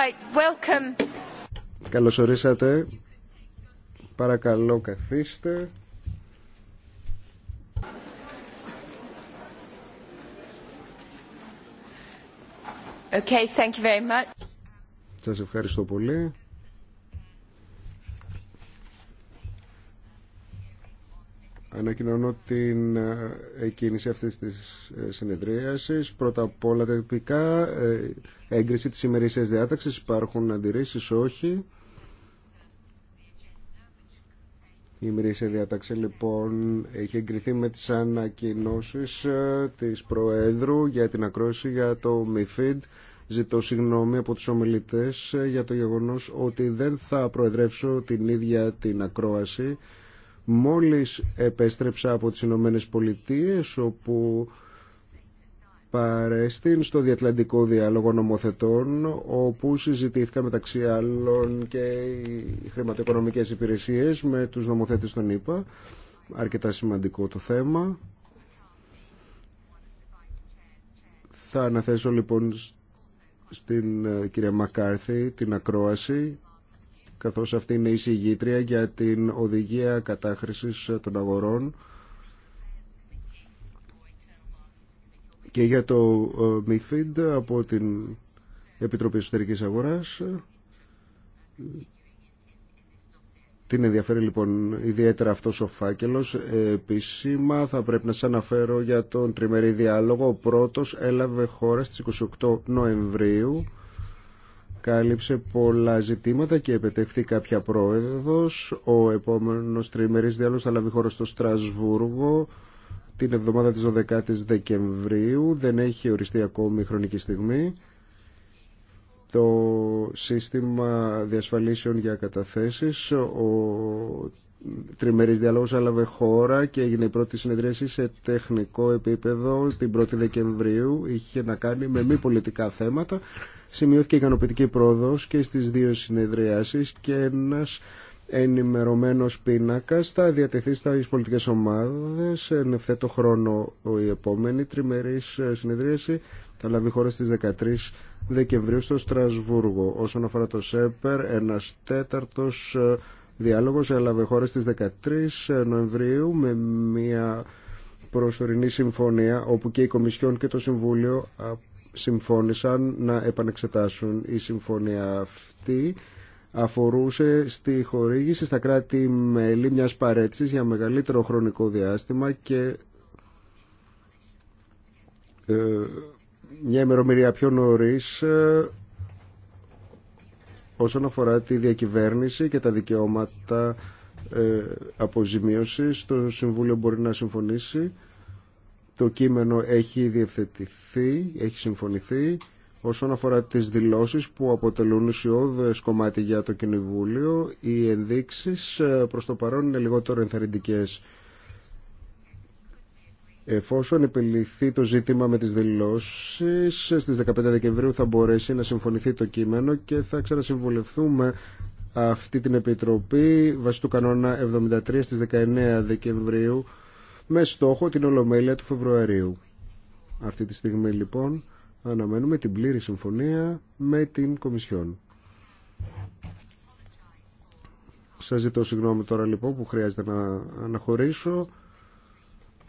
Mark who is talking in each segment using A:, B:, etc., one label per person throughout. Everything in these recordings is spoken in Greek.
A: Right, welcome.
B: Καλώς ορίσατε. Παρακαλώ καθίστε.
C: Okay, thank you very much.
B: Σας ευχαριστώ πολύ. ανακοινώνω την ε, εκκίνηση αυτή της ε, συνεδρίαση. Πρώτα απ' όλα τα ε, έγκριση της ημερήσιας διάταξη Υπάρχουν αντιρρήσεις, όχι. Η ημερήσια διάταξη λοιπόν έχει εγκριθεί με τις ανακοινώσεις της Προέδρου για την ακρόαση για το MIFID. Ζητώ συγγνώμη από τους ομιλητές για το γεγονός ότι δεν θα προεδρεύσω την ίδια την ακρόαση Μόλις επέστρεψα από τις Ηνωμένε Πολιτείε, όπου παρέστην στο Διατλαντικό Διάλογο Νομοθετών, όπου συζητήθηκα μεταξύ άλλων και οι χρηματοοικονομικές υπηρεσίες με τους νομοθέτες των ΗΠΑ. Αρκετά σημαντικό το θέμα. Θα αναθέσω λοιπόν στην ε, κυρία Μακάρθη την ακρόαση καθώς αυτή είναι η συγγήτρια για την οδηγία κατάχρησης των αγορών και για το ε, MIFID από την Επιτροπή Εσωτερικής Αγοράς. Την ενδιαφέρει λοιπόν ιδιαίτερα αυτός ο φάκελος. Επίσημα θα πρέπει να σας αναφέρω για τον τριμερή διάλογο. Ο πρώτος έλαβε χώρα στις 28 Νοεμβρίου κάλυψε πολλά ζητήματα και επετεύχθη κάποια πρόεδρος. Ο επόμενος τριμερής διάλογος θα λάβει χώρο στο Στρασβούργο την εβδομάδα της 12ης Δεκεμβρίου. Δεν έχει οριστεί ακόμη χρονική στιγμή. Το σύστημα διασφαλίσεων για καταθέσεις, ο, τριμερής διαλόγος έλαβε χώρα και έγινε η πρώτη συνεδρίαση σε τεχνικό επίπεδο την 1η Δεκεμβρίου. Είχε να κάνει με μη πολιτικά θέματα. Σημειώθηκε ικανοποιητική πρόοδος και στις δύο συνεδριάσεις και ένας ενημερωμένος πίνακας θα διατεθεί στις πολιτικές ομάδες εν ευθέτω χρόνο η επόμενη τριμερής συνεδρίαση θα λάβει χώρα στις 13 Δεκεμβρίου στο Στρασβούργο. Όσον αφορά το ΣΕΠΕΡ, ένας τέταρτος ε, διάλογος έλαβε χώρα στις 13 Νοεμβρίου με μια προσωρινή συμφωνία όπου και η Κομισιόν και το Συμβούλιο συμφώνησαν να επανεξετάσουν η συμφωνία αυτή αφορούσε στη χορήγηση στα κράτη-μέλη μιας παρέτησης για μεγαλύτερο χρονικό διάστημα και ε, μια ημερομήρια πιο νωρίς ε, όσον αφορά τη διακυβέρνηση και τα δικαιώματα ε, αποζημίωσης. Το Συμβούλιο μπορεί να συμφωνήσει. Το κείμενο έχει διευθετηθεί, έχει συμφωνηθεί. Όσον αφορά τις δηλώσεις που αποτελούν ουσιώδες κομμάτι για το Κοινοβούλιο, οι ενδείξεις ε, προς το παρόν είναι λιγότερο ενθαρρυντικές Εφόσον επιληθεί το ζήτημα με τις δηλώσεις, στις 15 Δεκεμβρίου θα μπορέσει να συμφωνηθεί το κείμενο και θα ξανασυμβολευτούμε αυτή την Επιτροπή βάσει κανόνα 73 στις 19 Δεκεμβρίου με στόχο την Ολομέλεια του Φεβρουαρίου. Αυτή τη στιγμή λοιπόν αναμένουμε την πλήρη συμφωνία με την Κομισιόν. Σας ζητώ συγγνώμη τώρα λοιπόν που χρειάζεται να αναχωρήσω.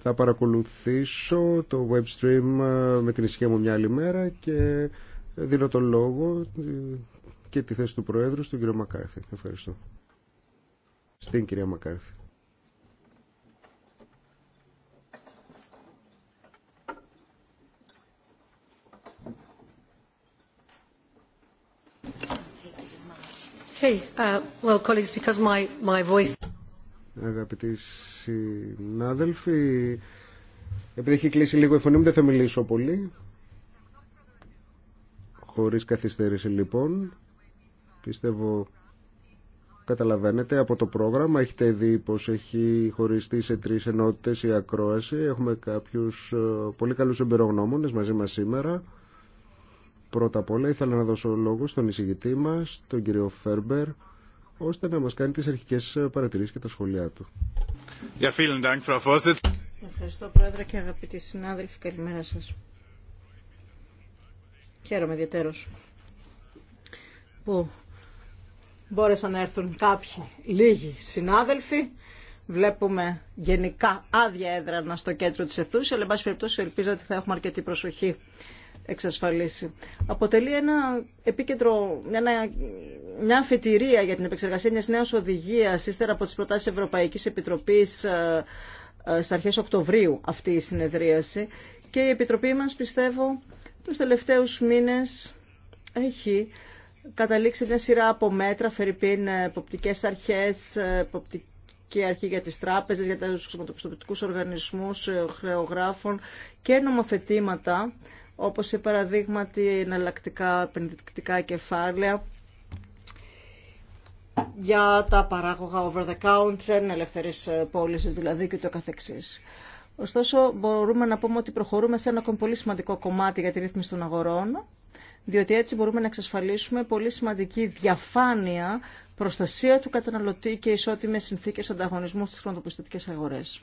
B: Θα παρακολουθήσω το web stream ε, με την ησυχία μου μια άλλη μέρα και δίνω τον λόγο ε, και τη θέση του Προέδρου στον κύριο Μακάρθη. Ευχαριστώ. Στην κυρία Μακάρθη.
A: Uh, well, colleagues, because my, my voice
B: αγαπητοί συνάδελφοι. Επειδή έχει κλείσει λίγο η φωνή μου, δεν θα μιλήσω πολύ. Χωρίς καθυστέρηση λοιπόν. Πιστεύω καταλαβαίνετε από το πρόγραμμα. Έχετε δει πως έχει χωριστεί σε τρεις ενότητες η ακρόαση. Έχουμε κάποιους ε, πολύ καλούς εμπειρογνώμονες μαζί μας σήμερα. Πρώτα απ' όλα ήθελα να δώσω λόγο στον εισηγητή μας, τον κύριο Φέρμπερ ώστε να μας κάνει τις αρχικές παρατηρήσεις και τα σχόλιά του.
C: Ευχαριστώ Πρόεδρε και αγαπητοί συνάδελφοι. Καλημέρα σας. Χαίρομαι ιδιαίτερος που μπόρεσαν να έρθουν κάποιοι λίγοι συνάδελφοι. Βλέπουμε γενικά άδεια έδρανα στο κέντρο της αιθούς, αλλά εν πάση περιπτώσει ελπίζω ότι θα έχουμε αρκετή προσοχή εξασφαλίσει. Αποτελεί ένα επίκεντρο, μια, μια αφετηρία για την επεξεργασία μια νέα οδηγία ύστερα από τις προτάσει Ευρωπαϊκή Επιτροπής ε, ε, στι αρχέ Οκτωβρίου αυτή η συνεδρίαση και η Επιτροπή μας πιστεύω τους τελευταίους μήνες έχει καταλήξει μια σειρά από μέτρα, φερρυπίν, ε, εποπτικές αρχές, εποπτική αρχή για τις τράπεζες, για τους χρηματοπιστωτικούς οργανισμούς, χρεογράφων και νομοθετήματα όπως σε παραδείγματι εναλλακτικά επενδυτικά κεφάλαια για τα παράγωγα over the counter, ελευθερής ε, πώληση δηλαδή και το καθεξής. Ωστόσο, μπορούμε να πούμε ότι προχωρούμε σε ένα ακόμη πολύ σημαντικό κομμάτι για τη ρύθμιση των αγορών, διότι έτσι μπορούμε να εξασφαλίσουμε πολύ σημαντική διαφάνεια, προστασία του καταναλωτή και ισότιμες συνθήκες ανταγωνισμού στις χρονοπιστωτικές αγορές.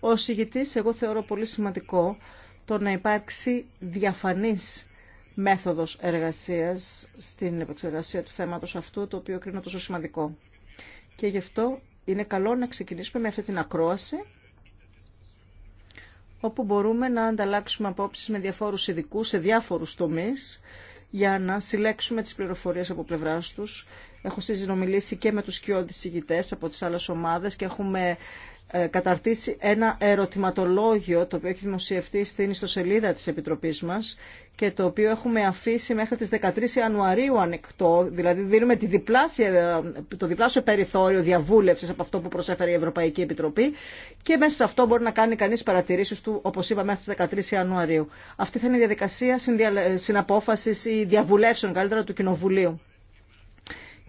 C: Ως ηγητής, εγώ θεωρώ πολύ σημαντικό το να υπάρξει διαφανής μέθοδος εργασίας στην επεξεργασία του θέματος αυτού, το οποίο κρίνω τόσο σημαντικό. Και γι' αυτό είναι καλό να ξεκινήσουμε με αυτή την ακρόαση, όπου μπορούμε να ανταλλάξουμε απόψεις με διαφόρους ειδικού σε διάφορους τομείς, για να συλλέξουμε τις πληροφορίες από πλευράς τους. Έχω μιλήσει και με τους κοιόδης ηγητές από τις άλλες ομάδες και έχουμε ε, καταρτήσει ένα ερωτηματολόγιο το οποίο έχει δημοσιευτεί στην ιστοσελίδα της Επιτροπής μας και το οποίο έχουμε αφήσει μέχρι τις 13 Ιανουαρίου ανεκτό, δηλαδή δίνουμε τη διπλάσια, ε, το διπλάσιο περιθώριο διαβούλευσης από αυτό που προσέφερε η Ευρωπαϊκή Επιτροπή και μέσα σε αυτό μπορεί να κάνει κανείς παρατηρήσεις του, όπως είπα, μέχρι τις 13 Ιανουαρίου. Αυτή θα είναι η διαδικασία συναπόφασης ή διαβουλεύσεων καλύτερα του Κοινοβουλίου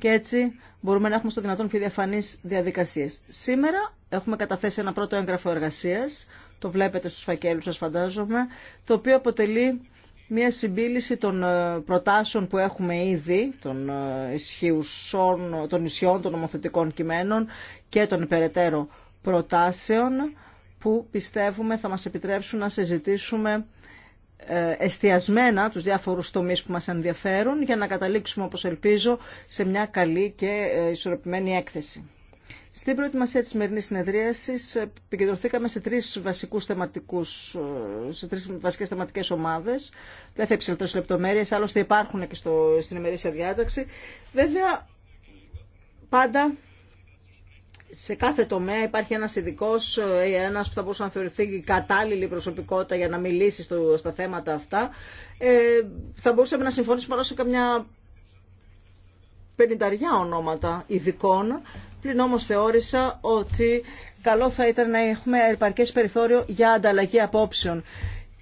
C: και έτσι μπορούμε να έχουμε στο δυνατόν πιο διαφανεί διαδικασίες. Σήμερα έχουμε καταθέσει ένα πρώτο έγγραφο εργασία. το βλέπετε στους φακέλους σας φαντάζομαι, το οποίο αποτελεί μια συμπίληση των ε, προτάσεων που έχουμε ήδη, των, ε, ισχυουσών, των ισιών, των νομοθετικών κειμένων και των υπεραιτέρω προτάσεων που πιστεύουμε θα μας επιτρέψουν να συζητήσουμε ε, εστιασμένα τους διάφορους τομείς που μας ενδιαφέρουν για να καταλήξουμε όπως ελπίζω σε μια καλή και ε, ισορροπημένη έκθεση. Στην προετοιμασία της σημερινής συνεδρίασης ε, επικεντρωθήκαμε σε τρεις, βασικούς θεματικούς, σε τρεις βασικές θεματικές ομάδες. Δεν θα επισελθώ σε λεπτομέρειες, άλλωστε υπάρχουν και στο, στην ημερήσια διάταξη. Βέβαια, πάντα σε κάθε τομέα υπάρχει ένας ειδικό, ε, ένας που θα μπορούσε να θεωρηθεί κατάλληλη προσωπικότητα για να μιλήσει στο, στα θέματα αυτά. Ε, θα μπορούσαμε να συμφωνήσουμε πάνω σε καμιά πενηνταριά ονόματα ειδικών, πλην όμως θεώρησα ότι καλό θα ήταν να έχουμε επαρκές περιθώριο για ανταλλαγή απόψεων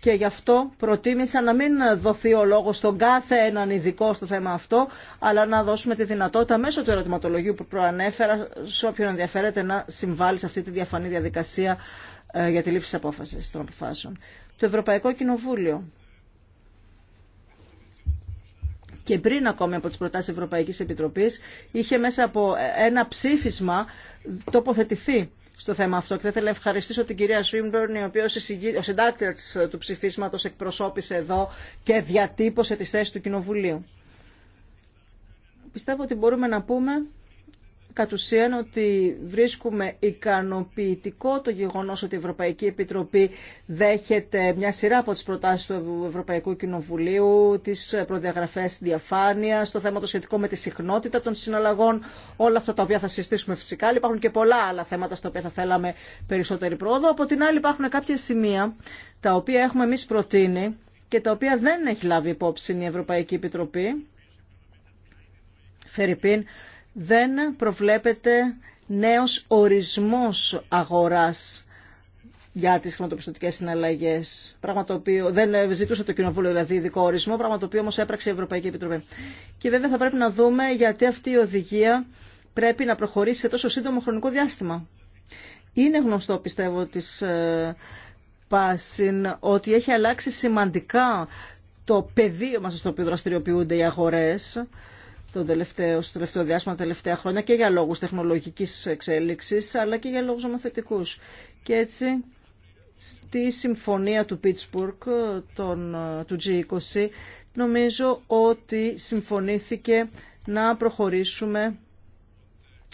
C: και γι' αυτό προτίμησα να μην δοθεί ο λόγος στον κάθε έναν ειδικό στο θέμα αυτό, αλλά να δώσουμε τη δυνατότητα μέσω του ερωτηματολογίου που προανέφερα σε όποιον ενδιαφέρεται να συμβάλλει σε αυτή τη διαφανή διαδικασία ε, για τη λήψη της απόφασης των αποφάσεων. Το Ευρωπαϊκό Κοινοβούλιο και πριν ακόμη από τις προτάσεις Ευρωπαϊκής Επιτροπής είχε μέσα από ένα ψήφισμα τοποθετηθεί στο θέμα αυτό. Και θα ήθελα να ευχαριστήσω την κυρία Σουίμπλορν, η οποία ο συντάκτρια του ψηφίσματο εκπροσώπησε εδώ και διατύπωσε τι θέσει του Κοινοβουλίου. Πιστεύω ότι μπορούμε να πούμε κατ' ουσίαν ότι βρίσκουμε ικανοποιητικό το γεγονός ότι η Ευρωπαϊκή Επιτροπή δέχεται μια σειρά από τις προτάσεις του Ευρωπαϊκού Κοινοβουλίου, τις προδιαγραφές διαφάνειας, το θέμα το σχετικό με τη συχνότητα των συναλλαγών, όλα αυτά τα οποία θα συστήσουμε φυσικά. Υπάρχουν και πολλά άλλα θέματα στα οποία θα θέλαμε περισσότερη πρόοδο. Από την άλλη υπάρχουν κάποια σημεία τα οποία έχουμε εμείς προτείνει και τα οποία δεν έχει λάβει υπόψη η Ευρωπαϊκή Επιτροπή. Φερρυπίν, δεν προβλέπεται νέος ορισμός αγοράς για τις χρηματοπιστωτικές συναλλαγές. Πράγμα δεν ζητούσε το Κοινοβούλιο δηλαδή ειδικό ορισμό, πράγμα το οποίο όμως έπραξε η Ευρωπαϊκή Επιτροπή. Και βέβαια θα πρέπει να δούμε γιατί αυτή η οδηγία πρέπει να προχωρήσει σε τόσο σύντομο χρονικό διάστημα. Είναι γνωστό πιστεύω της ε, Πάσιν ότι έχει αλλάξει σημαντικά το πεδίο μας στο οποίο δραστηριοποιούνται οι αγορές το τελευταίο, στο τελευταίο διάστημα, τα τελευταία χρόνια και για λόγους τεχνολογικής εξέλιξης αλλά και για λόγους νομοθετικούς. Και έτσι στη συμφωνία του Pittsburgh, τον, του G20 νομίζω ότι συμφωνήθηκε να προχωρήσουμε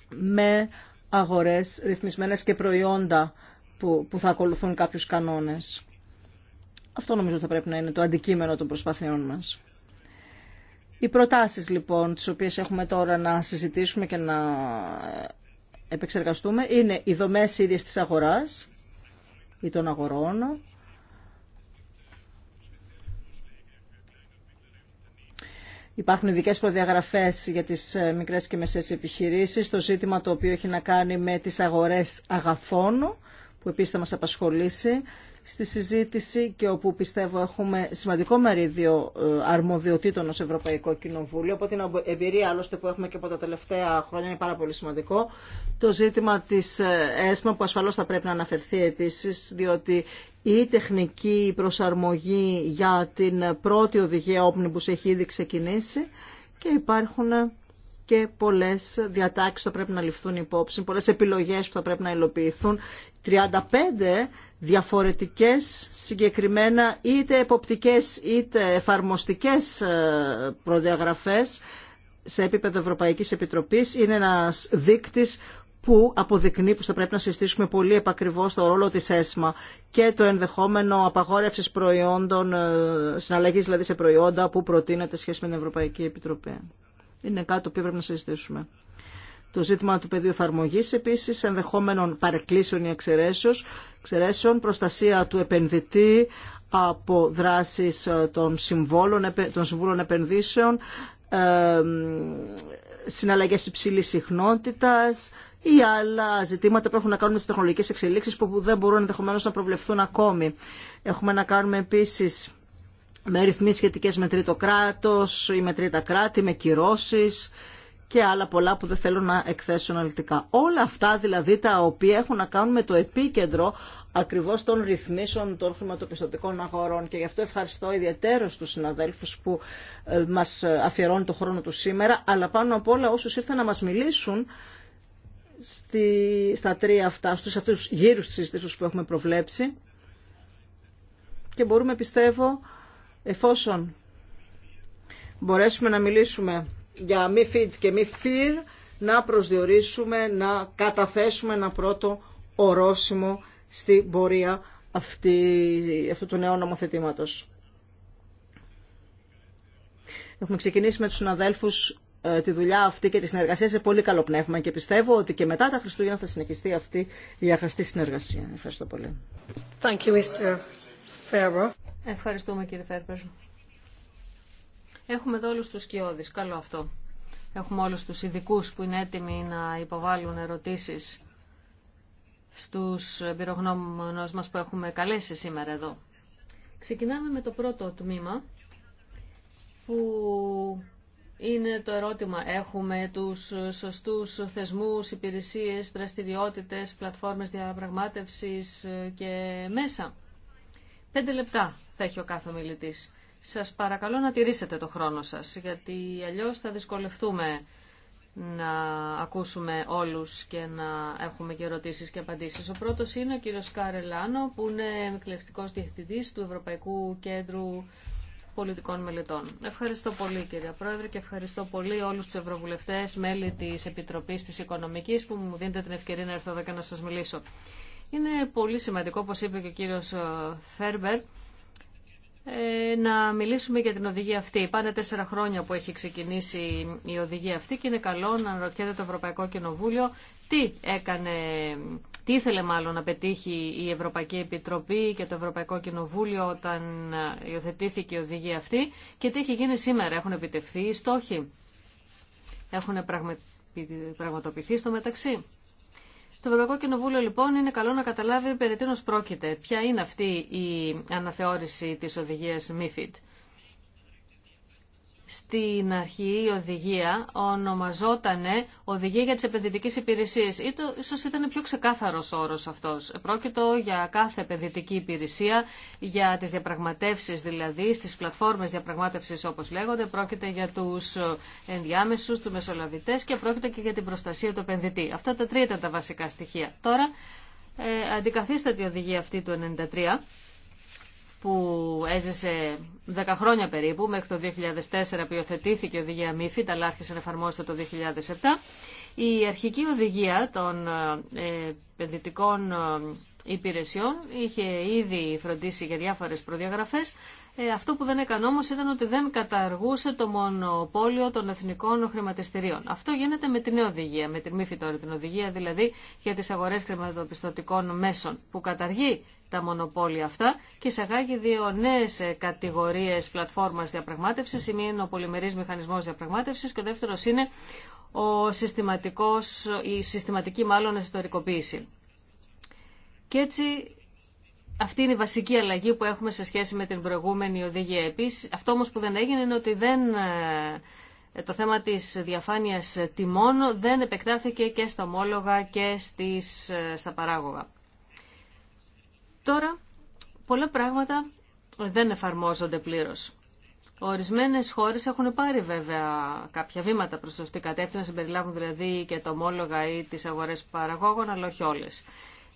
C: με αγορές ρυθμισμένες και προϊόντα που, που θα ακολουθούν κάποιους κανόνες. Αυτό νομίζω θα πρέπει να είναι το αντικείμενο των προσπαθειών μας. Οι προτάσεις λοιπόν τις οποίες έχουμε τώρα να συζητήσουμε και να επεξεργαστούμε είναι οι δομές ίδιες της αγοράς ή των αγορών, Υπάρχουν ειδικέ προδιαγραφέ για τι ε, μικρέ και μεσαίες επιχειρήσει, το ζήτημα το οποίο έχει να κάνει με τι αγορέ αγαθών, που επίση θα μα απασχολήσει, στη συζήτηση και όπου πιστεύω έχουμε σημαντικό μερίδιο ε, αρμοδιοτήτων ως Ευρωπαϊκό Κοινοβούλιο. Από την εμπειρία άλλωστε που έχουμε και από τα τελευταία χρόνια είναι πάρα πολύ σημαντικό. Το ζήτημα της ε, ΕΣΜΑ που ασφαλώς θα πρέπει να αναφερθεί επίσης διότι η τεχνική προσαρμογή για την πρώτη οδηγία όπνη που έχει ήδη ξεκινήσει και υπάρχουν ε, και πολλές διατάξεις θα πρέπει να ληφθούν υπόψη, πολλές επιλογές που θα πρέπει να υλοποιηθούν. 35 διαφορετικές συγκεκριμένα είτε εποπτικές είτε εφαρμοστικέ ε, προδιαγραφές σε επίπεδο Ευρωπαϊκής Επιτροπής είναι ένα δείκτη που αποδεικνύει που θα πρέπει να συστήσουμε πολύ επακριβώ το ρόλο τη ΕΣΜΑ και το ενδεχόμενο απαγόρευση προϊόντων, ε, συναλλαγή δηλαδή σε προϊόντα που προτείνεται σχέση με την Ευρωπαϊκή Επιτροπή είναι κάτι το οποίο πρέπει να συζητήσουμε. Το ζήτημα του πεδίου εφαρμογή επίση, ενδεχόμενων παρεκκλήσεων ή εξαιρέσεων, προστασία του επενδυτή από δράσει ε, των, συμβόλων, των συμβούλων επενδύσεων, ε, συναλλαγές υψηλή συχνότητα ή άλλα ζητήματα που έχουν να κάνουν με τις τεχνολογικές εξελίξεις που δεν μπορούν ενδεχομένω να προβλεφθούν ακόμη. Έχουμε να κάνουμε επίση με ρυθμίσεις σχετικές με τρίτο κράτος ή με τρίτα κράτη, με κυρώσεις και άλλα πολλά που δεν θέλω να εκθέσω αναλυτικά. Όλα αυτά δηλαδή τα οποία έχουν να κάνουν με το επίκεντρο ακριβώς των ρυθμίσεων των χρηματοπιστωτικών αγορών και γι' αυτό ευχαριστώ ιδιαίτερως τους συναδέλφους που ε, μας αφιερώνουν το χρόνο του σήμερα αλλά πάνω απ' όλα όσους ήρθαν να μας μιλήσουν στη, στα τρία αυτά, στους αυτούς γύρους της συζήτησης που έχουμε προβλέψει και μπορούμε πιστεύω εφόσον μπορέσουμε να μιλήσουμε για μη fit και μη fear, να προσδιορίσουμε, να καταθέσουμε ένα πρώτο ορόσημο στην πορεία αυτού του νέου νομοθετήματος. Έχουμε ξεκινήσει με τους συναδέλφους ε, τη δουλειά αυτή και τη συνεργασία σε πολύ καλό πνεύμα και πιστεύω ότι και μετά τα Χριστούγεννα θα συνεχιστεί αυτή η αγαστή συνεργασία. Ευχαριστώ πολύ.
A: Ευχαριστούμε κύριε Φέρπερ. Έχουμε εδώ όλους τους σκιώδεις. Καλό αυτό. Έχουμε όλους τους ειδικού που είναι έτοιμοι να υποβάλουν ερωτήσεις στους εμπειρογνώμονες μας που έχουμε καλέσει σήμερα εδώ. Ξεκινάμε με το πρώτο τμήμα που είναι το ερώτημα έχουμε τους σωστούς θεσμούς, υπηρεσίες, δραστηριότητες, πλατφόρμες διαπραγμάτευσης και μέσα Πέντε λεπτά θα έχει ο κάθε μιλητή. Σα παρακαλώ να τηρήσετε το χρόνο σα, γιατί αλλιώ θα δυσκολευτούμε να ακούσουμε όλου και να έχουμε και ερωτήσει και απαντήσει. Ο πρώτο είναι ο Κάρε Καρελάνο, που είναι εκλεκτικό διευθυντή του Ευρωπαϊκού Κέντρου Πολιτικών Μελετών. Ευχαριστώ πολύ κύριε Πρόεδρε και ευχαριστώ πολύ όλου του ευρωβουλευτέ μέλη τη επιτροπή τη οικονομική που μου δίνετε την ευκαιρία να έρθω εδώ και να σα μιλήσω. Είναι πολύ σημαντικό, όπως είπε και ο κύριος ε, Φέρμπερ, ε, να μιλήσουμε για την οδηγία αυτή. Πάνε τέσσερα χρόνια που έχει ξεκινήσει η οδηγία αυτή και είναι καλό να ρωτιέται το Ευρωπαϊκό Κοινοβούλιο τι έκανε, τι ήθελε μάλλον να πετύχει η Ευρωπαϊκή Επιτροπή και το Ευρωπαϊκό Κοινοβούλιο όταν ε, υιοθετήθηκε η οδηγία αυτή και τι έχει γίνει σήμερα. Έχουν επιτευχθεί οι στόχοι. Έχουν πραγματοποιηθεί στο μεταξύ. Το Ευρωπαϊκό Κοινοβούλιο λοιπόν είναι καλό να καταλάβει περί τίνος πρόκειται. Ποια είναι αυτή η αναθεώρηση της οδηγίας MIFID στην αρχή η οδηγία ονομαζόταν Οδηγία για τι Επενδυτικέ Υπηρεσίε. Ίσως ήταν πιο ξεκάθαρο όρο όρος αυτός. Πρόκειτο για κάθε επενδυτική υπηρεσία, για τι διαπραγματεύσει δηλαδή, στις πλατφόρμες διαπραγμάτευση όπω λέγονται, πρόκειται για του ενδιάμεσου τους μεσολαβητές και πρόκειται και για την προστασία του επενδυτή. Αυτά τα τρία ήταν τα βασικά στοιχεία. Τώρα ε, αντικαθίσταται η οδηγία αυτή του 93 που έζησε 10 χρόνια περίπου, μέχρι το 2004 που υιοθετήθηκε η οδηγία Μύφη, αλλά άρχισε να εφαρμόζεται το 2007. Η αρχική οδηγία των ε, επενδυτικών ε, υπηρεσιών είχε ήδη φροντίσει για διάφορες προδιαγραφές, ε, αυτό που δεν έκανε όμω ήταν ότι δεν καταργούσε το μονοπόλιο των εθνικών χρηματιστηρίων. Αυτό γίνεται με την νέα οδηγία, με την μύφη τώρα την οδηγία δηλαδή για τι αγορέ χρηματοπιστωτικών μέσων, που καταργεί τα μονοπόλια αυτά και εισαγάγει δύο νέε κατηγορίε πλατφόρμα διαπραγμάτευση. Η μία είναι ο πολυμερή μηχανισμό διαπραγμάτευση και ο δεύτερο είναι ο συστηματικός, η συστηματική μάλλον ιστορικοποίηση. Και έτσι αυτή είναι η βασική αλλαγή που έχουμε σε σχέση με την προηγούμενη οδηγία. Επίση. αυτό όμω που δεν έγινε είναι ότι δεν, ε, το θέμα της διαφάνειας τιμών δεν επεκτάθηκε και στα ομόλογα και στις, ε, στα παράγωγα. Τώρα, πολλά πράγματα δεν εφαρμόζονται πλήρως. Ορισμένες χώρες έχουν πάρει βέβαια κάποια βήματα προς σωστή κατεύθυνση, να συμπεριλάβουν δηλαδή και τα ομόλογα ή τι αγορέ παραγόγων, αλλά όχι όλε.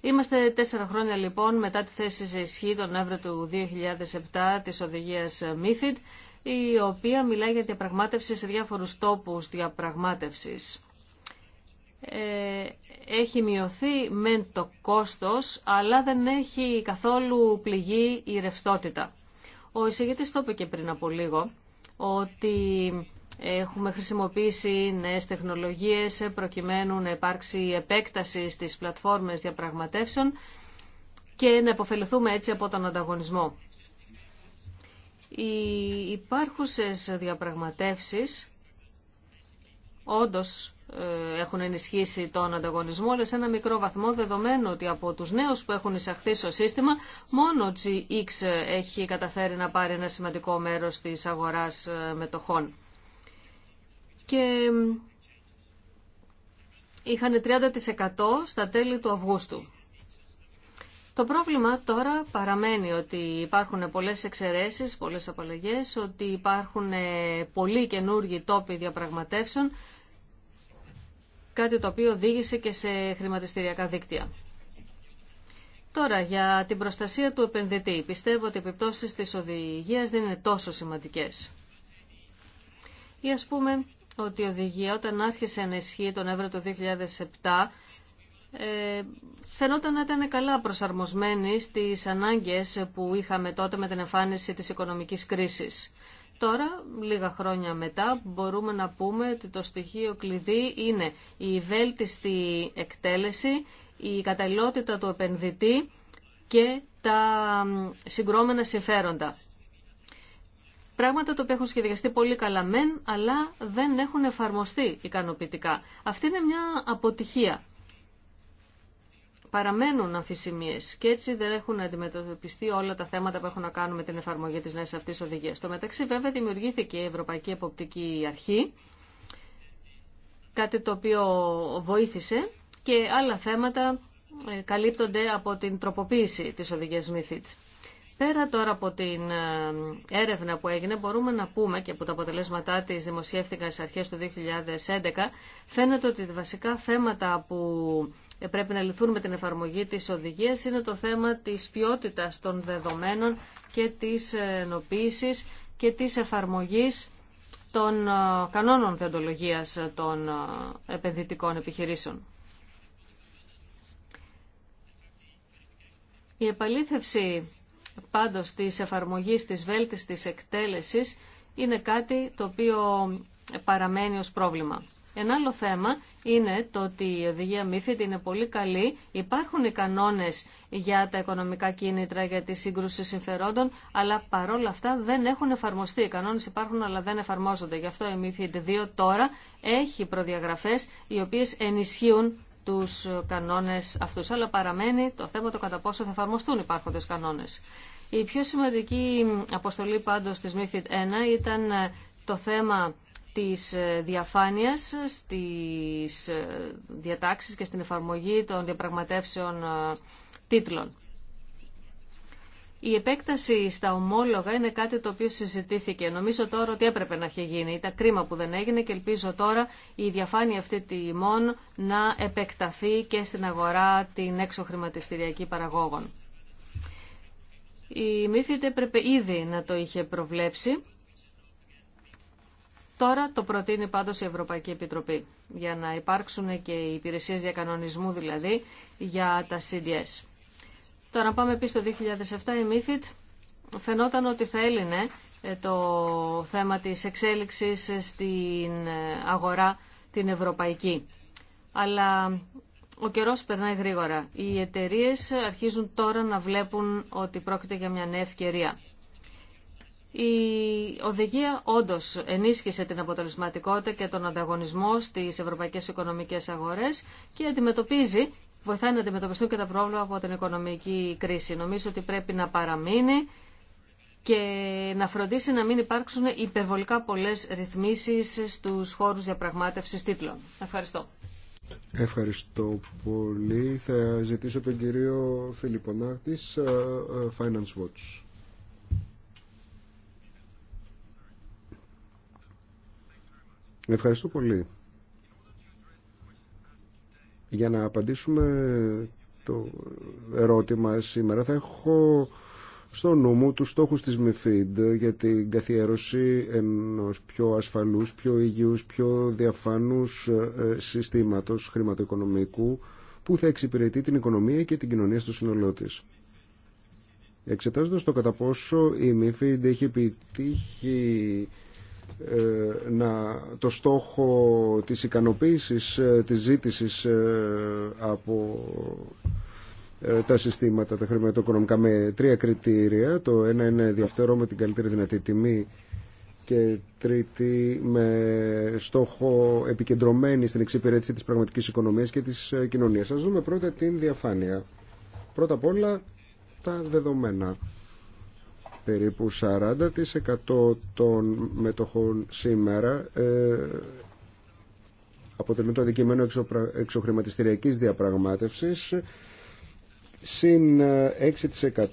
A: Είμαστε τέσσερα χρόνια λοιπόν μετά τη θέση σε ισχύ τον Νοέμβριο του 2007 της οδηγίας MIFID, η οποία μιλάει για διαπραγμάτευση σε διάφορους τόπους διαπραγμάτευσης. Ε, έχει μειωθεί μεν το κόστος, αλλά δεν έχει καθόλου πληγή η ρευστότητα. Ο εισηγητής το είπε και πριν από λίγο, ότι Έχουμε χρησιμοποιήσει νέες τεχνολογίες προκειμένου να υπάρξει επέκταση στις πλατφόρμες διαπραγματεύσεων και να υποφεληθούμε έτσι από τον ανταγωνισμό. Οι υπάρχουσες διαπραγματεύσεις όντως ε, έχουν ενισχύσει τον ανταγωνισμό, αλλά σε ένα μικρό βαθμό, δεδομένου ότι από τους νέους που έχουν εισαχθεί στο σύστημα, μόνο GX έχει καταφέρει να πάρει ένα σημαντικό μέρος της αγοράς ε, μετοχών και είχαν 30% στα τέλη του Αυγούστου. Το πρόβλημα τώρα παραμένει ότι υπάρχουν πολλές εξαιρέσεις, πολλές απαλλαγές, ότι υπάρχουν ε, πολλοί καινούργοι τόποι διαπραγματεύσεων, κάτι το οποίο οδήγησε και σε χρηματιστηριακά δίκτυα. Τώρα, για την προστασία του επενδυτή, πιστεύω ότι οι επιπτώσεις της οδηγίας δεν είναι τόσο σημαντικές. Ή ας πούμε, ότι η οδηγία όταν άρχισε να ισχύει τον Εύρο το 2007 ε, φαινόταν να ήταν καλά προσαρμοσμένη στις ανάγκες που είχαμε τότε με την εμφάνιση της οικονομικής κρίσης. Τώρα, λίγα χρόνια μετά, μπορούμε να πούμε ότι το στοιχείο κλειδί είναι η βέλτιστη εκτέλεση, η καταλληλότητα του επενδυτή και τα συγκρόμενα συμφέροντα. Πράγματα τα οποία έχουν σχεδιαστεί πολύ καλά μεν, αλλά δεν έχουν εφαρμοστεί ικανοποιητικά. Αυτή είναι μια αποτυχία. Παραμένουν αμφισημίες και έτσι δεν έχουν αντιμετωπιστεί όλα τα θέματα που έχουν να κάνουν με την εφαρμογή της νέας αυτής οδηγίας. Στο μεταξύ βέβαια δημιουργήθηκε η Ευρωπαϊκή Εποπτική Αρχή, κάτι το οποίο βοήθησε και άλλα θέματα ε, καλύπτονται από την τροποποίηση της οδηγίας MIFID. Πέρα τώρα από την ε, έρευνα που έγινε, μπορούμε να πούμε και από τα αποτελέσματά της δημοσιεύθηκαν στις αρχές του 2011, φαίνεται ότι τα βασικά θέματα που πρέπει να λυθούν με την εφαρμογή της οδηγίας είναι το θέμα της ποιότητας των δεδομένων και της ε, ενοποίησης και της εφαρμογής των ε, κανόνων θεοντολογίας των επενδυτικών επιχειρήσεων. Η επαλήθευση πάντως της εφαρμογής της βέλτιστης εκτέλεσης είναι κάτι το οποίο παραμένει ως πρόβλημα. Ένα άλλο θέμα είναι το ότι η οδηγία MIFID είναι πολύ καλή. Υπάρχουν οι κανόνες για τα οικονομικά κίνητρα, για τη σύγκρουση συμφερόντων, αλλά παρόλα αυτά δεν έχουν εφαρμοστεί. Οι κανόνες υπάρχουν αλλά δεν εφαρμόζονται. Γι' αυτό η MIFID 2 τώρα έχει προδιαγραφές οι οποίες ενισχύουν τους κανόνες αυτούς. Αλλά παραμένει το θέμα το κατά πόσο θα εφαρμοστούν υπάρχοντες κανόνες. Η πιο σημαντική αποστολή πάντως της MIFID 1 ήταν ε, το θέμα της ε, διαφάνειας στις ε, διατάξεις και στην εφαρμογή των διαπραγματεύσεων τίτλων. Η επέκταση στα ομόλογα είναι κάτι το οποίο συζητήθηκε. Νομίζω τώρα ότι έπρεπε να έχει γίνει. Ήταν κρίμα που δεν έγινε και ελπίζω τώρα η διαφάνεια αυτή τη τιμών να επεκταθεί και στην αγορά την έξω χρηματιστηριακή παραγόγων. Η Μίφιτ έπρεπε ήδη να το είχε προβλέψει. Τώρα το προτείνει πάντως η Ευρωπαϊκή Επιτροπή για να υπάρξουν και οι υπηρεσίες διακανονισμού δηλαδή για τα CDS. Τώρα πάμε πίσω το 2007 η ΜΥΘΙΤ φαινόταν ότι θα έλυνε ε, το θέμα της εξέλιξης στην ε, αγορά την ευρωπαϊκή. Αλλά ο καιρός περνάει γρήγορα. Οι εταιρείε αρχίζουν τώρα να βλέπουν ότι πρόκειται για μια νέα ευκαιρία. Η οδηγία όντως ενίσχυσε την αποτελεσματικότητα και τον ανταγωνισμό στις ευρωπαϊκές οικονομικές αγορές και αντιμετωπίζει βοηθάει να αντιμετωπιστούν και τα πρόβλημα από την οικονομική κρίση. Νομίζω ότι πρέπει να παραμείνει και να φροντίσει να μην υπάρξουν υπερβολικά πολλές ρυθμίσεις στους χώρους διαπραγμάτευσης τίτλων. Ευχαριστώ.
B: Ευχαριστώ πολύ. Θα ζητήσω τον κύριο Φιλιππονάκης, ε, ε, Finance Watch. Ευχαριστώ πολύ. Για να απαντήσουμε το ερώτημα σήμερα θα έχω στο νου μου τους στόχους της MIFID για την καθιέρωση ενός πιο ασφαλούς, πιο υγιούς, πιο διαφάνους ε, συστήματος χρηματοοικονομικού που θα εξυπηρετεί την οικονομία και την κοινωνία στο σύνολό τη. Εξετάζοντας το κατά πόσο η MIFID έχει επιτύχει ε, να, το στόχο της ικανοποίησης ε, της ζήτησης ε, από τα συστήματα, τα χρηματοοικονομικά με τρία κριτήρια. Το ένα είναι διαφτερό με την καλύτερη δυνατή τιμή και τρίτη με στόχο επικεντρωμένη στην εξυπηρέτηση της πραγματικής οικονομίας και της κοινωνίας. Ας δούμε πρώτα την διαφάνεια. Πρώτα απ' όλα τα δεδομένα. Περίπου 40% των μετοχών σήμερα ε, αποτελούν το αντικείμενο εξοχρηματιστηριακής διαπραγμάτευσης συν 6% ε,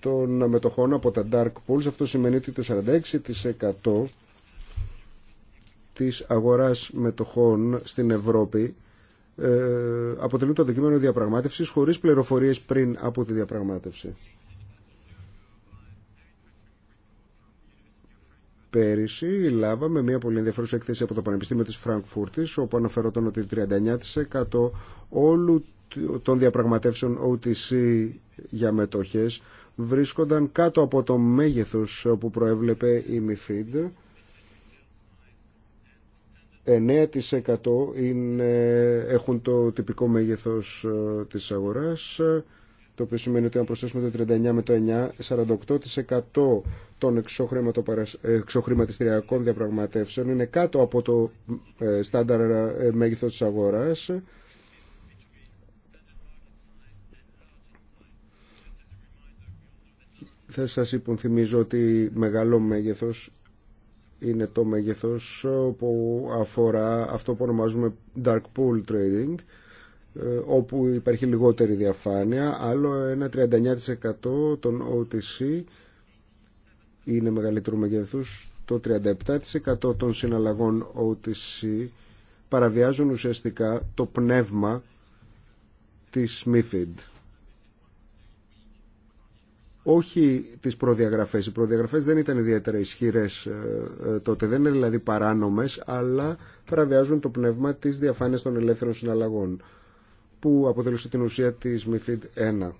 B: των μετοχών από τα dark pools. Αυτό σημαίνει ότι το 46% της αγοράς μετοχών στην Ευρώπη ε, αποτελούν το αντικείμενο διαπραγμάτευσης χωρίς πληροφορίες πριν από τη διαπραγμάτευση. Πέρυσι λάβαμε μια πολύ ενδιαφέρουσα εκθέση από το Πανεπιστήμιο της Φραγκφούρτης όπου αναφερόταν ότι 39% όλου των διαπραγματεύσεων OTC για μετοχές βρίσκονταν κάτω από το μέγεθος που προέβλεπε η MIFID. 9% είναι, έχουν το τυπικό μέγεθος ε, της αγοράς ε, το οποίο σημαίνει ότι αν προσθέσουμε το 39 με το 9, 48% των εξωχρηματιστηριακών διαπραγματεύσεων είναι κάτω από το ε, στάνταρ ε, μέγεθος της αγοράς. Θα σας υπονθυμίζω ότι μεγάλο μέγεθος είναι το μέγεθος που αφορά αυτό που ονομάζουμε dark pool trading ε, όπου υπάρχει λιγότερη διαφάνεια άλλο ένα 39% των OTC είναι μεγαλύτερου μεγέθους. Το 37% των συναλλαγών OTC παραβιάζουν ουσιαστικά το πνεύμα της MIFID. Όχι τις προδιαγραφές. Οι προδιαγραφές δεν ήταν ιδιαίτερα ισχυρές ε, ε, τότε. Δεν είναι δηλαδή παράνομες, αλλά παραβιάζουν το πνεύμα της διαφάνειας των ελεύθερων συναλλαγών που αποτελούσε την ουσία της MIFID 1.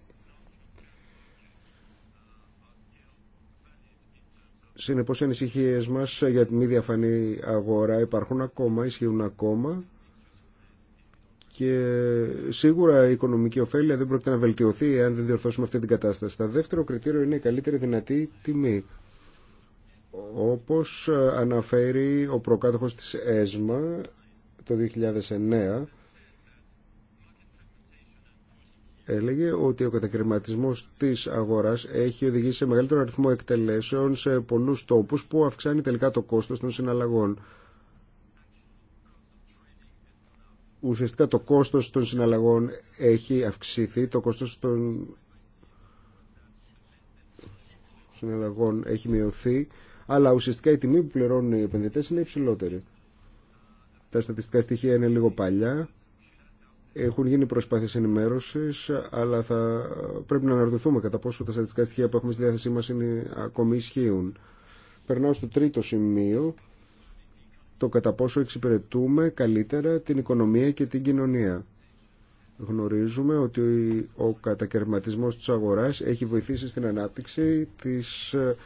B: Συνεπώς οι ανησυχίες μας για τη μη διαφανή αγορά υπάρχουν ακόμα, ισχύουν ακόμα και σίγουρα η οικονομική ωφέλεια δεν πρόκειται να βελτιωθεί αν δεν διορθώσουμε αυτή την κατάσταση. Το δεύτερο κριτήριο είναι η καλύτερη δυνατή τιμή. Όπως αναφέρει ο προκάτοχος της ΕΣΜΑ το 2009 έλεγε ότι ο κατακριματισμό της αγοράς έχει οδηγήσει σε μεγαλύτερο αριθμό εκτελέσεων σε πολλούς τόπους που αυξάνει τελικά το κόστος των συναλλαγών. Ουσιαστικά το κόστος των συναλλαγών έχει αυξηθεί, το κόστος των συναλλαγών έχει μειωθεί, αλλά ουσιαστικά η τιμή που πληρώνουν οι επενδυτές είναι υψηλότερη. Τα στατιστικά στοιχεία είναι λίγο παλιά έχουν γίνει προσπάθειες ενημέρωσης, αλλά θα πρέπει να αναρωτηθούμε κατά πόσο τα στατιστικά στοιχεία που έχουμε στη διάθεσή μας είναι, ακόμη ισχύουν. Περνάω στο τρίτο σημείο, το κατά πόσο εξυπηρετούμε καλύτερα την οικονομία και την κοινωνία. Γνωρίζουμε ότι ο κατακαιρματισμός της αγοράς έχει βοηθήσει στην ανάπτυξη της, ε,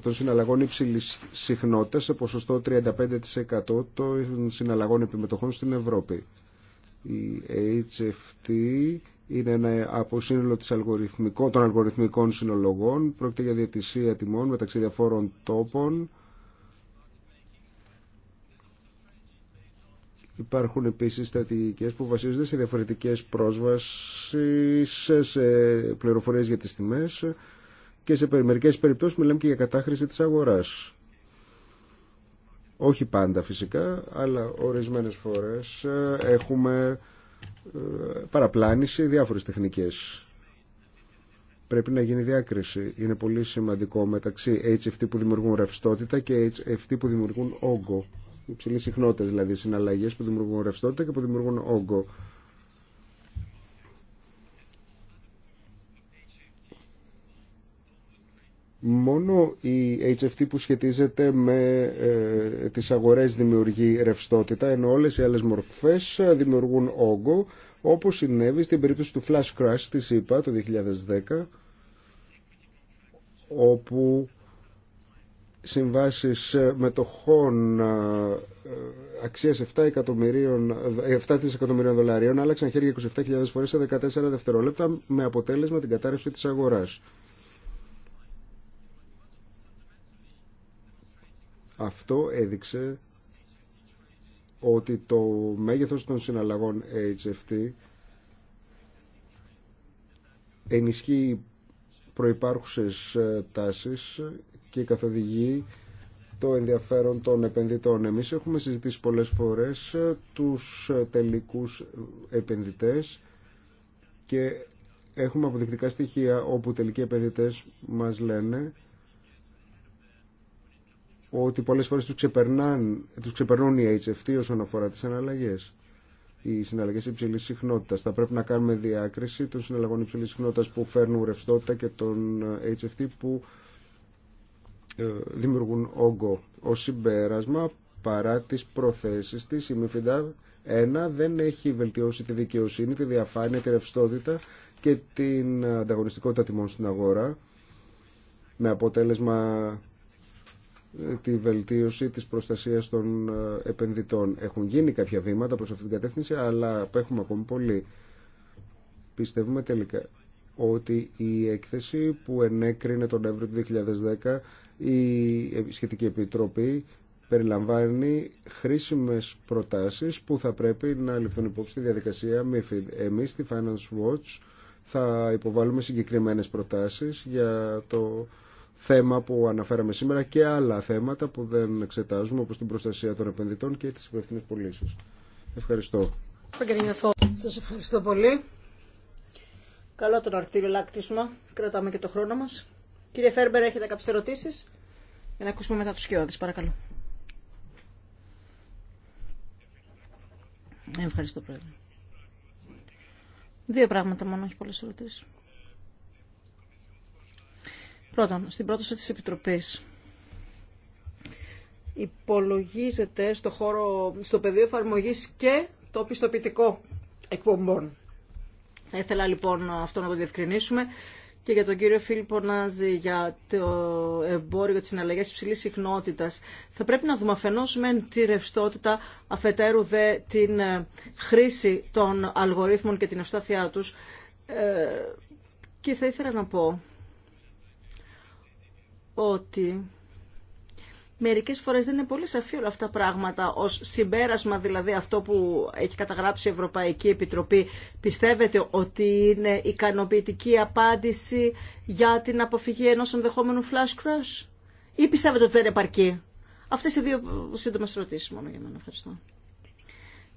B: των συναλλαγών υψηλή συχνότητα σε ποσοστό 35% των συναλλαγών επιμετοχών στην Ευρώπη. Η HFT είναι ένα αποσύνολο της των αλγοριθμικών συνολογών. Πρόκειται για διατησία τιμών μεταξύ διαφόρων τόπων. Υπάρχουν επίσης στρατηγικές που βασίζονται σε διαφορετικές πρόσβασεις, σε πληροφορίες για τις τιμές και σε μερικές περιπτώσεις μιλάμε και για κατάχρηση της αγοράς. Όχι πάντα φυσικά, αλλά ορισμένες φορές ε, έχουμε ε, παραπλάνηση διάφορες τεχνικές. Πρέπει να γίνει διάκριση. Είναι πολύ σημαντικό μεταξύ HFT που δημιουργούν ρευστότητα και HFT που δημιουργούν όγκο. Υψηλή συχνότητα δηλαδή συναλλαγές που δημιουργούν ρευστότητα και που δημιουργούν όγκο. μόνο η HFT που σχετίζεται με ε, τις αγορές δημιουργεί ρευστότητα, ενώ όλες οι άλλες μορφές ε, δημιουργούν όγκο, όπως συνέβη στην περίπτωση του Flash Crash της ΕΠΑ το 2010, όπου συμβάσεις ε, μετοχών ε, αξίας 7, εκατομμυρίων, 7 δισεκατομμυρίων δολαρίων άλλαξαν χέρια 27.000 φορές σε 14 δευτερόλεπτα με αποτέλεσμα την κατάρρευση της αγοράς. Αυτό έδειξε ότι το μέγεθος των συναλλαγών HFT ενισχύει προϋπάρχουσες ε, τάσεις και καθοδηγεί το ενδιαφέρον των επενδυτών. Εμείς έχουμε συζητήσει πολλές φορές ε, τους ε, τελικούς επενδυτές και έχουμε αποδεικτικά στοιχεία όπου τελικοί επενδυτές μας λένε ότι πολλές φορές τους, τους ξεπερνούν οι HFT όσον αφορά τις αναλλαγές. Οι συναλλαγέ υψηλή συχνότητα. Θα πρέπει να κάνουμε διάκριση των συναλλαγών υψηλή συχνότητα που φέρνουν ρευστότητα και των ε, HFT που ε, δημιουργούν όγκο. Ω συμπέρασμα, παρά τι προθέσει τη η ΜΕΦΙΝΤΑΒ 1 δεν έχει βελτιώσει τη δικαιοσύνη, τη διαφάνεια, τη ρευστότητα και την ανταγωνιστικότητα τιμών στην αγορά με αποτέλεσμα τη βελτίωση της προστασίας των ε, επενδυτών. Έχουν γίνει κάποια βήματα προς αυτή την κατεύθυνση, αλλά απέχουμε ακόμη πολύ. Πιστεύουμε τελικά ότι η έκθεση που ενέκρινε τον Εύρο του 2010 ε, η Σχετική Επιτροπή περιλαμβάνει χρήσιμες προτάσεις που θα πρέπει να ληφθούν υπόψη στη διαδικασία MIFID. Εμείς στη Finance Watch θα υποβάλουμε συγκεκριμένες προτάσεις για το θέμα που αναφέραμε σήμερα και άλλα θέματα που δεν εξετάζουμε όπως την προστασία των επενδυτών και τις υπευθύνες πωλήσει. Ευχαριστώ.
C: Σας ευχαριστώ πολύ. Καλό τον αρκτήριο λάκτισμα. Κρατάμε και το χρόνο μας. Κύριε Φέρμπερ, έχετε κάποιες ερωτήσεις για να ακούσουμε μετά τους σκιώδεις. Παρακαλώ. Ευχαριστώ, Πρόεδρε. Δύο πράγματα μόνο, έχει πολλές ερωτήσεις. Πρώτον, στην πρόταση της Επιτροπής υπολογίζεται στο, χώρο, στο πεδίο εφαρμογή και το πιστοποιητικό εκπομπών. Θα ήθελα λοιπόν αυτό να το διευκρινίσουμε και για τον κύριο Φίλιππο Νάζη για το εμπόριο της συναλλαγής υψηλής συχνότητας. Θα πρέπει να δούμε αφενός με τη ρευστότητα αφετέρου δε την ε, χρήση των αλγορίθμων και την ευστάθειά τους. Ε, και θα ήθελα να πω ότι μερικές φορές δεν είναι πολύ σαφή όλα αυτά τα πράγματα ως συμπέρασμα δηλαδή αυτό που έχει καταγράψει η Ευρωπαϊκή Επιτροπή πιστεύετε ότι είναι ικανοποιητική απάντηση για την αποφυγή ενός ενδεχόμενου flash crash ή πιστεύετε ότι δεν επαρκεί αυτές οι δύο σύντομες ερωτήσεις μόνο για μένα ευχαριστώ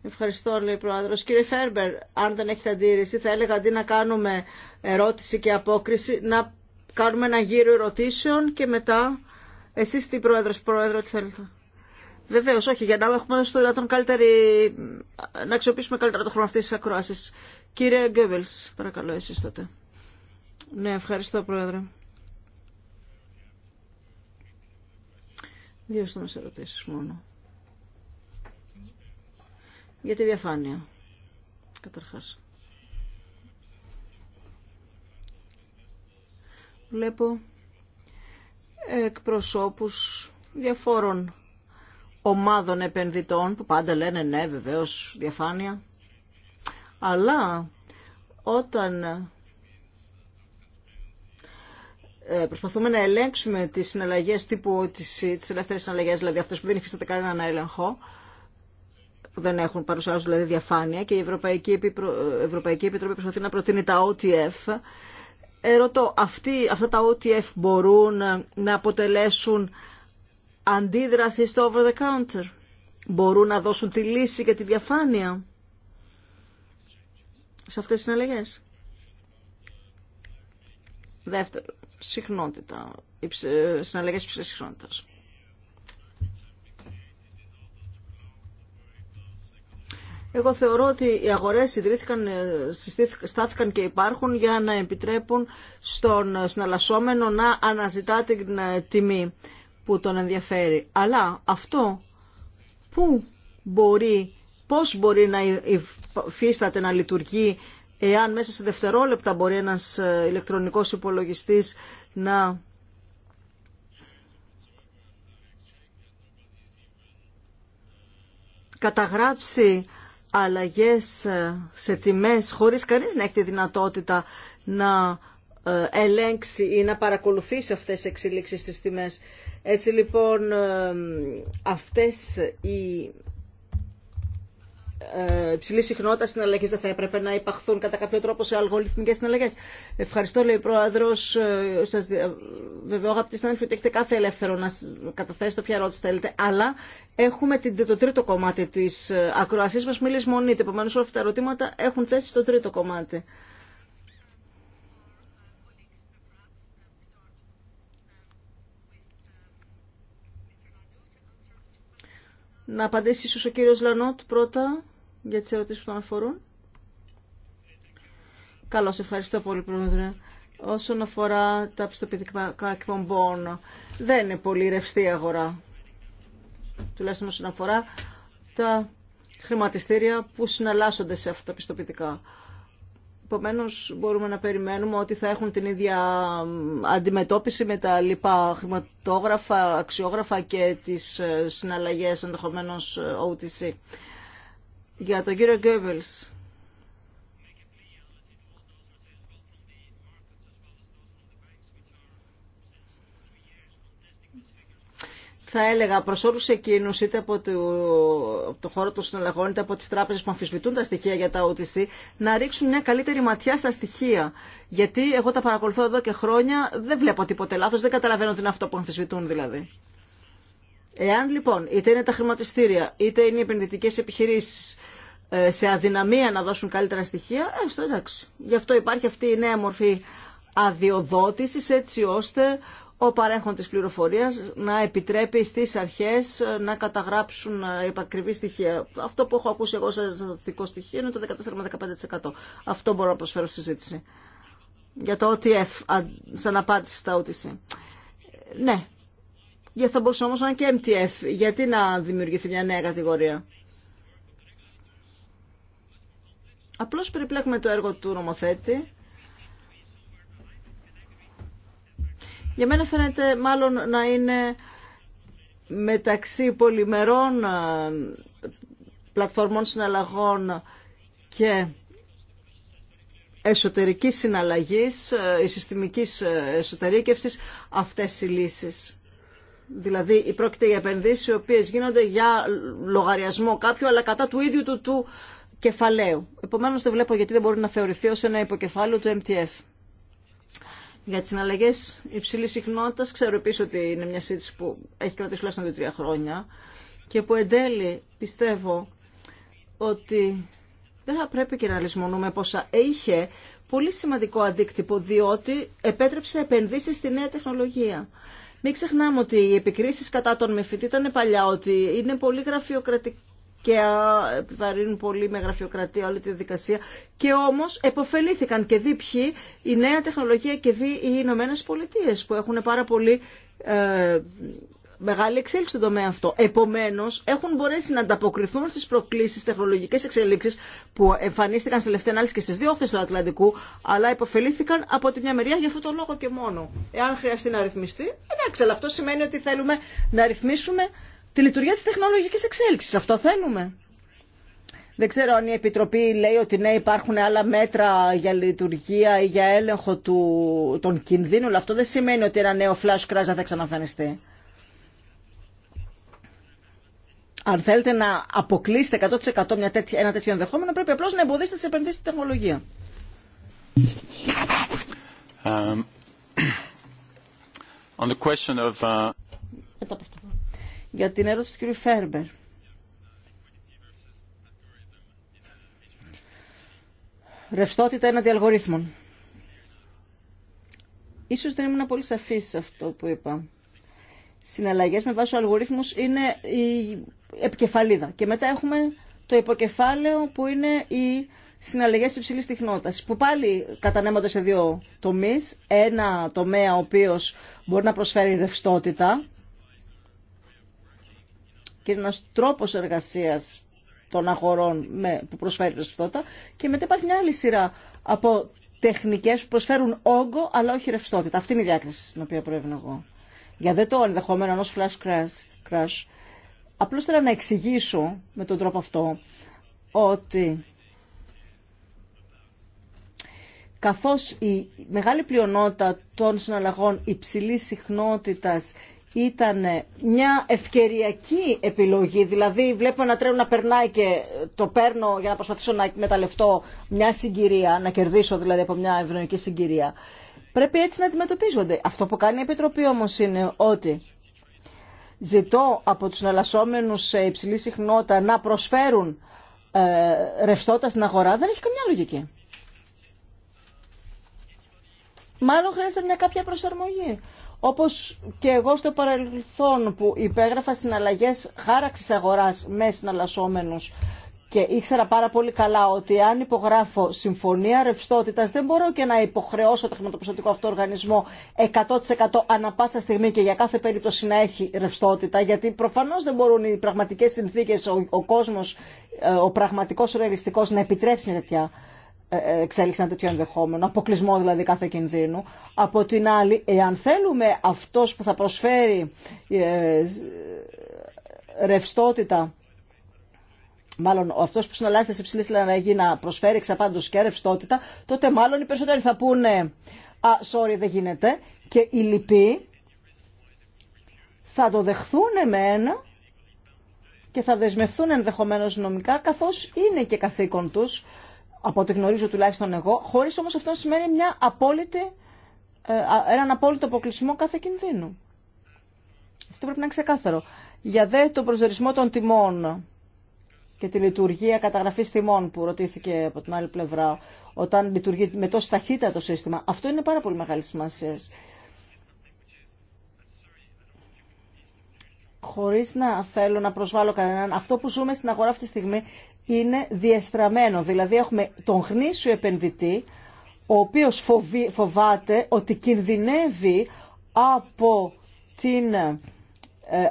C: Ευχαριστώ, λέει ο Πρόεδρο. Κύριε Φέρμπερ, αν δεν έχετε αντίρρηση, θα έλεγα αντί να κάνουμε ερώτηση και απόκριση, να Κάνουμε ένα γύρο ερωτήσεων και μετά εσείς τι πρόεδρος, πρόεδρο, τι θέλετε. Βεβαίως, όχι, για να έχουμε δώσει το δυνατόν καλύτερη, να αξιοποιήσουμε καλύτερα το χρόνο αυτής της ακρόασης. Κύριε Γκέβελς, παρακαλώ εσείς τότε. Ναι, ευχαριστώ πρόεδρε. Δύο στόμες ερωτήσεις μόνο. Για τη διαφάνεια, καταρχάς. βλέπω εκπροσώπους διαφόρων ομάδων επενδυτών που πάντα λένε ναι βεβαίως διαφάνεια αλλά όταν ε, προσπαθούμε να ελέγξουμε τις συναλλαγές τύπου τις, τις ελεύθερες συναλλαγές δηλαδή αυτές που δεν υφίσταται κανένα έλεγχο που δεν έχουν παρουσιάζουν δηλαδή διαφάνεια και η Ευρωπαϊκή, Επιτροπή προσπαθεί να προτείνει τα OTF ερωτώ, αυτά τα OTF μπορούν να αποτελέσουν αντίδραση στο over the counter. Μπορούν να δώσουν τη λύση και τη διαφάνεια σε αυτές τις συναλλαγές. Δεύτερο, συχνότητα, συναλλαγές υψηλής συχνότητας. Εγώ θεωρώ ότι οι αγορές ιδρύθηκαν, ε, στάθηκαν και υπάρχουν για να επιτρέπουν στον συναλλασσόμενο να αναζητά την ε, τιμή που τον ενδιαφέρει. Αλλά αυτό πού μπορεί, πώς μπορεί να υφίσταται να λειτουργεί εάν μέσα σε δευτερόλεπτα μπορεί ένας ε, ηλεκτρονικός υπολογιστής να καταγράψει αλλαγές ε, σε τιμές χωρίς κανείς να έχει τη δυνατότητα να ε, ελέγξει ή να παρακολουθήσει αυτές τις εξελίξεις στις τιμές. Έτσι λοιπόν ε, αυτές οι ε, υψηλή συχνότητα συναλλαγέ δεν θα έπρεπε να υπαχθούν κατά κάποιο τρόπο σε αλγοριθμικέ συναλλαγέ. Ευχαριστώ, λέει ο Πρόεδρο. Ε, Σα ε, βεβαιώ, αγαπητοί συνάδελφοι, ότι έχετε κάθε ελεύθερο να καταθέσετε όποια ερώτηση θέλετε. Αλλά έχουμε το τρίτο κομμάτι τη ακροασία μα, Μιλή λησμονείτε. Επομένω, όλα αυτά τα ερωτήματα έχουν θέσει στο τρίτο κομμάτι. Να απαντήσει ίσως ο κύριος Λανότ πρώτα για τις ερωτήσεις που τον αφορούν. Καλώς, ευχαριστώ πολύ, Πρόεδρε. Όσον αφορά τα πιστοποιητικά εκπομπών, δεν είναι πολύ ρευστή η αγορά. Τουλάχιστον όσον αφορά τα χρηματιστήρια που συναλλάσσονται σε αυτά τα πιστοποιητικά. Επομένω, μπορούμε να περιμένουμε ότι θα έχουν την ίδια αντιμετώπιση με τα λοιπά χρηματόγραφα, αξιόγραφα και τις ε, συναλλαγές ενδεχομένω ε, OTC για τον κύριο Γκέμπελς. θα έλεγα προ όλου εκείνου, είτε από το, το χώρο των συναλλαγών, είτε από τι τράπεζε που αμφισβητούν τα στοιχεία για τα OTC, να ρίξουν μια καλύτερη ματιά στα στοιχεία. Γιατί εγώ τα παρακολουθώ εδώ και χρόνια, δεν βλέπω τίποτε λάθο, δεν καταλαβαίνω τι είναι αυτό που αμφισβητούν δηλαδή. Εάν λοιπόν είτε είναι τα χρηματιστήρια, είτε είναι οι επενδυτικέ επιχειρήσει, ε, σε αδυναμία να δώσουν καλύτερα στοιχεία, έστω εντάξει. Γι' αυτό υπάρχει αυτή η νέα μορφή αδειοδότησης έτσι ώστε ο παρέχον της πληροφορίας να επιτρέπει στις αρχές ε, να καταγράψουν επακριβή στοιχεία. Αυτό που έχω ακούσει εγώ σαν δικό στοιχείο είναι το 14 15%. Αυτό μπορώ να προσφέρω στη συζήτηση. Για το OTF, σαν απάντηση στα OTC. Ναι. Για θα μπορούσε όμως να είναι και MTF. Γιατί να δημιουργηθεί μια νέα κατηγορία. Απλώς περιπλέκουμε το έργο του νομοθέτη. Για μένα φαίνεται μάλλον να είναι μεταξύ πολυμερών ε, πλατφορμών συναλλαγών και εσωτερικής συναλλαγής, ε, η συστημικής ε, εσωτερήκευσης, αυτές οι λύσεις. Δηλαδή, πρόκειται για επενδύσεις οι οποίες γίνονται για λογαριασμό κάποιου, αλλά κατά του ίδιου του, του κεφαλαίου. Επομένως δεν βλέπω γιατί δεν μπορεί να θεωρηθεί ω ένα υποκεφάλαιο του MTF. Για τι συναλλαγέ υψηλή συχνότητα, ξέρω επίση ότι είναι μια σύντηση που έχει κρατήσει τουλάχιστον τρία χρόνια και που εν τέλει πιστεύω ότι δεν θα πρέπει και να λησμονούμε πόσα είχε πολύ σημαντικό αντίκτυπο διότι επέτρεψε επενδύσει στη νέα τεχνολογία. Μην ξεχνάμε ότι οι επικρίσει κατά τον Μεφιτή ήταν παλιά, ότι είναι πολύ γραφειοκρατικό και επιβαρύνουν πολύ με γραφειοκρατία όλη τη δικασία. Και όμω επωφελήθηκαν και δει ποιοι η νέα τεχνολογία και δει οι Ηνωμένε Πολιτείε που έχουν πάρα πολύ ε, μεγάλη εξέλιξη στον τομέα αυτό. Επομένω, έχουν μπορέσει να ανταποκριθούν στι προκλήσει, τεχνολογικέ εξελίξει που εμφανίστηκαν στη τελευταία ανάλυση και στι δύο όχθε του Ατλαντικού, αλλά υποφελήθηκαν από τη μια μεριά για αυτόν τον λόγο και μόνο. Εάν χρειαστεί να ρυθμιστεί, εντάξει, αλλά αυτό σημαίνει ότι θέλουμε να ρυθμίσουμε τη λειτουργία της τεχνολογικής εξέλιξης. Αυτό θέλουμε. Δεν ξέρω αν η Επιτροπή λέει ότι ναι υπάρχουν άλλα μέτρα για λειτουργία ή για έλεγχο του, των κινδύνων. Αλλά αυτό δεν σημαίνει ότι ένα νέο flash crash δεν θα ξαναφανιστεί. Αν θέλετε να αποκλείσετε 100% μια τέτοια, ένα τέτοιο ενδεχόμενο πρέπει απλώς να εμποδίσετε τις επενδύσει στην τεχνολογία. Um, uh, για την ερώτηση του κ. Φέρμπερ. Ρευστότητα έναντι αλγορίθμων. Ίσως δεν ήμουν πολύ σαφής σε αυτό που είπα. Συναλλαγές με βάση αλγορίθμους είναι η επικεφαλίδα. Και μετά έχουμε το υποκεφάλαιο που είναι οι συναλλαγές υψηλής τυχνότητας, που πάλι κατανέμονται σε δύο τομείς. Ένα τομέα ο οποίος μπορεί να προσφέρει ρευστότητα, και ένας τρόπος εργασίας των αγορών με, που προσφέρει ρευστότητα και μετά υπάρχει μια άλλη σειρά από τεχνικές που προσφέρουν όγκο αλλά όχι ρευστότητα. Αυτή είναι η διάκριση στην οποία προέβαινα εγώ. Για δε το ενδεχόμενο ενό flash crash, crash απλώς θέλω να εξηγήσω με τον τρόπο αυτό ότι καθώς η μεγάλη πλειονότητα των συναλλαγών υψηλής συχνότητας ήταν μια ευκαιριακή επιλογή. Δηλαδή βλέπω ένα τρένο να περνάει και το παίρνω για να προσπαθήσω να εκμεταλλευτώ μια συγκυρία, να κερδίσω δηλαδή από μια ευρωϊκή συγκυρία. Πρέπει έτσι να αντιμετωπίζονται. Αυτό που κάνει η Επιτροπή όμως είναι ότι ζητώ από τους εναλλασσόμενους σε υψηλή συχνότητα να προσφέρουν ε, ρευστότητα στην αγορά. Δεν έχει καμιά λογική. Μάλλον χρειάζεται μια κάποια προσαρμογή. Όπως και εγώ στο παρελθόν που υπέγραφα συναλλαγές χάραξης αγοράς με συναλλασσόμενους και ήξερα πάρα πολύ καλά ότι αν υπογράφω συμφωνία ρευστότητα, δεν μπορώ και να υποχρεώσω το χρηματοπιστωτικό αυτό οργανισμό 100% ανά πάσα στιγμή και για κάθε περίπτωση να έχει ρευστότητα, γιατί προφανώ δεν μπορούν οι πραγματικέ συνθήκε, ο, ο κόσμο, ε, ο πραγματικό ρεαλιστικό να επιτρέψει μια τέτοια εξέλιξη ένα τέτοιο ενδεχόμενο, αποκλεισμό δηλαδή κάθε κινδύνου. Από την άλλη, εάν θέλουμε αυτός που θα προσφέρει ε, ρευστότητα μάλλον αυτό που συναλλάσσεται σε ψηλή συναλλαγή να προσφέρει εξαπάντως και ρευστότητα, τότε μάλλον οι περισσότεροι θα πούνε «Α, sorry, δεν γίνεται» και οι λοιποί θα το δεχθούν εμένα και θα δεσμευθούν ενδεχομένως νομικά, καθώς είναι και καθήκον τους από ό,τι γνωρίζω τουλάχιστον εγώ, χωρίς όμως αυτό να σημαίνει μια απόλυτη, ε, έναν απόλυτο αποκλεισμό κάθε κινδύνου. Αυτό πρέπει να είναι ξεκάθαρο. Για δε το προσδιορισμό των τιμών και τη λειτουργία καταγραφή τιμών που ρωτήθηκε από την άλλη πλευρά, όταν λειτουργεί με τόση ταχύτητα το σύστημα, αυτό είναι πάρα πολύ μεγάλη σημασία. χωρίς να θέλω να προσβάλλω κανέναν, αυτό που ζούμε στην αγορά αυτή τη στιγμή είναι διεστραμμένο. Δηλαδή έχουμε τον γνήσιο επενδυτή, ο οποίος φοβάται ότι κινδυνεύει από, την, ε,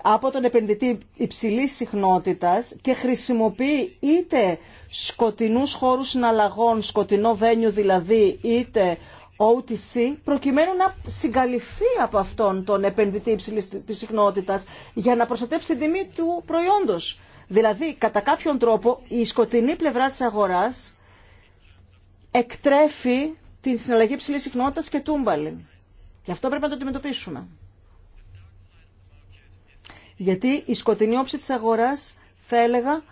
C: από τον επενδυτή υψηλής συχνότητας και χρησιμοποιεί είτε σκοτεινούς χώρους συναλλαγών, σκοτεινό βένιο δηλαδή, είτε OTC προκειμένου να συγκαλυφθεί από αυτόν τον επενδυτή υψηλής συχνότητας για να προστατεύσει την τιμή του προϊόντος. Δηλαδή, κατά κάποιον τρόπο, η σκοτεινή πλευρά της αγοράς εκτρέφει την συναλλαγή υψηλής συχνότητας και τούμπαλη. Γι' αυτό πρέπει να το αντιμετωπίσουμε. Γιατί η σκοτεινή όψη της αγοράς, θα έλεγα,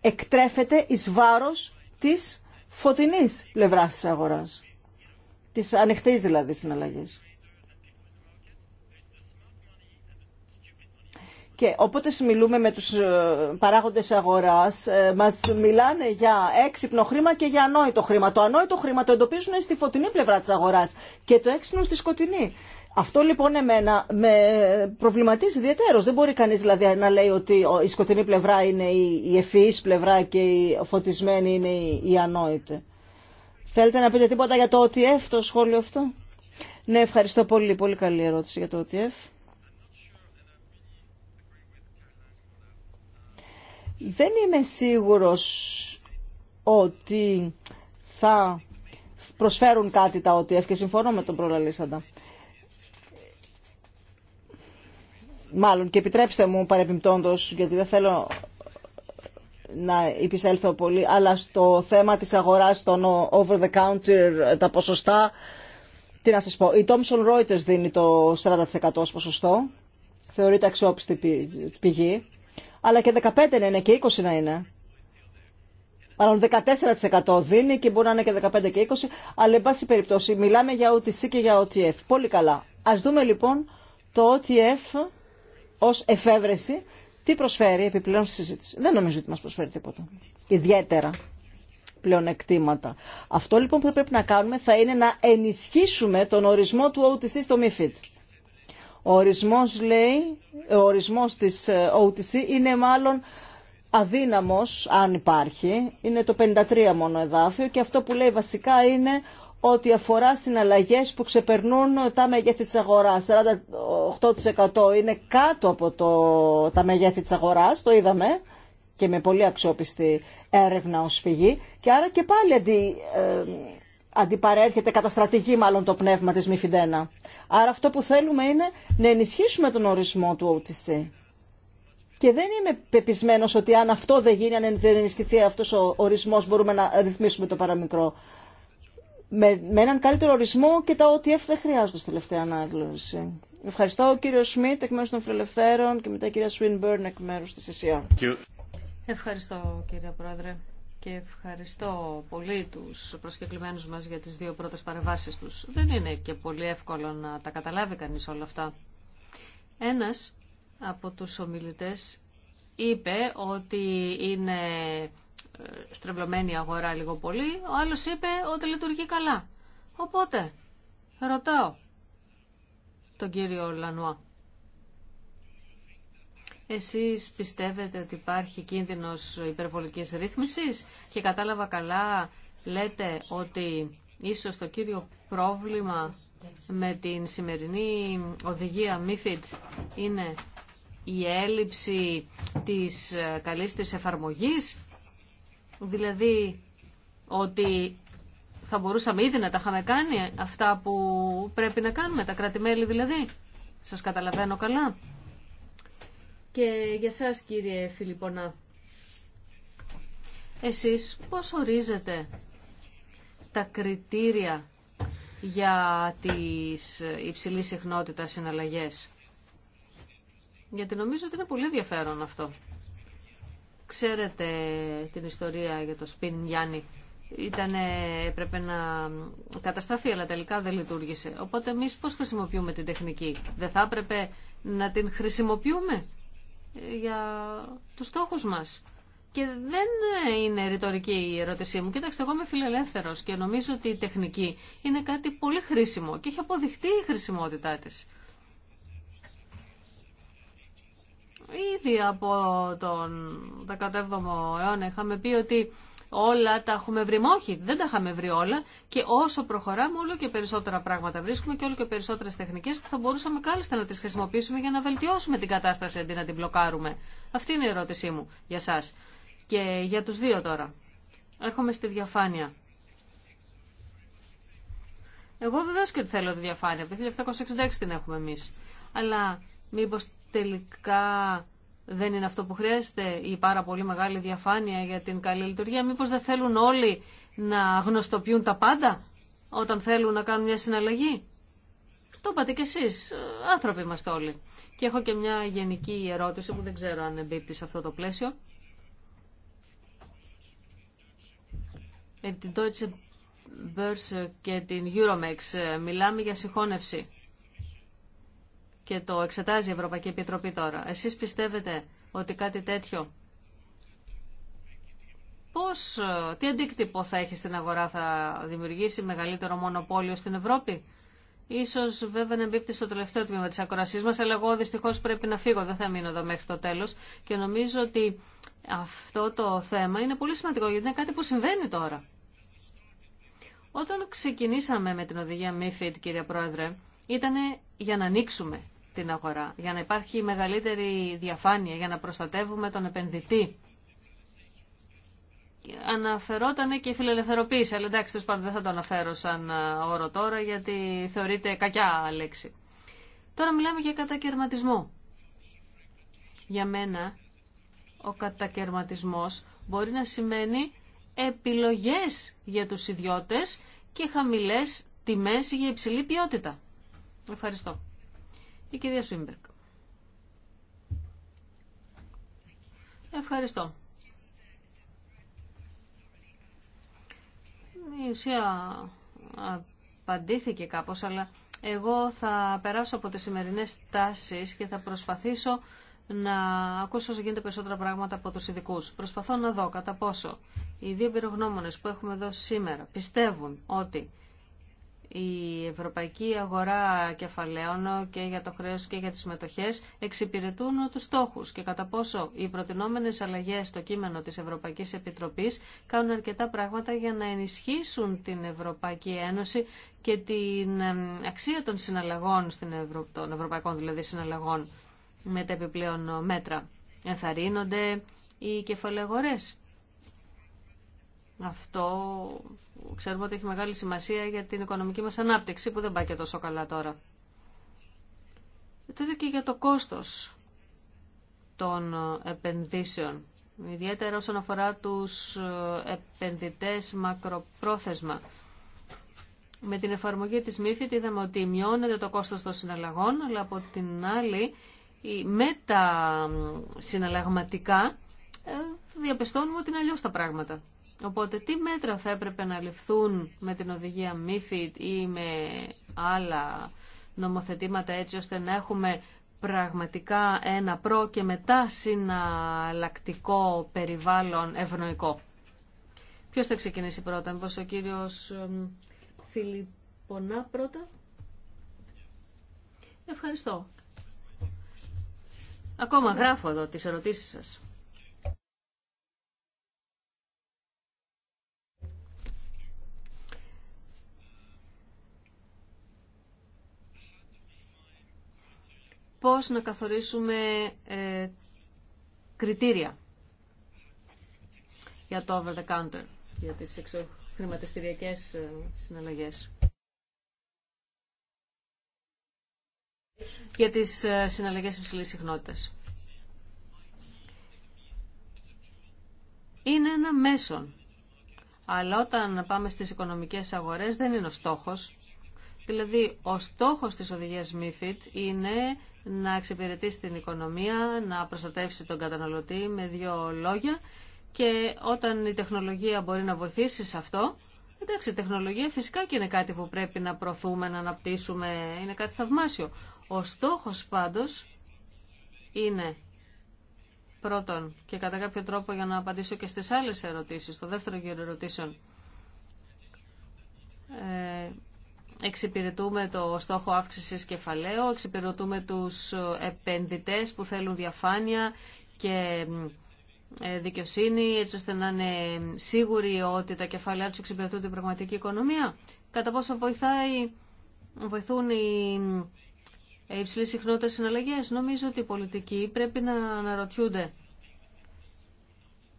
C: εκτρέφεται εις βάρος της φωτεινής πλευράς της αγοράς τις ανοιχτής δηλαδή συναλλαγές Και όποτε μιλούμε με τους ε, παράγοντες αγοράς, ε, μας μιλάνε για έξυπνο χρήμα και για ανόητο χρήμα. Το ανόητο χρήμα το εντοπίζουν στη φωτεινή πλευρά της αγοράς και το έξυπνο στη σκοτεινή. Αυτό λοιπόν εμένα με προβληματίζει ιδιαίτερο. Δεν μπορεί κανείς δηλαδή να λέει ότι η σκοτεινή πλευρά είναι η ευφυής πλευρά και η φωτισμένη είναι η ανόητη. Θέλετε να πείτε τίποτα για το OTF, το σχόλιο αυτό. Ναι, ευχαριστώ πολύ. Πολύ καλή ερώτηση για το OTF. Δεν είμαι σίγουρος ότι θα προσφέρουν κάτι τα OTF και συμφωνώ με τον προλαλήσαντα. Μάλλον και επιτρέψτε μου παρεμπιπτόντως, γιατί δεν θέλω να επισέλθω πολύ, αλλά στο θέμα της αγοράς των over-the-counter, τα ποσοστά, τι να σας πω, η Thomson Reuters δίνει το 40% ως ποσοστό, θεωρείται αξιόπιστη πηγή, αλλά και 15 να είναι και 20 να είναι. Μάλλον 14% δίνει και μπορεί να είναι και 15 και 20, αλλά εν πάση περιπτώσει μιλάμε για OTC και για OTF. Πολύ καλά. Ας δούμε λοιπόν το OTF ως εφεύρεση τι προσφέρει επιπλέον στη συζήτηση. Δεν νομίζω ότι μας προσφέρει τίποτα. Ιδιαίτερα πλεονεκτήματα. Αυτό λοιπόν που πρέπει να κάνουμε θα είναι να ενισχύσουμε τον ορισμό του OTC στο MIFID. Ο ορισμός, λέει, ο ορισμός της ε, OTC είναι μάλλον αδύναμος, αν υπάρχει. Είναι το 53 μόνο εδάφιο και αυτό που λέει βασικά είναι ότι αφορά συναλλαγές που ξεπερνούν τα μεγέθη της αγοράς. 48% είναι κάτω από το, τα μεγέθη της αγοράς, το είδαμε και με πολύ αξιόπιστη έρευνα ως πηγή. Και άρα και πάλι αντι, ε, αντιπαρέρχεται, μάλλον το πνεύμα της ΜΥΦΙΝΤΕΝΑ. Άρα αυτό που θέλουμε είναι να ενισχύσουμε τον ορισμό του OTC. Και δεν είμαι πεπισμένος ότι αν αυτό δεν γίνει, αν δεν ενισχυθεί αυτός ο ορισμός, μπορούμε να ρυθμίσουμε το παραμικρό με, έναν καλύτερο ορισμό και τα OTF δεν χρειάζονται στη τελευταία ανάγνωση. Ευχαριστώ κύριο Σμιτ εκ μέρου των Φιλελευθέρων και μετά κυρία Σουίνμπερν εκ μέρου τη ΕΣΥΑ.
A: Ευχαριστώ κύριε Πρόεδρε και ευχαριστώ πολύ τους προσκεκλημένους μας για τις δύο πρώτες παρεμβάσεις τους. Δεν είναι και πολύ εύκολο να τα καταλάβει κανείς όλα αυτά. Ένας από τους ομιλητές είπε ότι είναι στρεβλωμένη αγορά λίγο πολύ, ο άλλος είπε ότι λειτουργεί καλά. Οπότε, ρωτάω τον κύριο Λανουά. Εσείς πιστεύετε ότι υπάρχει κίνδυνος υπερβολικής ρύθμισης και κατάλαβα καλά, λέτε ότι ίσως το κύριο πρόβλημα με την σημερινή οδηγία MIFID είναι η έλλειψη της καλής της εφαρμογής Δηλαδή ότι θα μπορούσαμε ήδη να τα είχαμε κάνει αυτά που πρέπει να κάνουμε, τα κράτη-μέλη δηλαδή. Σας καταλαβαίνω καλά. Και για σας κύριε Φιλιππονά, εσείς πώς ορίζετε τα κριτήρια για τις υψηλής συχνότητα συναλλαγές. Γιατί νομίζω ότι είναι πολύ ενδιαφέρον αυτό. Ξέρετε την ιστορία για το Σπιν Γιάννη. Ήτανε, έπρεπε να καταστραφεί, αλλά τελικά δεν λειτουργήσε. Οπότε εμεί πώς χρησιμοποιούμε την τεχνική. Δεν θα έπρεπε να την χρησιμοποιούμε για τους στόχους μας. Και δεν είναι ρητορική η ερώτησή μου. Κοίταξτε, εγώ είμαι φιλελεύθερος και νομίζω ότι η τεχνική είναι κάτι πολύ χρήσιμο και έχει αποδειχτεί η χρησιμότητά της. Ήδη από τον 17ο αιώνα είχαμε πει ότι όλα τα έχουμε βρει. Όχι, δεν τα είχαμε βρει όλα και όσο προχωράμε όλο και περισσότερα πράγματα βρίσκουμε και όλο και περισσότερες τεχνικές που θα μπορούσαμε κάλλιστα να τις χρησιμοποιήσουμε για να βελτιώσουμε την κατάσταση αντί να την μπλοκάρουμε. Αυτή είναι η ερώτησή μου για σας και για τους δύο τώρα. Έρχομαι στη διαφάνεια. Εγώ βεβαίω και θέλω τη διαφάνεια. Από το 1766 την έχουμε εμεί. Αλλά Μήπως τελικά δεν είναι αυτό που χρειάζεται η πάρα πολύ μεγάλη διαφάνεια για την καλή λειτουργία. Μήπως δεν θέλουν όλοι να γνωστοποιούν τα πάντα όταν θέλουν να κάνουν μια συναλλαγή. Το είπατε κι εσείς, άνθρωποι είμαστε όλοι. Και έχω και μια γενική ερώτηση που δεν ξέρω αν εμπίπτει σε αυτό το πλαίσιο. Επί την Deutsche Börse και την Euromex ε, μιλάμε για συγχώνευση και το εξετάζει η Ευρωπαϊκή Επιτροπή τώρα. Εσείς πιστεύετε ότι κάτι τέτοιο πώς, τι αντίκτυπο θα έχει στην αγορά, θα δημιουργήσει μεγαλύτερο μονοπόλιο στην Ευρώπη. Ίσως βέβαια να εμπίπτει στο τελευταίο τμήμα της ακορασής μας, αλλά εγώ δυστυχώς πρέπει να φύγω, δεν θα μείνω εδώ μέχρι το τέλος. Και νομίζω ότι αυτό το θέμα είναι πολύ σημαντικό, γιατί είναι κάτι που συμβαίνει τώρα. Όταν ξεκινήσαμε με την οδηγία MIFID, κύριε Πρόεδρε, ήταν για να ανοίξουμε την αγορά, για να υπάρχει μεγαλύτερη διαφάνεια, για να προστατεύουμε τον επενδυτή. Αναφερόταν και η φιλελευθεροποίηση, αλλά εντάξει, τόσο δεν θα το αναφέρω σαν όρο τώρα, γιατί θεωρείται κακιά λέξη. Τώρα μιλάμε για κατακαιρματισμό. Για μένα, ο κατακαιρματισμός μπορεί να σημαίνει επιλογές για τους ιδιώτες και χαμηλές τιμές για υψηλή ποιότητα. Ευχαριστώ. Η κυρία Σούιμπερκ. Ευχαριστώ. Η ουσία απαντήθηκε κάπως, αλλά εγώ θα περάσω από τις σημερινές τάσεις και θα προσπαθήσω να ακούσω όσο γίνεται περισσότερα πράγματα από τους ειδικού. Προσπαθώ να δω κατά πόσο οι δύο πυρογνώμονες που έχουμε εδώ σήμερα πιστεύουν ότι η ευρωπαϊκή αγορά κεφαλαίων και για το χρέος και για τις μετοχές εξυπηρετούν τους στόχους και κατά πόσο οι προτινόμενες αλλαγές στο κείμενο της Ευρωπαϊκής Επιτροπής κάνουν αρκετά πράγματα για να ενισχύσουν την Ευρωπαϊκή Ένωση και την αξία των συναλλαγών, των ευρωπαϊκών δηλαδή συναλλαγών με τα επιπλέον μέτρα. Ενθαρρύνονται οι αγορέ. Αυτό ξέρουμε ότι έχει μεγάλη σημασία για την οικονομική μας ανάπτυξη που δεν πάει και τόσο καλά τώρα. Τότε και για το κόστος των επενδύσεων, ιδιαίτερα όσον αφορά τους επενδυτές μακροπρόθεσμα. Με την εφαρμογή της ΜΥΦΙΤ είδαμε ότι μειώνεται το κόστος των συναλλαγών, αλλά από την άλλη με τα συναλλαγματικά ε, διαπιστώνουμε ότι είναι αλλιώς τα πράγματα. Οπότε τι μέτρα θα έπρεπε να ληφθούν με την οδηγία MIFID ή με άλλα νομοθετήματα έτσι ώστε να έχουμε πραγματικά ένα προ και μετά συναλλακτικό περιβάλλον ευνοϊκό. Ποιος θα ξεκινήσει πρώτα, μήπως ο κύριος Φιλιππονά πρώτα. Ευχαριστώ. Ακόμα ναι. γράφω εδώ τις ερωτήσεις σας. πώς να καθορίσουμε ε, κριτήρια για το over the counter, για τις εξωχρηματιστηριακές ε, συναλλαγές. Για τις ε, συναλλαγές υψηλής συχνότητας. Είναι ένα μέσον, αλλά όταν πάμε στις οικονομικές αγορές δεν είναι ο στόχος. Δηλαδή, ο στόχος της οδηγίας MIFID είναι να εξυπηρετήσει την οικονομία, να προστατεύσει τον καταναλωτή με δύο λόγια και όταν η τεχνολογία μπορεί να βοηθήσει σε αυτό, εντάξει η τεχνολογία φυσικά και είναι κάτι που πρέπει να προωθούμε, να αναπτύσσουμε, είναι κάτι θαυμάσιο. Ο στόχος πάντως είναι πρώτον και κατά κάποιο τρόπο για να απαντήσω και στις άλλες ερωτήσεις, το δεύτερο γύρο ερωτήσεων, ε, Εξυπηρετούμε το στόχο αύξησης κεφαλαίου, εξυπηρετούμε τους επενδυτές που θέλουν διαφάνεια και ε, δικαιοσύνη, έτσι ώστε να είναι σίγουροι ότι τα κεφαλαία τους εξυπηρετούν την πραγματική οικονομία. Κατά πόσο βοηθάει, βοηθούν οι ε, υψηλές συχνότητες συναλλαγές. Νομίζω ότι οι πολιτικοί πρέπει να αναρωτιούνται.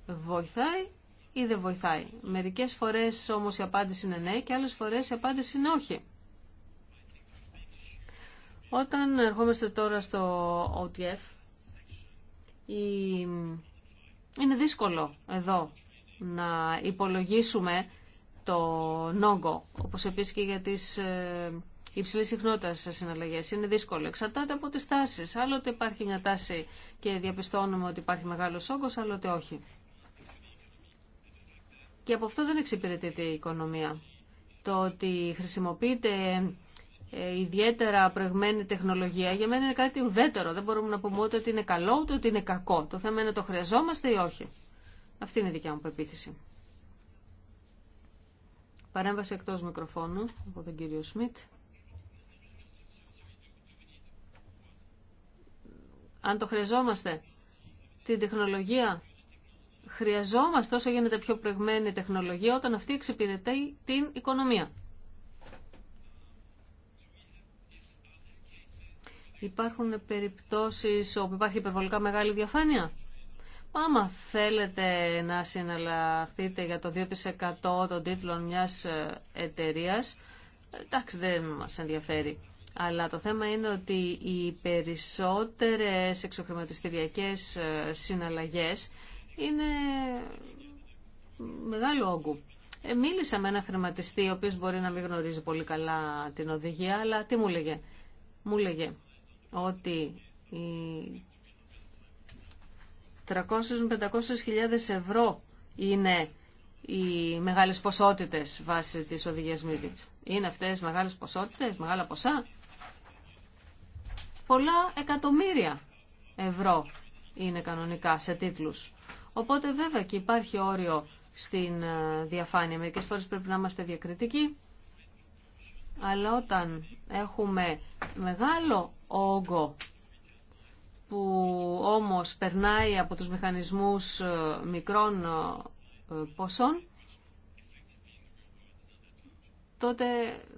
A: Βοηθάει ή δεν βοηθάει. Μερικές φορές όμως η απάντηση είναι ναι και άλλες φορές η απάντηση είναι όχι. Όταν ερχόμαστε τώρα στο OTF, είναι δύσκολο εδώ να υπολογίσουμε το νόγκο, όπως επίσης και για τις ε, υψηλές συχνότητες σε συναλλαγές. Είναι δύσκολο. Εξαρτάται από τις τάσεις. Άλλοτε υπάρχει μια τάση και διαπιστώνουμε ότι υπάρχει μεγάλος όγκος, άλλοτε όχι. Και από αυτό δεν εξυπηρετείται η οικονομία. Το ότι χρησιμοποιείται ε, ιδιαίτερα προηγμένη τεχνολογία για μένα είναι κάτι ουδέτερο. Δεν μπορούμε να πούμε ότι είναι καλό ούτε ότι είναι κακό. Το θέμα είναι το χρειαζόμαστε ή όχι. Αυτή είναι η δικιά μου πεποίθηση. Παρέμβαση εκτός μικροφώνου από τον κύριο Σμιτ. Αν το χρειαζόμαστε, την τεχνολογία χρειαζόμαστε όσο γίνεται πιο προηγμένη τεχνολογία όταν αυτή εξυπηρετεί την οικονομία. Υπάρχουν περιπτώσεις όπου υπάρχει υπερβολικά μεγάλη διαφάνεια. Άμα θέλετε να συναλλαχθείτε για το 2% των τίτλων μιας ε, εταιρείας, εντάξει δεν μας ενδιαφέρει. Αλλά το θέμα είναι ότι οι περισσότερες εξοχρηματιστηριακές ε, συναλλαγές είναι μεγάλο όγκου. Ε, μίλησα με ένα χρηματιστή, ο οποίος μπορεί να μην γνωρίζει πολύ καλά την οδηγία, αλλά τι μου λέγε. Μου λέγε, ότι οι 300 500 ευρώ είναι οι μεγάλες ποσότητες βάσει της οδηγίας Μίδιτ. Είναι αυτές μεγάλες ποσότητες, μεγάλα ποσά. Πολλά εκατομμύρια ευρώ είναι κανονικά σε τίτλους. Οπότε βέβαια και υπάρχει όριο στην ε, διαφάνεια. Μερικές φορές πρέπει να είμαστε διακριτικοί. Αλλά όταν έχουμε μεγάλο όγκο που όμως περνάει από τους μηχανισμούς ε, μικρών ε, ε, ποσών, τότε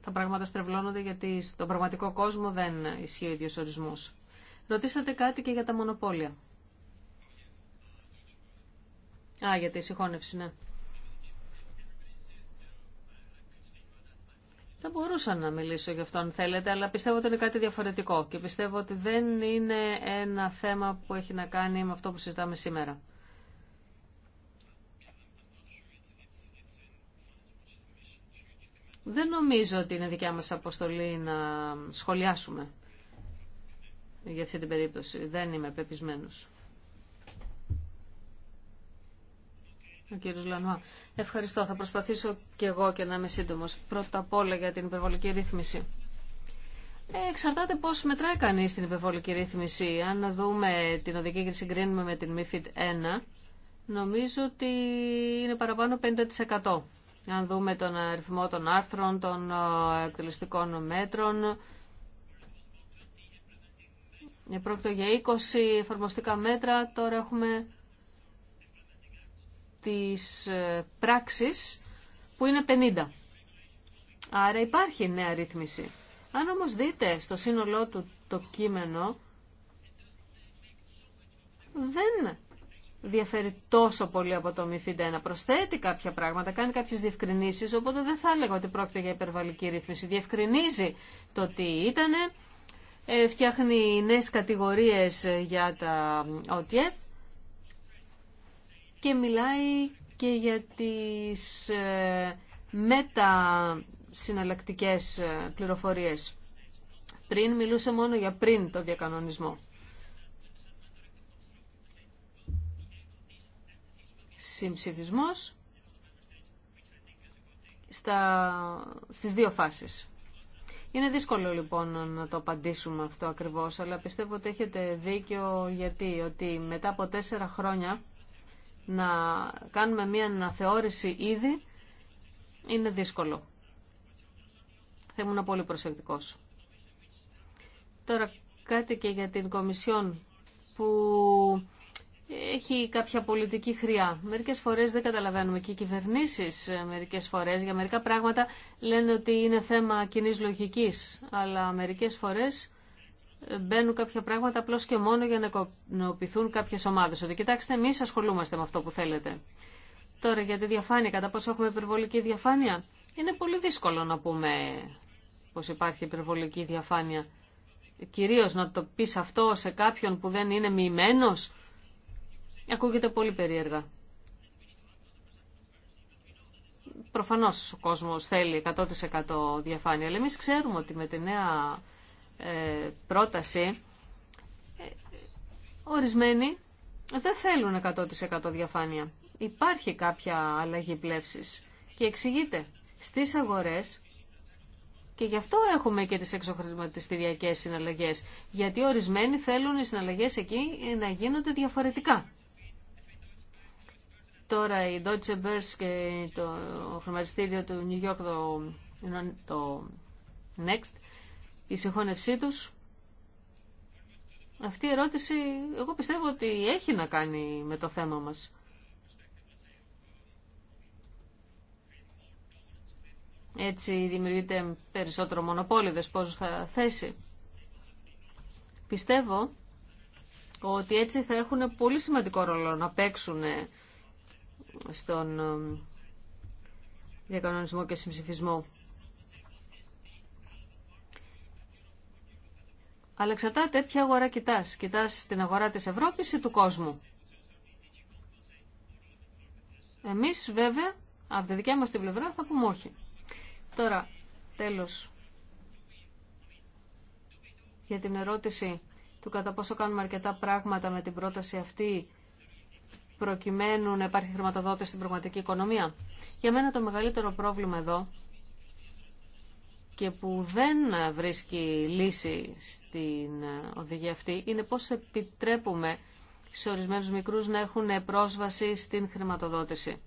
A: τα πράγματα στρεβλώνονται γιατί στον πραγματικό κόσμο δεν ισχύει ο ίδιος ορισμός. Ρωτήσατε κάτι και για τα μονοπόλια. Α, για τη συγχώνευση, ναι. Θα μπορούσα να μιλήσω γι' αυτό αν θέλετε, αλλά πιστεύω ότι είναι κάτι διαφορετικό και πιστεύω ότι δεν είναι ένα θέμα που έχει να κάνει με αυτό που συζητάμε σήμερα. Δεν νομίζω ότι είναι δικιά μας αποστολή να σχολιάσουμε για αυτή την περίπτωση. Δεν είμαι πεπισμένος. Ο κύριος Λανουά. Ευχαριστώ. Θα προσπαθήσω και εγώ και να είμαι σύντομο. Πρώτα απ' όλα για την υπερβολική ρύθμιση. Ε, εξαρτάται πώ μετράει κανεί την υπερβολική ρύθμιση. Αν δούμε την οδική και συγκρίνουμε με την MIFID 1, νομίζω ότι είναι παραπάνω 50%. Αν δούμε τον αριθμό των άρθρων, των ε, εκτελεστικών μέτρων, ε, πρόκειται για 20 εφαρμοστικά μέτρα, τώρα έχουμε τις ε, πράξεις που είναι 50. Άρα υπάρχει νέα ρύθμιση. Αν όμως δείτε στο σύνολό του το κείμενο, δεν διαφέρει τόσο πολύ από το μη φιντενα. Προσθέτει κάποια πράγματα, κάνει κάποιες διευκρινήσεις, οπότε δεν θα έλεγα ότι πρόκειται για υπερβαλλική ρύθμιση. Διευκρινίζει το τι ήτανε, ε, φτιάχνει νέες κατηγορίες για τα ΟΤΕΦ και μιλάει και για τις ε, μετασυναλλακτικές ε, πληροφορίες. Πριν μιλούσε μόνο για πριν το διακανονισμό. Συμψηφισμός στα, στις δύο φάσεις. Είναι δύσκολο λοιπόν να το απαντήσουμε αυτό ακριβώς, αλλά πιστεύω ότι έχετε δίκιο γιατί ότι μετά από τέσσερα χρόνια να κάνουμε μια αναθεώρηση ήδη είναι δύσκολο. Θα ήμουν πολύ προσεκτικός. Τώρα κάτι και για την Κομισιόν που έχει κάποια πολιτική χρειά. Μερικές φορές δεν καταλαβαίνουμε και οι κυβερνήσεις ε, μερικές φορές για μερικά πράγματα λένε ότι είναι θέμα κοινή λογικής, αλλά μερικές φορές μπαίνουν κάποια πράγματα απλώς και μόνο για να κοπνοποιηθούν κάποιες ομάδες. Ότι κοιτάξτε, εμεί ασχολούμαστε με αυτό που θέλετε. Τώρα για τη διαφάνεια, κατά πόσο έχουμε υπερβολική διαφάνεια. Είναι πολύ δύσκολο να πούμε πως υπάρχει υπερβολική διαφάνεια. Κυρίως να το πεις αυτό σε κάποιον που δεν είναι μοιημένος. Ακούγεται πολύ περίεργα. Προφανώς ο κόσμος θέλει 100% διαφάνεια, αλλά εμείς ξέρουμε ότι με τη νέα ε, πρόταση, ορισμένοι δεν θέλουν 100% διαφάνεια. Υπάρχει κάποια αλλαγή πλεύσης και εξηγείται στις αγορές και γι' αυτό έχουμε και τις εξοχρηματιστηριακές συναλλαγές, γιατί ορισμένοι θέλουν οι συναλλαγές εκεί να γίνονται διαφορετικά. Τώρα η Deutsche Börse και το χρηματιστήριο του New York, το Next, η συγχώνευσή τους. Αυτή η ερώτηση εγώ πιστεύω ότι έχει να κάνει με το θέμα μας. Έτσι δημιουργείται περισσότερο μονοπόλιδες πώς θα θέσει. Πιστεύω ότι έτσι θα έχουν πολύ σημαντικό ρόλο να παίξουν ε, στον ε, διακανονισμό και συμψηφισμό. Αλλά εξαρτάται ποια αγορά κοιτάς. Κοιτάς την αγορά της Ευρώπης ή του κόσμου. Εμείς βέβαια, από τη δικιά μας την πλευρά, θα πούμε όχι. Τώρα, τέλος, για την ερώτηση του κατά πόσο κάνουμε αρκετά πράγματα με την πρόταση αυτή προκειμένου να υπάρχει χρηματοδότηση στην πραγματική οικονομία. Για μένα το μεγαλύτερο πρόβλημα εδώ και που δεν βρίσκει λύση στην οδηγία αυτή είναι πώς επιτρέπουμε σε ορισμένους μικρούς να έχουν πρόσβαση στην χρηματοδότηση.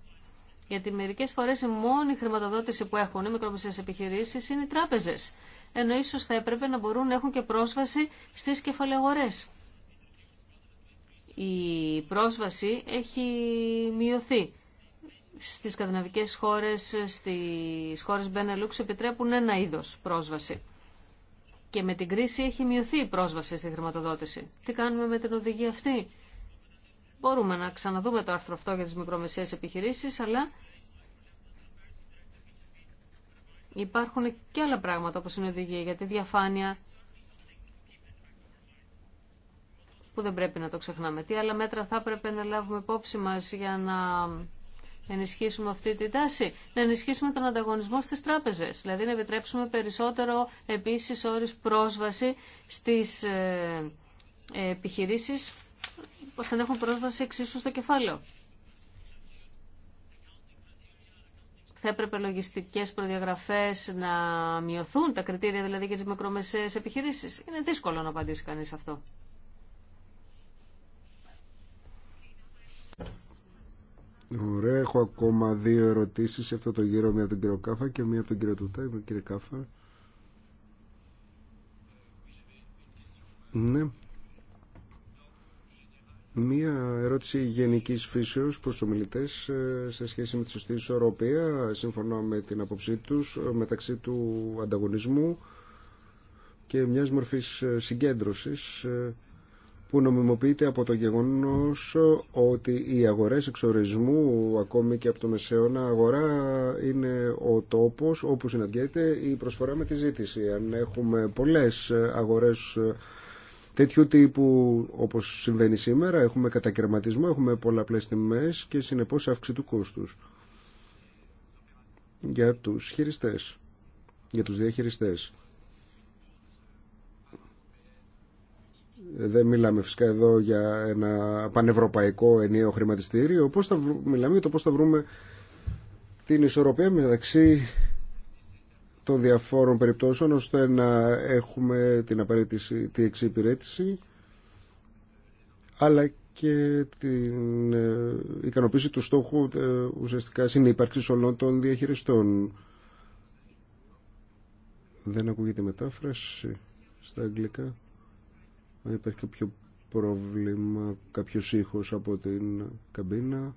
A: Γιατί μερικές φορές η μόνη χρηματοδότηση που έχουν οι μικρομεσαίες επιχειρήσεις είναι οι τράπεζες. Ενώ ίσως θα έπρεπε να μπορούν να έχουν και πρόσβαση στις κεφαλαιογορές. Η πρόσβαση έχει μειωθεί στις σκανδιναβικές χώρες, στις χώρες Benelux επιτρέπουν ένα είδος πρόσβαση. Και με την κρίση έχει μειωθεί η πρόσβαση στη χρηματοδότηση. Τι κάνουμε με την οδηγία αυτή. Μπορούμε να ξαναδούμε το άρθρο αυτό για τις μικρομεσαίες επιχειρήσεις, αλλά υπάρχουν και άλλα πράγματα όπως είναι η οδηγία για τη διαφάνεια, που δεν πρέπει να το ξεχνάμε. Τι άλλα μέτρα θα έπρεπε να λάβουμε υπόψη μας για να ενισχύσουμε αυτή τη τάση, να ενισχύσουμε τον ανταγωνισμό στις τράπεζες, δηλαδή να επιτρέψουμε περισσότερο επίσης όρις πρόσβαση στις ε, ε επιχειρήσεις ώστε να έχουν πρόσβαση εξίσου στο κεφάλαιο. Θα έπρεπε λογιστικέ προδιαγραφέ να μειωθούν, τα κριτήρια δηλαδή για τι μικρομεσαίε επιχειρήσει. Είναι δύσκολο να απαντήσει κανεί αυτό.
B: Ωραία, έχω ακόμα δύο ερωτήσεις σε αυτό το γύρο, μία από τον κύριο Κάφα και μία από τον κύριο Τούτα. Ε, κύριε Κάφα. Ναι. Μία ερώτηση γενικής φύσεως προ τους ομιλητές ε, σε σχέση με τη σωστή ισορροπία, σύμφωνα με την απόψή τους, ε, μεταξύ του ανταγωνισμού και μιας μορφής συγκέντρωσης που νομιμοποιείται από το γεγονός ότι οι αγορές εξορισμού ακόμη και από το μεσαίωνα αγορά είναι ο τόπος όπου συναντιέται η προσφορά με τη ζήτηση. Αν έχουμε πολλές αγορές τέτοιου τύπου όπως συμβαίνει σήμερα έχουμε κατακαιρματισμό, έχουμε πολλαπλές τιμές και συνεπώς αύξηση του κόστους για τους χειριστές, για τους διαχειριστές. δεν μιλάμε φυσικά εδώ για ένα πανευρωπαϊκό ενιαίο χρηματιστήριο. Πώς θα Μιλάμε για το πώς θα βρούμε την ισορροπία μεταξύ των διαφόρων περιπτώσεων ώστε να έχουμε την απαραίτητη τη εξυπηρέτηση αλλά και την ε, ικανοποίηση του στόχου ε, ουσιαστικά συνύπαρξης όλων των διαχειριστών. Δεν ακούγεται μετάφραση στα αγγλικά. Αν υπάρχει κάποιο πρόβλημα, κάποιο ήχος από την καμπίνα.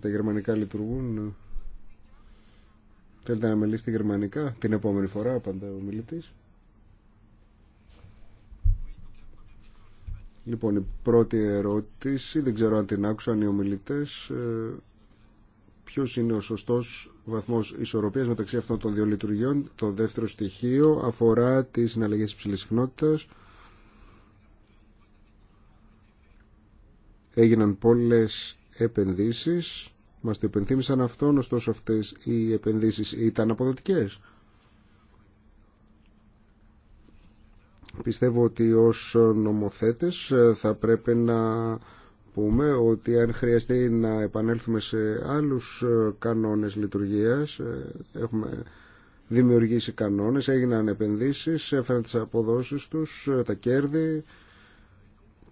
B: Τα γερμανικά λειτουργούν. Ναι. Θέλετε να μιλήσετε γερμανικά την επόμενη φορά, πάντα ο μιλητής. Λοιπόν, η πρώτη ερώτηση, δεν ξέρω αν την άκουσαν οι ομιλητές. Ε, Ποιο είναι ο σωστός βαθμός ισορροπίας μεταξύ αυτών των δύο λειτουργιών. Το δεύτερο στοιχείο αφορά τις συναλλαγέ υψηλή συχνότητα. Έγιναν πολλές επενδύσεις, Μα το υπενθύμησαν αυτόν, ωστόσο αυτές οι επενδύσεις ήταν αποδοτικές. Πιστεύω ότι ως νομοθέτες θα πρέπει να πούμε ότι αν χρειαστεί να επανέλθουμε σε άλλους ε, κανόνες λειτουργίας, ε, έχουμε δημιουργήσει κανόνες, έγιναν επενδύσεις, έφεραν τις αποδόσεις τους, ε, τα κέρδη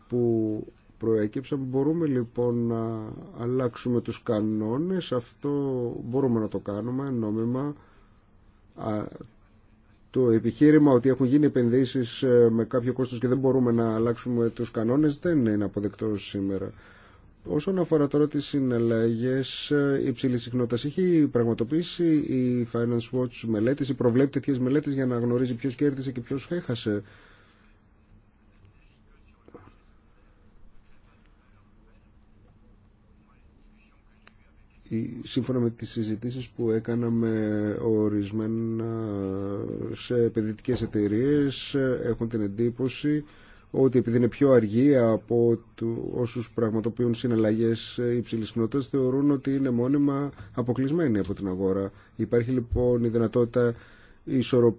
B: που προέκυψαν. Μπορούμε λοιπόν να αλλάξουμε τους κανόνες, αυτό μπορούμε να το κάνουμε νόμιμα το επιχείρημα ότι έχουν γίνει επενδύσεις ε, με κάποιο κόστος και δεν μπορούμε να αλλάξουμε τους κανόνες δεν είναι αποδεκτό σήμερα. Όσον αφορά τώρα τι συναλλαγέ, ε, υψηλή συχνότητα, έχει πραγματοποιήσει η Finance Watch μελέτη, ή προβλέπει τέτοιε μελέτε για να γνωρίζει ποιο κέρδισε και ποιο έχασε σύμφωνα με τις συζητήσεις που έκαναμε ορισμένα σε επενδυτικές εταιρείες έχουν την εντύπωση ότι επειδή είναι πιο αργή από του, όσους πραγματοποιούν συναλλαγές υψηλής κοινότητας θεωρούν ότι είναι μόνιμα αποκλεισμένοι από την αγορά. Υπάρχει λοιπόν η δυνατότητα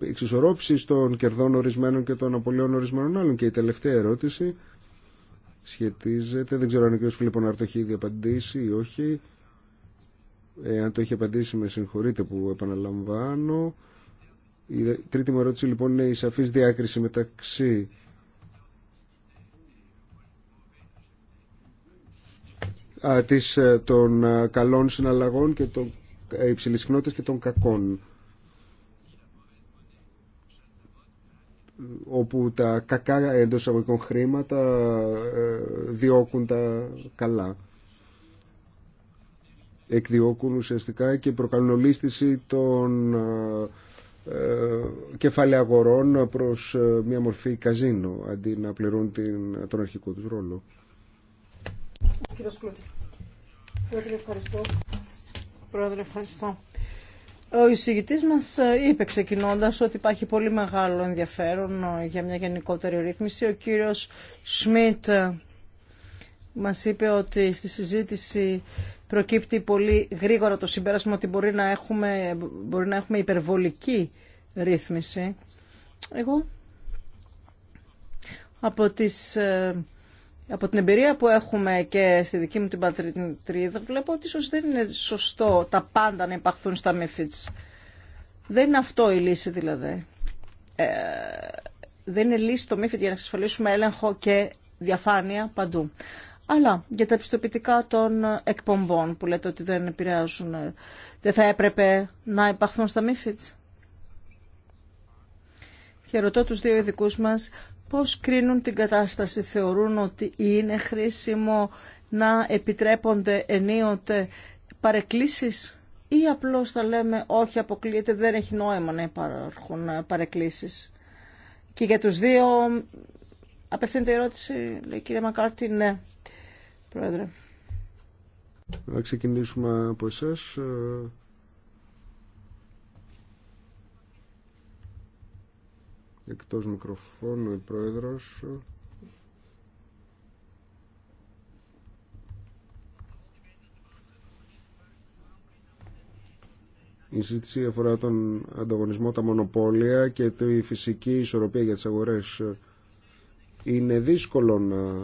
B: εξισορρόψης των κερδών ορισμένων και των απολειών ορισμένων άλλων. Και η τελευταία ερώτηση σχετίζεται, δεν ξέρω αν ο κ. Φιλιππονάρτο έχει ήδη απαντήσει ή όχι, αν το έχει απαντήσει με συγχωρείτε που επαναλαμβάνω. Η τρίτη μου ερώτηση λοιπόν είναι η σαφής διάκριση μεταξύ της, ε, των ε, καλών συναλλαγών και των ε, υψηλής συχνότητας και των κακών. όπου τα κακά εντός αγωγικών χρήματα διώκουν τα καλά εκδιώκουν ουσιαστικά και προκαλούν ολίσθηση των ε, ε, κεφαλαίων αγορών προς ε, μια μορφή καζίνο αντί να πληρούν την, τον αρχικό τους ρόλο.
C: Κύριος Πρόεδρε, ευχαριστώ. Ο εισηγητή μας είπε ξεκινώντα ότι υπάρχει πολύ μεγάλο ενδιαφέρον για μια γενικότερη ρύθμιση. Ο κύριος Σμιτ μας είπε ότι στη συζήτηση προκύπτει πολύ γρήγορα το συμπέρασμα ότι μπορεί να έχουμε, μπορεί να έχουμε υπερβολική ρύθμιση. Εγώ από, τις, ε, από την εμπειρία που έχουμε και στη δική μου την πατρίδα βλέπω ότι ίσως δεν είναι σωστό τα πάντα να υπαχθούν στα μεφίτς. Δεν είναι αυτό η λύση δηλαδή. Ε, δεν είναι λύση το μύφιτ για να εξασφαλίσουμε έλεγχο και διαφάνεια παντού αλλά για τα πιστοποιητικά των εκπομπών που λέτε ότι δεν επηρεάζουν, ε, δεν θα έπρεπε να υπάρχουν στα μύφιτς. Και ρωτώ τους δύο ειδικούς μας πώς κρίνουν την κατάσταση. Θεωρούν ότι είναι χρήσιμο να επιτρέπονται ενίοτε παρεκκλήσεις ή απλώς θα λέμε όχι αποκλείεται, δεν έχει νόημα να υπάρχουν ε, παρεκκλήσεις. Και για τους δύο απευθύνεται η ερώτηση, λέει η Μακάρτη, ναι. Πρόεδρε.
B: Να ξεκινήσουμε από εσάς. Ε, εκτός μικροφώνου η Πρόεδρος. Η συζήτηση αφορά τον ανταγωνισμό, τα μονοπόλια και τη φυσική ισορροπία για τις αγορές. Είναι δύσκολο να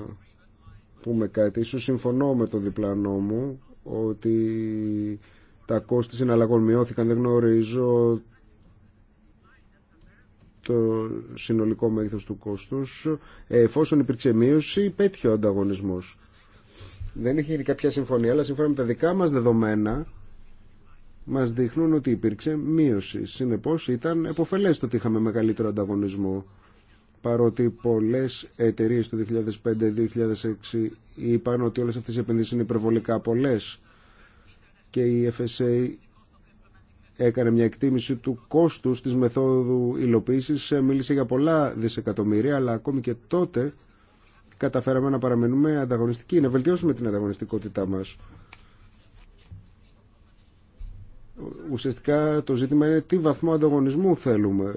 B: πούμε κάτι. Ίσως συμφωνώ με το διπλανό μου ότι τα κόστη συναλλαγών μειώθηκαν. Δεν γνωρίζω το συνολικό μέγεθος του κόστους. Εφόσον υπήρξε μείωση, πέτυχε ο ανταγωνισμός. Δεν είχε γίνει κάποια συμφωνία, αλλά σύμφωνα με τα δικά μας δεδομένα μας δείχνουν ότι υπήρξε μείωση. Συνεπώς ήταν εποφελές το ότι είχαμε μεγαλύτερο ανταγωνισμό παρότι πολλές εταιρείε το 2005-2006 είπαν ότι όλες αυτές οι επενδύσει είναι υπερβολικά πολλές και η FSA έκανε μια εκτίμηση του κόστου τη μεθόδου υλοποίηση. Ε, μίλησε για πολλά δισεκατομμύρια, αλλά ακόμη και τότε καταφέραμε να παραμενούμε ανταγωνιστικοί, να βελτιώσουμε την ανταγωνιστικότητά μας. Ουσιαστικά το ζήτημα είναι τι βαθμό ανταγωνισμού θέλουμε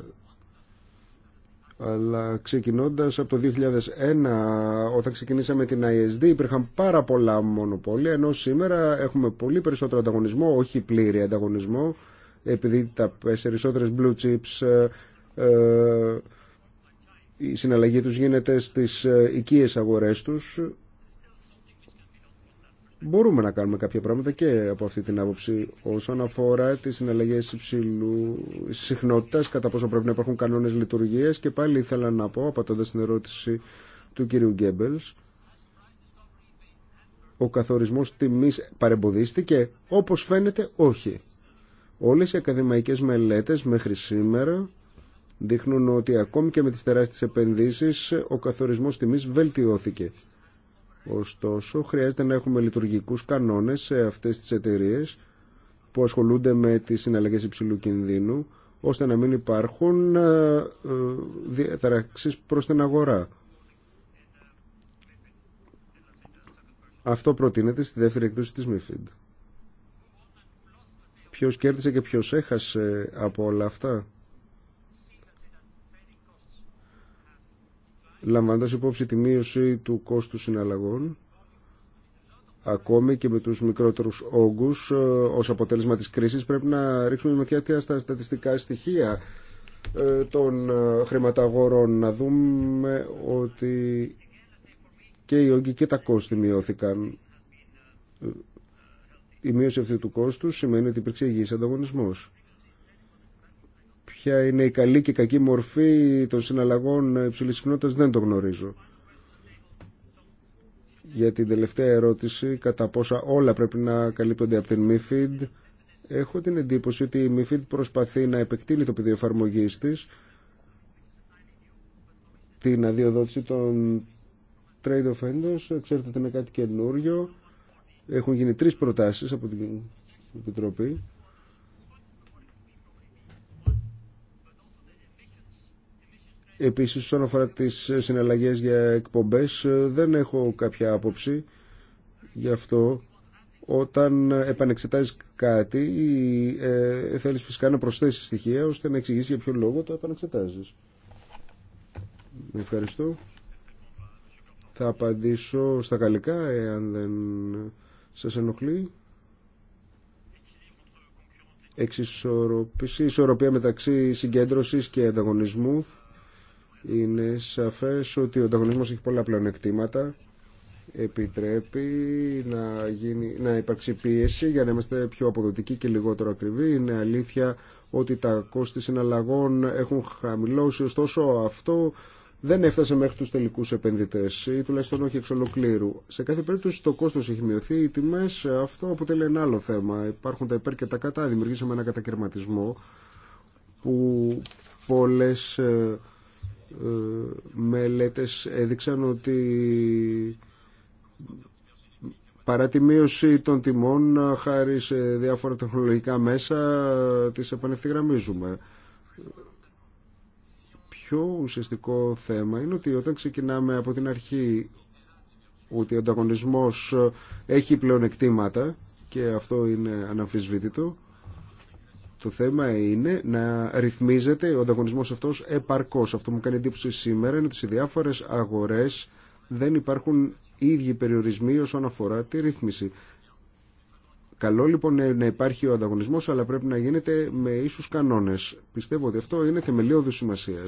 B: αλλά ξεκινώντας από το 2001 όταν ξεκινήσαμε την ISD υπήρχαν πάρα πολλά μονοπόλια ενώ σήμερα έχουμε πολύ περισσότερο ανταγωνισμό όχι πλήρη ανταγωνισμό επειδή τα περισσότερε blue chips ε, ε, η συναλλαγή τους γίνεται στις ε, οικίες αγορές τους μπορούμε να κάνουμε κάποια πράγματα και από αυτή την άποψη όσον αφορά τις συναλλαγές υψηλού συχνότητας κατά πόσο πρέπει να υπάρχουν κανόνες λειτουργίας και πάλι ήθελα να πω απαντώντας την ερώτηση του κυρίου Γκέμπελς ο καθορισμός τιμής παρεμποδίστηκε όπως φαίνεται όχι όλες οι ακαδημαϊκές μελέτες μέχρι σήμερα δείχνουν ότι ακόμη και με τις τεράστιες επενδύσεις ο καθορισμός τιμής βελτιώθηκε Ωστόσο, χρειάζεται να έχουμε λειτουργικού κανόνες σε αυτές τις εταιρείε που ασχολούνται με τι συναλλαγέ υψηλού κινδύνου, ώστε να μην υπάρχουν ε, ε, διαταραχές προς την αγορά. Αυτό προτείνεται στη δεύτερη εκδόση της MIFID. Ποιος κέρδισε και ποιος έχασε από όλα αυτά. λαμβάνοντας υπόψη τη μείωση του κόστου συναλλαγών ακόμη και με τους μικρότερους όγκους ε, ως αποτέλεσμα της κρίσης πρέπει να ρίξουμε ματιά στα στατιστικά στοιχεία ε, των ε, χρηματαγορών να δούμε ότι και οι όγκοι και τα κόστη μειώθηκαν η μείωση αυτή του κόστου σημαίνει ότι υπήρξε υγιής ανταγωνισμός ποια είναι η καλή και κακή μορφή των συναλλαγών υψηλής συχνότητας δεν το γνωρίζω. Για την τελευταία ερώτηση, κατά πόσα όλα πρέπει να καλύπτονται από την MIFID, έχω την εντύπωση ότι η MIFID προσπαθεί να επεκτείνει το πεδίο εφαρμογή τη, την αδειοδότηση των trade offenders, ξέρετε ότι είναι κάτι καινούριο. Έχουν γίνει τρεις προτάσεις από την Επιτροπή. Επίσης, όσον αφορά τις συναλλαγές για εκπομπές, ε, δεν έχω κάποια άποψη. Γι' αυτό, όταν επανεξετάζεις κάτι, ε, θέλεις φυσικά να προσθέσεις στοιχεία, ώστε να εξηγήσεις για ποιο λόγο το επανεξετάζεις. Ευχαριστώ. Θα απαντήσω στα γαλλικά, εάν δεν σας ενοχλεί. Εξισορροπία μεταξύ συγκέντρωσης και ανταγωνισμού είναι σαφές ότι ο ανταγωνισμός έχει πολλά πλεονεκτήματα. Επιτρέπει να, γίνει, να υπάρξει πίεση για να είμαστε πιο αποδοτικοί και λιγότερο ακριβοί. Είναι αλήθεια ότι τα κόστη συναλλαγών έχουν χαμηλώσει, ωστόσο αυτό δεν έφτασε μέχρι τους τελικούς επενδυτές ή τουλάχιστον όχι εξ ολοκλήρου. Σε κάθε περίπτωση το κόστος έχει μειωθεί, οι τιμές αυτό αποτελεί ένα άλλο θέμα. Υπάρχουν τα υπέρ και τα κατά, δημιουργήσαμε ένα κατακαιρματισμό που πολλές ε, μελέτες έδειξαν ότι παρά τη μείωση των τιμών χάρη σε διάφορα τεχνολογικά μέσα τις επανευθυγραμμίζουμε. Πιο ουσιαστικό θέμα είναι ότι όταν ξεκινάμε από την αρχή ότι ο ανταγωνισμός έχει πλεονεκτήματα και αυτό είναι αναμφισβήτητο το θέμα είναι να ρυθμίζεται ο ανταγωνισμός αυτός επαρκώς. Αυτό μου κάνει εντύπωση σήμερα είναι ότι σε διάφορες αγορές δεν υπάρχουν ίδιοι περιορισμοί όσον αφορά τη ρύθμιση. Καλό λοιπόν ναι, να υπάρχει ο ανταγωνισμός, αλλά πρέπει να γίνεται με ίσους κανόνες. Πιστεύω ότι αυτό είναι θεμελιώδης σημασία.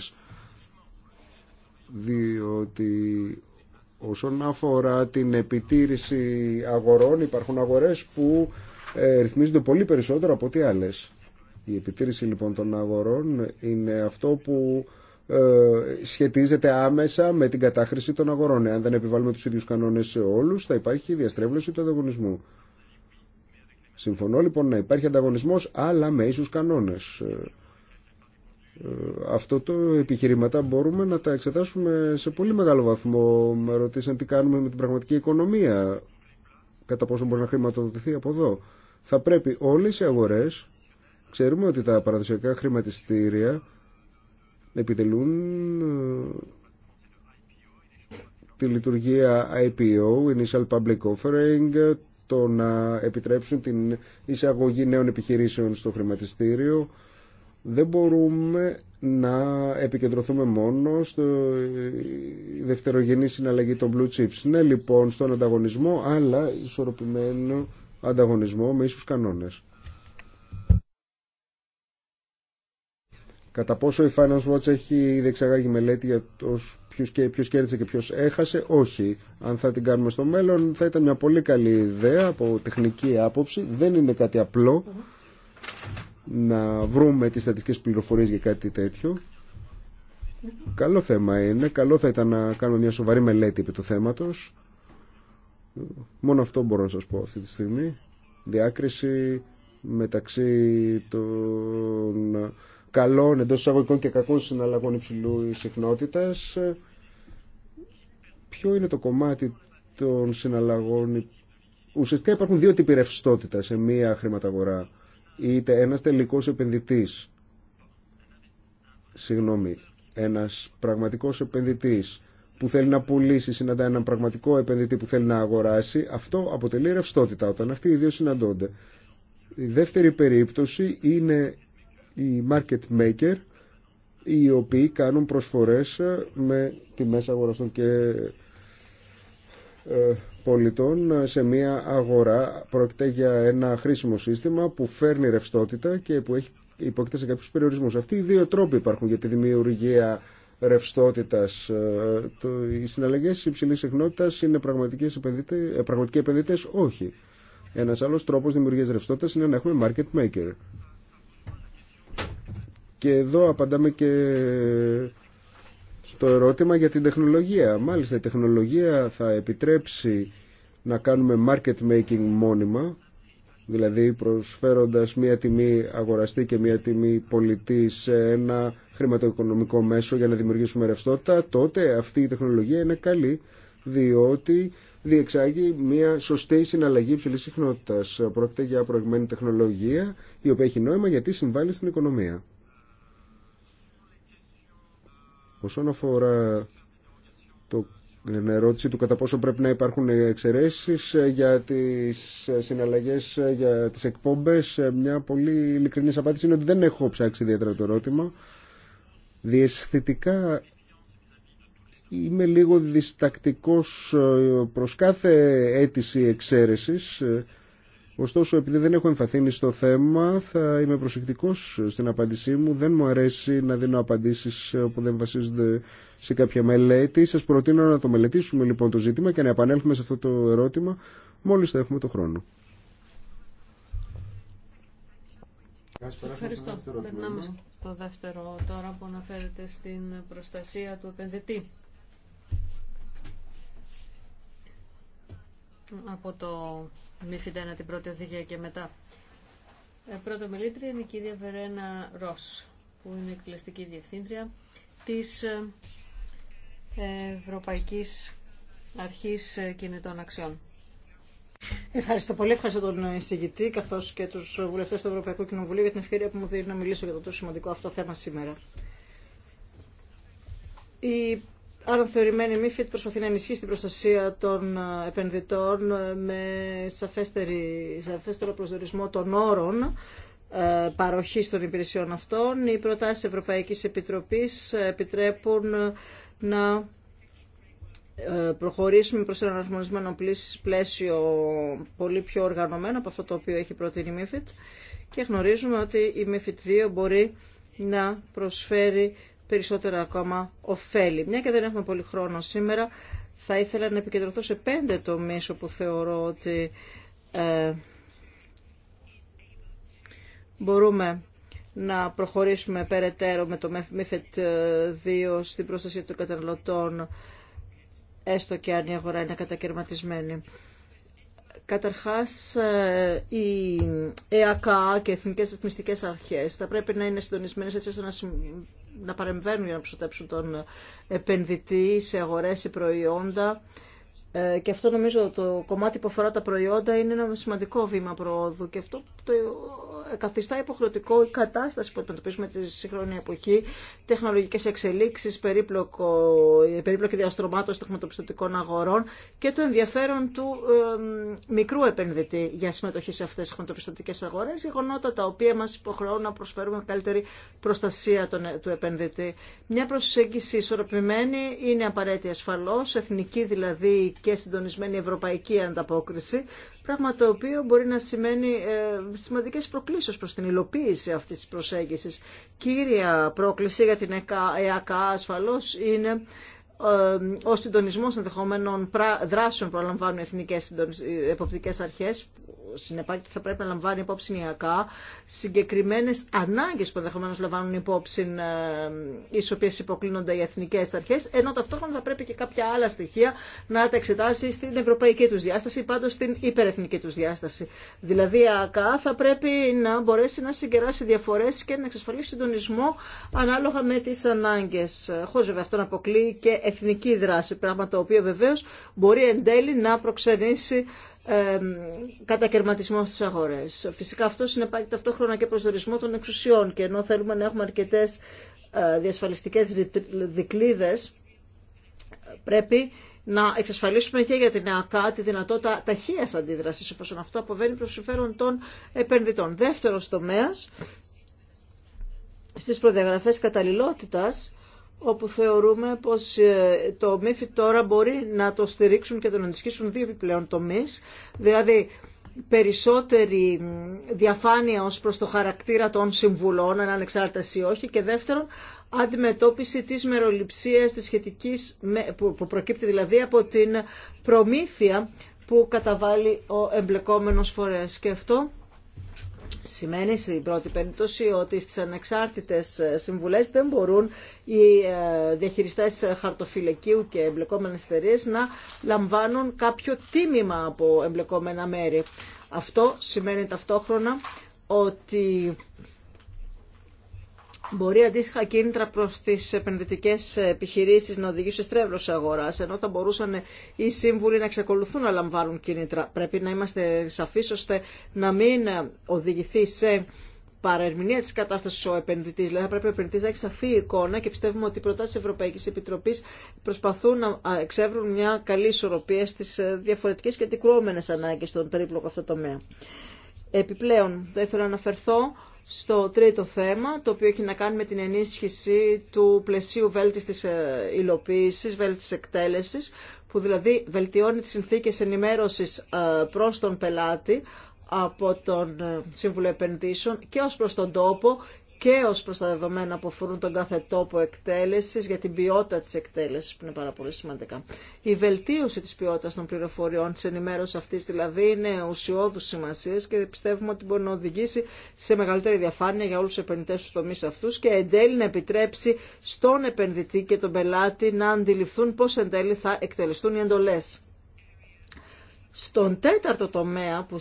B: Διότι όσον αφορά την επιτήρηση αγορών, υπάρχουν αγορές που ε, ρυθμίζονται πολύ περισσότερο από ό,τι άλλες. Η επιτήρηση λοιπόν των αγορών είναι αυτό που ε, σχετίζεται άμεσα με την κατάχρηση των αγορών. Εάν δεν επιβάλλουμε τους ίδιους κανόνες σε όλους, θα υπάρχει διαστρέβλωση του ανταγωνισμού. Συμφωνώ λοιπόν να υπάρχει ανταγωνισμός, αλλά με ίσους κανόνες. Ε, ε, αυτό το επιχειρήματα μπορούμε να τα εξετάσουμε σε πολύ μεγάλο βαθμό. Με ρωτήσαν τι κάνουμε με την πραγματική οικονομία, κατά πόσο μπορεί να χρηματοδοτηθεί από εδώ. Θα πρέπει όλες οι αγορές Ξέρουμε ότι τα παραδοσιακά χρηματιστήρια επιτελούν ε, τη λειτουργία IPO, Initial Public Offering, το να επιτρέψουν την εισαγωγή νέων επιχειρήσεων στο χρηματιστήριο. Δεν μπορούμε να επικεντρωθούμε μόνο στο ε, δευτερογενή συναλλαγή των blue chips. Ναι, λοιπόν, στον ανταγωνισμό, αλλά ισορροπημένο ανταγωνισμό με ίσους κανόνες. Κατά πόσο η Finance Watch έχει εξαγάγει μελέτη για τους ποιος, και, ποιος κέρδισε και ποιος έχασε, όχι. Αν θα την κάνουμε στο μέλλον θα ήταν μια πολύ καλή ιδέα από τεχνική άποψη. Δεν είναι κάτι απλό να βρούμε τις στατιστικές πληροφορίες για κάτι τέτοιο. Καλό θέμα είναι. Καλό θα ήταν να κάνουμε μια σοβαρή μελέτη επί του θέματος. Μόνο αυτό μπορώ να σας πω αυτή τη στιγμή. Διάκριση μεταξύ των καλών εντό εισαγωγικών και κακών συναλλαγών υψηλού συχνότητα. Ε, ποιο είναι το κομμάτι των συναλλαγών. Ουσιαστικά υπάρχουν δύο τύποι ρευστότητα σε μία χρηματαγορά. Είτε ένα τελικό επενδυτή, συγγνώμη, ένα πραγματικό επενδυτή που θέλει να πουλήσει, συναντά έναν πραγματικό επενδυτή που θέλει να αγοράσει, αυτό αποτελεί ρευστότητα όταν αυτοί οι δύο συναντώνται. Η δεύτερη περίπτωση είναι οι market maker οι οποίοι κάνουν προσφορές ε, με τιμές αγοραστών και ε, πολιτών ε, σε μια αγορά. Πρόκειται για ένα χρήσιμο σύστημα που φέρνει ρευστότητα και που έχει υπόκειται σε κάποιους περιορισμούς. Αυτοί οι δύο τρόποι υπάρχουν για τη δημιουργία ρευστότητας. Οι συναλλαγές υψηλής συχνότητας είναι πραγματικοί επενδυτές, όχι. Ένας άλλος τρόπος δημιουργίας ρευστότητας είναι να έχουμε market maker και εδώ απαντάμε και στο ερώτημα για την τεχνολογία. Μάλιστα η τεχνολογία θα επιτρέψει να κάνουμε market making μόνιμα, δηλαδή προσφέροντας μία τιμή αγοραστή και μία τιμή πολιτή σε ένα χρηματοοικονομικό μέσο για να δημιουργήσουμε ρευστότητα, τότε αυτή η τεχνολογία είναι καλή, διότι διεξάγει μία σωστή συναλλαγή υψηλή συχνότητα. Πρόκειται για προηγμένη τεχνολογία, η οποία έχει νόημα γιατί συμβάλλει στην οικονομία. Όσον αφορά το την ερώτηση του κατά πόσο πρέπει να υπάρχουν εξαιρέσει ε, για τι ε, συναλλαγέ, ε, για τι εκπομπέ. Μια πολύ ειλικρινή απάντηση είναι ότι δεν έχω ψάξει ιδιαίτερα το ερώτημα. Διαισθητικά είμαι λίγο διστακτικός προς κάθε αίτηση εξαίρεσης Ωστόσο, επειδή δεν έχω εμφαθύνει στο θέμα, θα είμαι προσεκτικό στην απάντησή μου. Δεν μου αρέσει να δίνω απαντήσεις που δεν βασίζονται σε κάποια μελέτη. Σα προτείνω να το μελετήσουμε λοιπόν το ζήτημα και να επανέλθουμε σε αυτό το ερώτημα μόλις θα έχουμε το χρόνο. Ευχαριστώ. Περνάμε
A: στο δεύτερο τώρα που αναφέρεται στην προστασία του επενδυτή. από το μη Φιντένα την πρώτη οδηγία και μετά. Ε, πρώτο μιλήτρια είναι η κυρία Βερένα Ρος, που είναι εκτελεστική διευθύντρια της ε, Ευρωπαϊκής Αρχής Κινητών Αξιών.
C: Ευχαριστώ πολύ. Ευχαριστώ τον εισηγητή καθώ και του βουλευτέ του Ευρωπαϊκού Κοινοβουλίου για την ευκαιρία που μου δίνει να μιλήσω για το τόσο σημαντικό αυτό θέμα σήμερα. Η αναθεωρημένη MIFID προσπαθεί να ενισχύσει την προστασία των ε, επενδυτών ε, με σαφέστερη, σαφέστερο προσδορισμό των όρων ε, παροχής των υπηρεσιών αυτών. Οι προτάσεις Ευρωπαϊκής Επιτροπής επιτρέπουν να προχωρήσουμε προς ένα αρμονισμένο πλαίσιο πολύ πιο οργανωμένο από αυτό το οποίο έχει προτείνει η MIFID και γνωρίζουμε ότι η MIFID 2 μπορεί να προσφέρει περισσότερα ακόμα ωφέλη. Μια και δεν έχουμε πολύ χρόνο σήμερα, θα ήθελα να επικεντρωθώ σε πέντε τομείς όπου θεωρώ ότι ε, μπορούμε να προχωρήσουμε περαιτέρω με το μέφετ 2 ε, στην προστασία των καταναλωτών, έστω και αν η αγορά είναι κατακαιρματισμένη. Καταρχάς, ε, οι ΕΑΚΑ και οι Εθνικές Αρχές θα πρέπει να είναι συντονισμένες έτσι ώστε να να παρεμβαίνουν για να προστατέψουν τον επενδυτή σε αγορές ή προϊόντα. Ε, και αυτό νομίζω το κομμάτι που αφορά τα προϊόντα είναι ένα σημαντικό βήμα προόδου και αυτό το καθιστά υποχρεωτικό η κατάσταση που αντιμετωπίζουμε τη σύγχρονη εποχή, τεχνολογικές εξελίξεις, περίπλοκη διαστρωμάτωση των χρηματοπιστωτικών αγορών και το ενδιαφέρον του μικρού επενδυτή για συμμετοχή σε αυτέ τι χρηματοπιστωτικέ αγορέ, γεγονότα τα οποία μα υποχρεώνουν να προσφέρουμε καλύτερη προστασία του επενδυτή. Μια προσέγγιση ισορροπημένη είναι απαραίτητη ασφαλώ, εθνική δηλαδή και συντονισμένη ευρωπαϊκή ανταπόκριση, πράγμα το οποίο μπορεί να σημαίνει ε, σημαντικές προκλήσεις προς την υλοποίηση αυτής της προσέγγισης. Κύρια πρόκληση για την ΕΑΚΑ ασφαλώς είναι ε, ο συντονισμό ενδεχομένων δράσεων που αλαμβάνουν οι εθνικέ ε, εποπτικέ αρχέ, συνεπάγεται ότι θα πρέπει να λαμβάνει υπόψη η ΑΚΑ συγκεκριμένες ανάγκες που ενδεχομένω λαμβάνουν υπόψη ε, οι οποίε υποκλίνονται οι εθνικέ αρχέ, ενώ ταυτόχρονα θα πρέπει και κάποια άλλα στοιχεία να τα εξετάσει στην ευρωπαϊκή του διάσταση ή πάντως στην υπερεθνική του διάσταση. Δηλαδή η ΑΚΑ θα πρέπει να μπορέσει να συγκεράσει διαφορέ και να εξασφαλίσει συντονισμό ανάλογα με τι ανάγκε, χωρί βέβαια αυτό να αποκλείει και εθνική δράση, πράγμα το οποίο βεβαίω μπορεί εν τέλει να προξενήσει ε, κατακαιρματισμό στις αγορές. Φυσικά αυτό συνεπάγεται ταυτόχρονα και προσδορισμό των εξουσιών και ενώ θέλουμε να έχουμε αρκετέ ε, διασφαλιστικές δικλίδες πρέπει να εξασφαλίσουμε και για την ΕΑΚΑ τη δυνατότητα ταχεία αντίδρασης εφόσον αυτό αποβαίνει προ συμφέρον των επενδυτών. Δεύτερος τομέας, στις προδιαγραφέ καταλληλότητας όπου θεωρούμε πως ε, το ΜΥΦΙ τώρα μπορεί να το στηρίξουν και τον ενισχύσουν δύο επιπλέον τομείς, δηλαδή περισσότερη διαφάνεια ως προς το χαρακτήρα των συμβουλών, αν ανεξάρτητας ή όχι, και δεύτερον, αντιμετώπιση της μεροληψίας της σχετικής, που προκύπτει δηλαδή από την προμήθεια που καταβάλει ο εμπλεκόμενος φορέας. Και αυτό Σημαίνει στην πρώτη περίπτωση ότι στις ανεξάρτητες συμβουλές δεν μπορούν οι ε, διαχειριστές χαρτοφυλακίου και εμπλεκόμενες εταιρείε να λαμβάνουν κάποιο τίμημα από εμπλεκόμενα μέρη. Αυτό σημαίνει ταυτόχρονα ότι Μπορεί αντίστοιχα κίνητρα προ τι επενδυτικέ επιχειρήσει να οδηγήσουν σε στρέβλωση αγορά, ενώ θα μπορούσαν οι σύμβουλοι να εξακολουθούν να λαμβάνουν κίνητρα. Πρέπει να είμαστε σαφεί ώστε να μην οδηγηθεί σε παρερμηνία τη κατάσταση ο επενδυτή. Δηλαδή, θα πρέπει ο επενδυτή να έχει σαφή εικόνα και πιστεύουμε ότι οι προτάσει τη Ευρωπαϊκή Επιτροπή προσπαθούν να εξεύρουν μια καλή ισορροπία στι ε, διαφορετικέ και αντικρουόμενε ανάγκε στον περίπλοκο αυτό τομέα. Επιπλέον, θα ήθελα να αναφερθώ στο τρίτο θέμα, το οποίο έχει να κάνει με την ενίσχυση του πλαισίου βέλτιστης ε, υλοποίησης, βέλτιστης εκτέλεσης, που δηλαδή βελτιώνει τις συνθήκες ενημέρωσης ε, προς τον πελάτη από τον ε, Σύμβουλο Επενδύσεων και ως προς τον τόπο και ως προς τα δεδομένα που αφορούν τον κάθε τόπο εκτέλεσης για την ποιότητα της εκτέλεσης που είναι πάρα πολύ σημαντικά. Η βελτίωση της ποιότητας των πληροφοριών της ενημέρωσης αυτής δηλαδή είναι ουσιώδους σημασία και πιστεύουμε ότι μπορεί να οδηγήσει σε μεγαλύτερη διαφάνεια για όλους τους επενδυτές στους τομείς αυτούς και εν τέλει να επιτρέψει στον επενδυτή και τον πελάτη να αντιληφθούν πώς εν τέλει θα εκτελεστούν οι εντολές. Στον τέταρτο τομέα που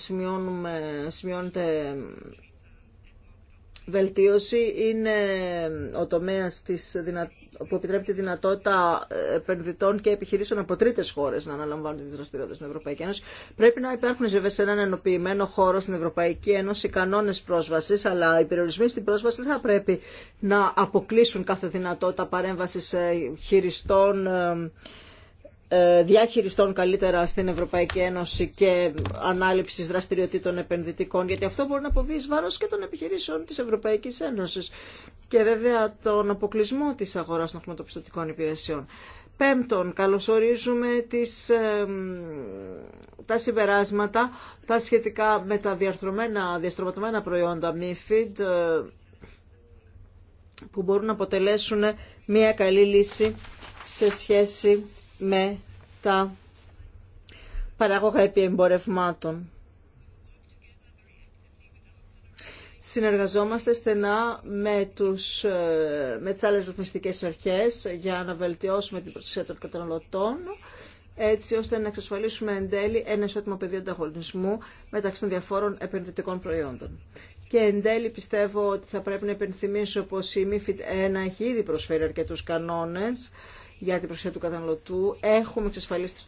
C: σημειώνεται βελτίωση είναι ο τομέας που επιτρέπει τη δυνατότητα επενδυτών και επιχειρήσεων από τρίτες χώρες να αναλαμβάνουν τις δραστηριότητες στην Ευρωπαϊκή Ένωση. Πρέπει να υπάρχουν σε έναν ενοποιημένο χώρο στην Ευρωπαϊκή Ένωση κανόνες πρόσβασης, αλλά οι περιορισμοί στην πρόσβαση δεν θα πρέπει να αποκλείσουν κάθε δυνατότητα παρέμβασης ε, χειριστών ε, ε, διαχειριστών καλύτερα στην Ευρωπαϊκή Ένωση και ανάληψης δραστηριοτήτων επενδυτικών, γιατί αυτό μπορεί να αποβεί εις βάρος και των επιχειρήσεων της Ευρωπαϊκής Ένωσης και βέβαια τον αποκλεισμό της αγοράς των χρηματοπιστωτικών υπηρεσιών. Πέμπτον, καλωσορίζουμε τις, τα συμπεράσματα, τα σχετικά με τα διαστρωματωμένα προϊόντα MIFID, ε, που μπορούν να αποτελέσουν μια καλή λύση σε σχέση με τα παράγωγα επί εμπορευμάτων. Συνεργαζόμαστε στενά με, τους, ε, με τις άλλες ρυθμιστικές αρχές για να βελτιώσουμε την προστασία των καταναλωτών έτσι ώστε να εξασφαλίσουμε εν τέλει ένα ισότιμο πεδίο ανταγωνισμού μεταξύ των διαφόρων επενδυτικών προϊόντων. Και εν τέλει πιστεύω ότι θα πρέπει να επενθυμίσω πως η MIFID 1 έχει ήδη προσφέρει αρκετούς κανόνες για την προστασία του καταναλωτού. Έχουμε εξασφαλίσει τους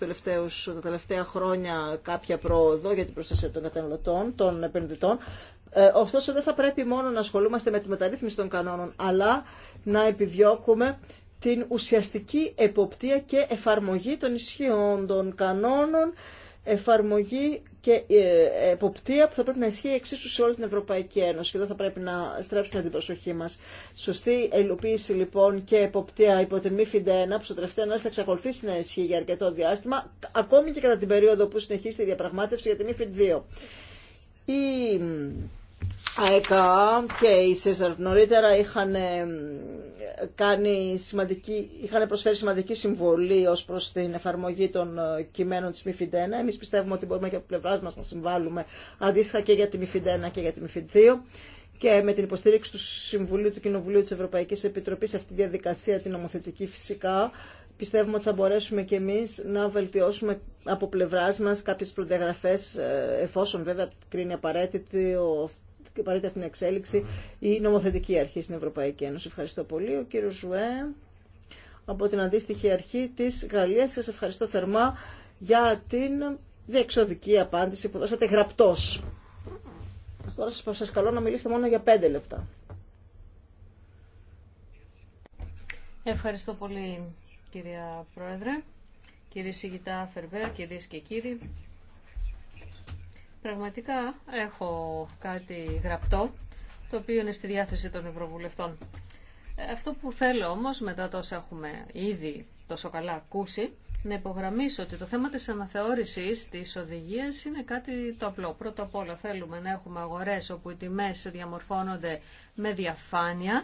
C: τα τελευταία χρόνια κάποια πρόοδο για την προστασία των καταναλωτών, των επενδυτών. Ε, ωστόσο, δεν θα πρέπει μόνο να ασχολούμαστε με τη μεταρρύθμιση των κανόνων, αλλά να επιδιώκουμε την ουσιαστική εποπτεία και εφαρμογή των ισχυών των κανόνων, εφαρμογή και ε, εποπτεία που θα πρέπει να ισχύει εξίσου σε όλη την Ευρωπαϊκή Ένωση. Και εδώ θα πρέπει να στρέψουμε την προσοχή μα. Σωστή υλοποίηση λοιπόν και εποπτεία υπό την MIFID 1, που στο τελευταίο ένα θα εξακολουθήσει να ισχύει για αρκετό διάστημα, ακόμη και κατά την περίοδο που συνεχίσει η διαπραγμάτευση για την MIFID 2. Η ΑΕΚΑ και η ΣΕΖΑΡ νωρίτερα είχαν κάνει σημαντική, είχαν προσφέρει σημαντική συμβολή ως προς την εφαρμογή των ε, κειμένων της ΜΥΦΙΝΤΕΝΑ. Εμείς πιστεύουμε ότι μπορούμε και από πλευράς μας να συμβάλλουμε αντίστοιχα και για τη ΜΥΦΙΝΤΕΝΑ και για τη ΜΥΦΙΝΤ2 και με την υποστήριξη του Συμβουλίου του Κοινοβουλίου της Ευρωπαϊκής Επιτροπής αυτή τη διαδικασία την νομοθετική φυσικά πιστεύουμε ότι θα μπορέσουμε και εμείς να βελτιώσουμε από πλευράς μας κάποιες προδιαγραφές ε, εφόσον βέβαια κρίνει απαραίτητη και παρείται αυτήν την εξέλιξη η νομοθετική αρχή στην Ευρωπαϊκή Ένωση. Ευχαριστώ πολύ. Ο κύριο Ζουέ από την αντίστοιχη αρχή τη Γαλλία, σα ευχαριστώ θερμά για την διεξοδική απάντηση που δώσατε γραπτό. Τώρα σα καλώ να μιλήσετε μόνο για πέντε λεπτά.
A: Ευχαριστώ πολύ κυρία Πρόεδρε, κύριε Σιγητά Φερβέρ, κυρίες και κύριοι. Πραγματικά έχω κάτι γραπτό, το οποίο είναι στη διάθεση των Ευρωβουλευτών. Ε, αυτό που θέλω όμως, μετά τόσα έχουμε ήδη τόσο καλά ακούσει, να υπογραμμίσω ότι το θέμα της αναθεώρησης της οδηγίας είναι κάτι το απλό. Πρώτα απ' όλα θέλουμε να έχουμε αγορές όπου οι τιμές διαμορφώνονται με διαφάνεια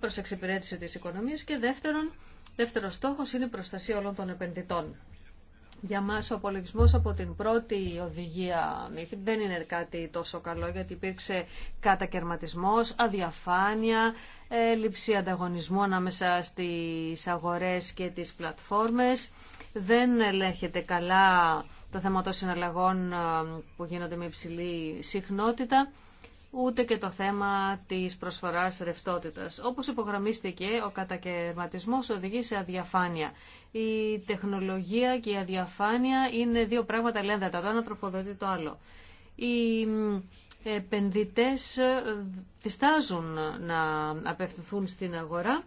A: προς εξυπηρέτηση της οικονομίας και δεύτερον, δεύτερος στόχος είναι η προστασία όλων των επενδυτών. Για μας ο απολογισμό από την πρώτη οδηγία δεν είναι κάτι τόσο καλό γιατί υπήρξε κατακερματισμός, αδιαφάνεια, έλλειψη ανταγωνισμού ανάμεσα στις αγορές και τις πλατφόρμες. Δεν ελέγχεται καλά το θέμα των συναλλαγών ε, που γίνονται με υψηλή συχνότητα ούτε και το θέμα της προσφοράς ρευστότητας. Όπως υπογραμμίστηκε, ο κατακαιρματισμός οδηγεί σε αδιαφάνεια. Η τεχνολογία και η αδιαφάνεια είναι δύο πράγματα τα το ένα τροφοδοτεί το άλλο. Οι επενδυτές ε, διστάζουν να απευθυνθούν στην αγορά,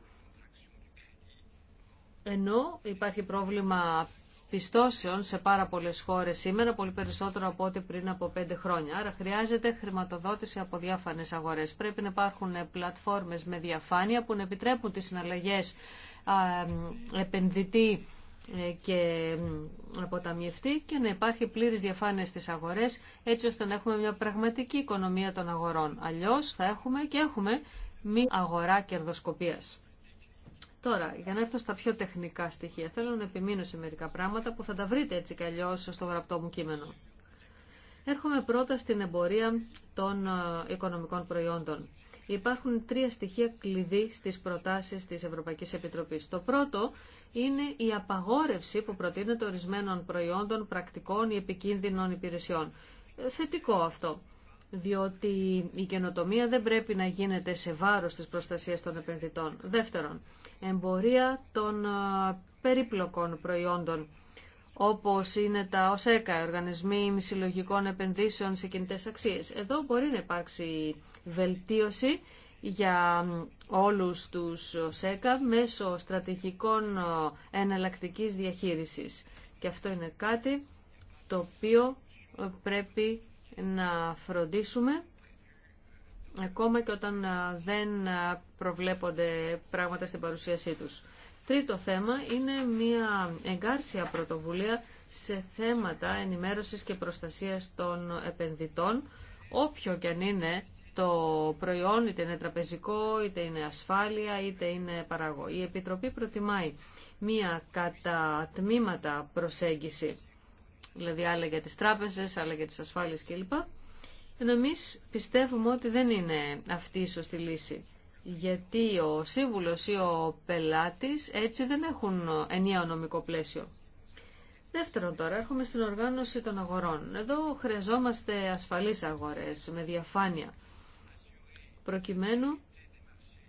A: ενώ υπάρχει πρόβλημα πιστώσεων σε πάρα πολλέ χώρες σήμερα, πολύ περισσότερο από ό,τι πριν από πέντε χρόνια. Άρα χρειάζεται χρηματοδότηση από διάφανες αγορές. Πρέπει να υπάρχουν πλατφόρμες με διαφάνεια που να επιτρέπουν τις συναλλαγές επενδυτή ε, και αποταμιευτή και να υπάρχει πλήρης διαφάνεια στις αγορές έτσι ώστε να έχουμε μια πραγματική οικονομία των αγορών. Αλλιώς θα έχουμε και έχουμε μη αγορά κερδοσκοπίας. Τώρα, για να έρθω στα πιο τεχνικά στοιχεία, θέλω να επιμείνω σε μερικά πράγματα που θα τα βρείτε έτσι κι αλλιώς στο γραπτό μου κείμενο. Έρχομαι πρώτα στην εμπορία των ε, οικονομικών προϊόντων. Υπάρχουν τρία στοιχεία κλειδί στις προτάσεις της Ευρωπαϊκής Επιτροπής. Το πρώτο είναι η απαγόρευση που προτείνεται ορισμένων προϊόντων, πρακτικών ή επικίνδυνων υπηρεσιών. Ε, θετικό αυτό διότι η καινοτομία δεν πρέπει να γίνεται σε βάρος της προστασίας των επενδυτών. Δεύτερον, εμπορία των περίπλοκων προϊόντων, όπως είναι τα ΟΣΕΚΑ, Οργανισμοί Συλλογικών Επενδύσεων σε Κινητές Αξίες. Εδώ μπορεί να υπάρξει βελτίωση για όλους τους ΟΣΕΚΑ μέσω στρατηγικών εναλλακτικής διαχείρισης. Και αυτό είναι κάτι το οποίο ε, πρέπει να φροντίσουμε ακόμα και όταν δεν προβλέπονται πράγματα στην παρουσίασή τους. Τρίτο θέμα είναι μια εγκάρσια πρωτοβουλία σε θέματα ενημέρωσης και προστασίας των επενδυτών, όποιο και αν είναι το προϊόν, είτε είναι τραπεζικό, είτε είναι ασφάλεια, είτε είναι παραγωγή. Η Επιτροπή προτιμάει μία κατά τμήματα προσέγγιση δηλαδή άλλα για τις τράπεζες, άλλα για τις ασφάλειες κλπ. Ενώ εμείς πιστεύουμε ότι δεν είναι αυτή η σωστή λύση. Γιατί ο σύμβουλος ή ο πελάτης έτσι δεν έχουν ενιαίο νομικό πλαίσιο. Δεύτερον τώρα, έρχομαι στην οργάνωση των αγορών. Εδώ χρειαζόμαστε ασφαλείς αγορές με διαφάνεια, προκειμένου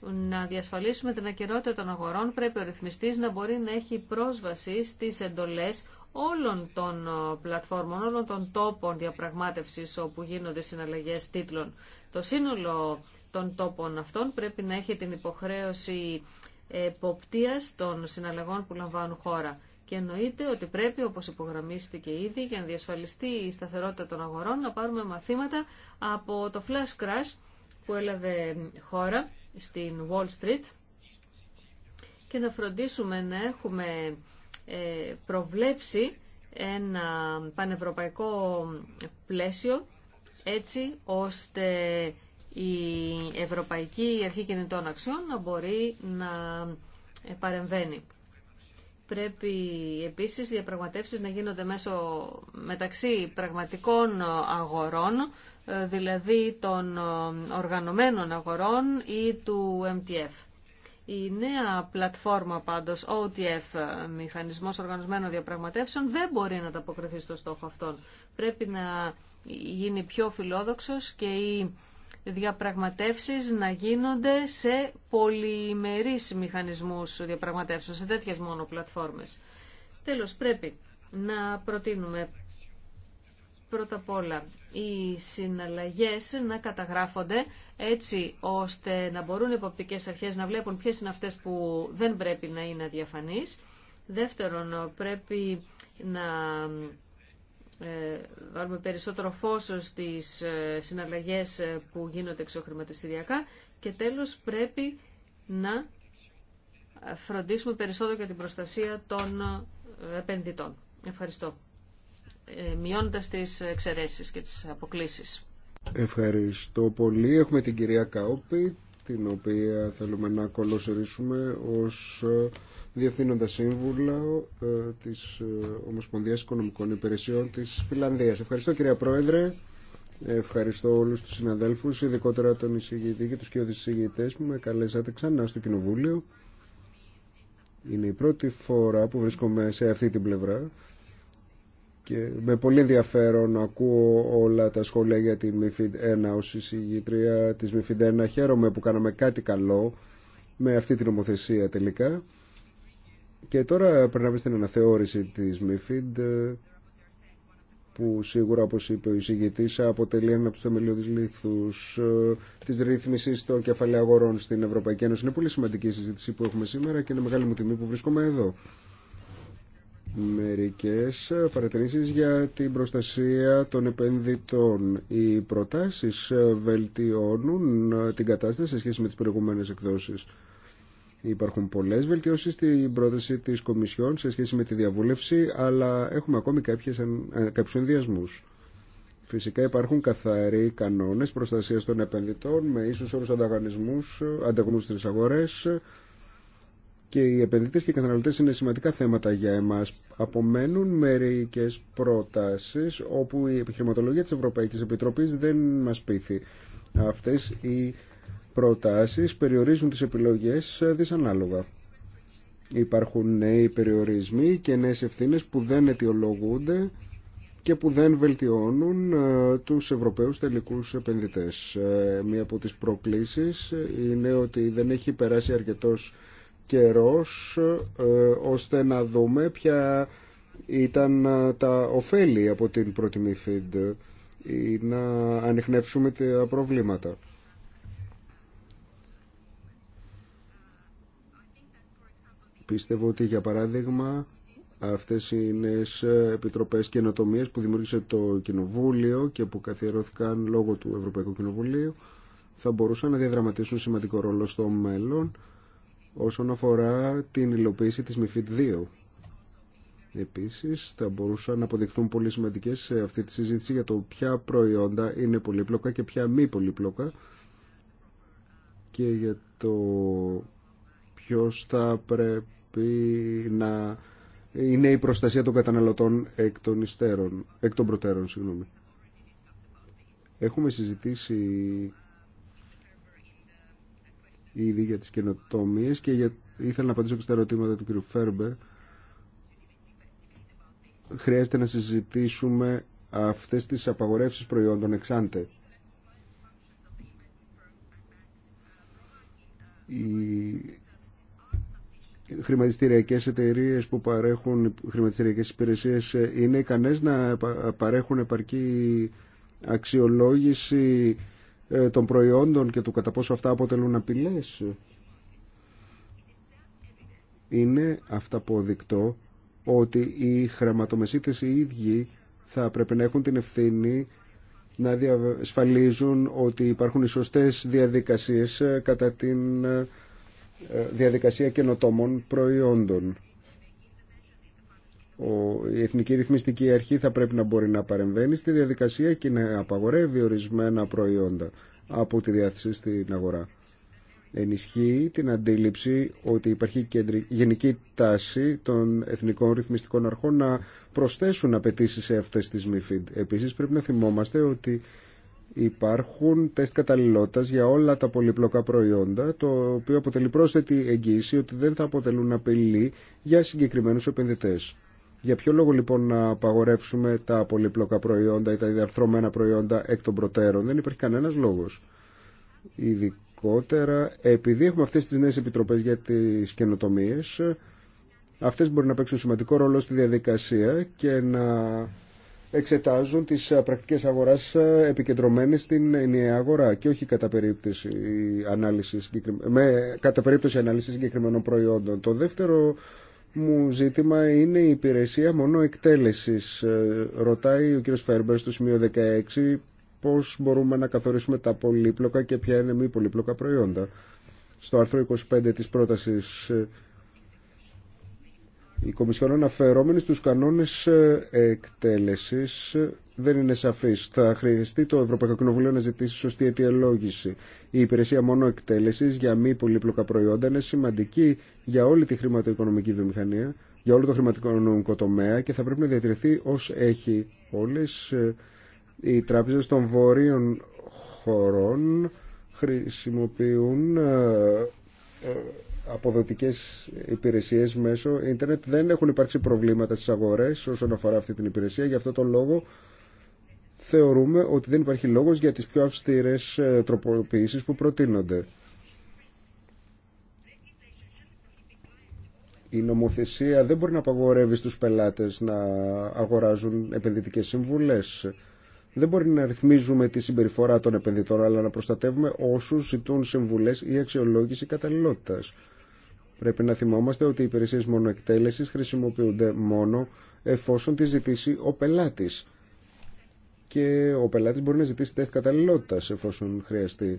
A: να διασφαλίσουμε την ακαιρότητα των αγορών πρέπει ο ρυθμιστής να μπορεί να έχει πρόσβαση στις εντολές όλων των ε, πλατφόρμων, όλων των τόπων διαπραγμάτευσης όπου γίνονται συναλλαγές τίτλων. Το σύνολο των τόπων αυτών πρέπει να έχει την υποχρέωση εποπτείας των συναλλαγών που λαμβάνουν χώρα. Και εννοείται ότι πρέπει, όπως υπογραμμίστηκε ήδη, για να διασφαλιστεί η σταθερότητα των αγορών, να πάρουμε μαθήματα από το flash crash που έλαβε χώρα στην Wall Street και να φροντίσουμε να έχουμε ε, προβλέψει ένα πανευρωπαϊκό πλαίσιο έτσι ώστε η Ευρωπαϊκή Αρχή Κινητών Αξιών να μπορεί να ε, παρεμβαίνει. Πρέπει επίσης διαπραγματεύσεις να γίνονται μέσω μεταξύ πραγματικών αγορών, ε, δηλαδή των οργανωμένων αγορών ή του MTF. Η νέα πλατφόρμα πάντως, OTF, Μηχανισμός Οργανωσμένων Διαπραγματεύσεων, δεν μπορεί να ανταποκριθεί στο στόχο αυτόν. Πρέπει να γίνει πιο φιλόδοξος και οι διαπραγματεύσεις να γίνονται σε πολυμερείς μηχανισμούς διαπραγματεύσεων, σε τέτοιες μόνο πλατφόρμες. Τέλος, πρέπει να προτείνουμε Πρώτα απ' όλα, οι συναλλαγές να καταγράφονται έτσι ώστε να μπορούν οι υποπτικές αρχές να βλέπουν ποιες είναι αυτές που δεν πρέπει να είναι αδιαφανείς. Δεύτερον, πρέπει να ε, βάλουμε περισσότερο φως στις ε, συναλλαγές που γίνονται εξωχρηματιστηριακά και τέλος πρέπει να φροντίσουμε περισσότερο για την προστασία των ε, επενδυτών. Ευχαριστώ. Ε, Μειώνοντα τις εξαιρεσει και τις αποκλήσει.
B: Ευχαριστώ πολύ. Έχουμε την κυρία Καόπη, την οποία θέλουμε να ακολουθήσουμε ως ε, Διευθύνοντα Σύμβουλα ε, της Ομοσπονδία Οικονομικών Υπηρεσιών της Φιλανδία. Ευχαριστώ κυρία Πρόεδρε. Ευχαριστώ όλους τους συναδέλφους, ειδικότερα τον εισηγητή και τους κοιόδης εισηγητές που με καλέσατε ξανά στο Κοινοβούλιο. Είναι η πρώτη φορά που βρίσκομαι σε αυτή την πλευρά και με πολύ ενδιαφέρον ακούω όλα τα σχόλια για τη ΜΥΦΙΔ 1 ως εισηγητρία της ΜΥΦΙΔ 1. Χαίρομαι που κάναμε κάτι καλό με αυτή την νομοθεσία τελικά. Και τώρα περνάμε στην αναθεώρηση της ΜΥΦΙΔ που σίγουρα όπως είπε ο εισηγητής αποτελεί ένα από τους θεμελιώδεις λήθους ε, της ρύθμισης των κεφαλαίων αγορών στην Ευρωπαϊκή Ένωση. Είναι πολύ σημαντική η συζήτηση που έχουμε σήμερα και είναι μεγάλη μου τιμή που βρίσκομαι εδώ μερικές παρατηρήσεις για την προστασία των επενδυτών. Οι προτάσεις βελτιώνουν την κατάσταση σε σχέση με τις προηγούμενες εκδόσεις. Υπάρχουν πολλές βελτιώσεις στην πρόταση της Κομισιόν σε σχέση με τη διαβούλευση, αλλά έχουμε ακόμη κάποιες, ε, κάποιους ενδιασμούς. Φυσικά υπάρχουν καθαροί κανόνες προστασία των επενδυτών με ίσους όρους ανταγωνισμούς, ανταγωνισμού, αγορές, και οι επενδυτές και οι καταναλωτές είναι σημαντικά θέματα για εμάς. Απομένουν μερικές πρότασεις όπου η επιχειρηματολογία της Ευρωπαϊκής Επιτροπής δεν μας πείθει. Αυτές οι προτάσεις περιορίζουν τις επιλογές δυσανάλογα. Υπάρχουν νέοι περιορισμοί και νέες ευθύνες που δεν αιτιολογούνται και που δεν βελτιώνουν ε, τους Ευρωπαίους τελικούς επενδυτές. Ε, μία από τις προκλήσεις είναι ότι δεν έχει περάσει αρκετός καιρός ε, ώστε να δούμε ποια ήταν ε, τα ωφέλη από την πρώτη MIFID ή να ανοιχνεύσουμε τα προβλήματα. Πίστευω ότι για παράδειγμα αυτές οι νέες επιτροπές καινοτομίε που δημιούργησε το Κοινοβούλιο και που καθιερώθηκαν λόγω του Ευρωπαϊκού Κοινοβουλίου θα μπορούσαν να διαδραματίσουν σημαντικό ρόλο στο μέλλον όσον αφορά την υλοποίηση της ΜΥΦΙΤ 2. Επίσης, θα μπορούσαν να αποδειχθούν πολύ σημαντικές σε αυτή τη συζήτηση για το ποια προϊόντα είναι πολύπλοκα και ποια μη πολύπλοκα και για το ποιος θα πρέπει να είναι η προστασία των καταναλωτών εκ των, υστέρων, εκ προτέρων. Έχουμε συζητήσει ήδη για τις καινοτομίε και για... ήθελα να απαντήσω στα ερωτήματα του κ. Φέρμπερ. Χρειάζεται να συζητήσουμε αυτές τις απαγορεύσεις προϊόντων εξάντε. Οι χρηματιστηριακές εταιρείες που παρέχουν χρηματιστηριακές υπηρεσίες ε, είναι ικανές να παρέχουν επαρκή αξιολόγηση ε, των προϊόντων και του κατά πόσο αυτά αποτελούν απειλές. Είναι αυταποδεικτό ότι οι χρηματομεσίτες οι ίδιοι θα πρέπει να έχουν την ευθύνη να διασφαλίζουν ότι υπάρχουν οι σωστές διαδικασίες ε, κατά την ε, διαδικασία καινοτόμων προϊόντων η Εθνική Ρυθμιστική Αρχή θα πρέπει να μπορεί να παρεμβαίνει στη διαδικασία και να απαγορεύει ορισμένα προϊόντα από τη διάθεση στην αγορά. Ενισχύει την αντίληψη ότι υπάρχει γενική τάση των εθνικών ρυθμιστικών αρχών να προσθέσουν απαιτήσει σε αυτέ τι MIFID. Επίση πρέπει να θυμόμαστε ότι υπάρχουν τεστ καταλληλότητα για όλα τα πολυπλοκά προϊόντα, το οποίο αποτελεί πρόσθετη εγγύηση ότι δεν θα αποτελούν απειλή για συγκεκριμένου επενδυτέ. Για ποιο λόγο λοιπόν να απαγορεύσουμε τα πολύπλοκα προϊόντα ή τα διαρθρωμένα προϊόντα εκ των προτέρων. Δεν υπάρχει κανένας λόγος. Ειδικότερα επειδή έχουμε αυτές τις νέες επιτροπές για τις καινοτομίες αυτές μπορεί να παίξουν σημαντικό ρόλο στη διαδικασία και να εξετάζουν τις πρακτικές αγοράς επικεντρωμένες στην ενιαία αγορά και όχι κατά περίπτωση ανάλυση, κατά περίπτωση ανάλυση συγκεκριμένων προϊόντων. Το δεύτερο μου ζήτημα είναι η υπηρεσία μόνο εκτέλεσης. Ε, ρωτάει ο κύριος Φέρμπερ στο σημείο 16 πώς μπορούμε να καθορίσουμε τα πολύπλοκα και ποια είναι μη πολύπλοκα προϊόντα. Στο άρθρο 25 της πρότασης ε, η Κομισιόν αναφερόμενη στους κανόνες ε, εκτέλεσης δεν είναι σαφή. Θα χρειαστεί το Ευρωπαϊκό Κοινοβουλίο να ζητήσει σωστή αιτιολόγηση. Η υπηρεσία μόνο εκτέλεση για μη πολύπλοκα προϊόντα είναι σημαντική για όλη τη χρηματοοικονομική βιομηχανία, για όλο το χρηματοοικονομικό τομέα και θα πρέπει να διατηρηθεί ω έχει όλε. Ε, οι τράπεζε των βόρειων χωρών χρησιμοποιούν ε, ε, αποδοτικές υπηρεσίες μέσω ίντερνετ. Δεν έχουν υπάρξει προβλήματα στις αγορές όσον αφορά αυτή την υπηρεσία. Γι' αυτό τον λόγο θεωρούμε ότι δεν υπάρχει λόγος για τις πιο αυστηρές ε, τροποποιήσεις που προτείνονται. Η νομοθεσία δεν μπορεί να απαγορεύει στους πελάτες να αγοράζουν επενδυτικές συμβουλές. Δεν μπορεί να ρυθμίζουμε τη συμπεριφορά των επενδυτών, αλλά να προστατεύουμε όσους ζητούν συμβουλές ή αξιολόγηση καταλληλότητας. Πρέπει να θυμόμαστε ότι οι υπηρεσίε εκτέλεσης χρησιμοποιούνται μόνο εφόσον τη ζητήσει ο πελάτης και ο πελάτη μπορεί να ζητήσει τεστ καταλληλότητας εφόσον χρειαστεί.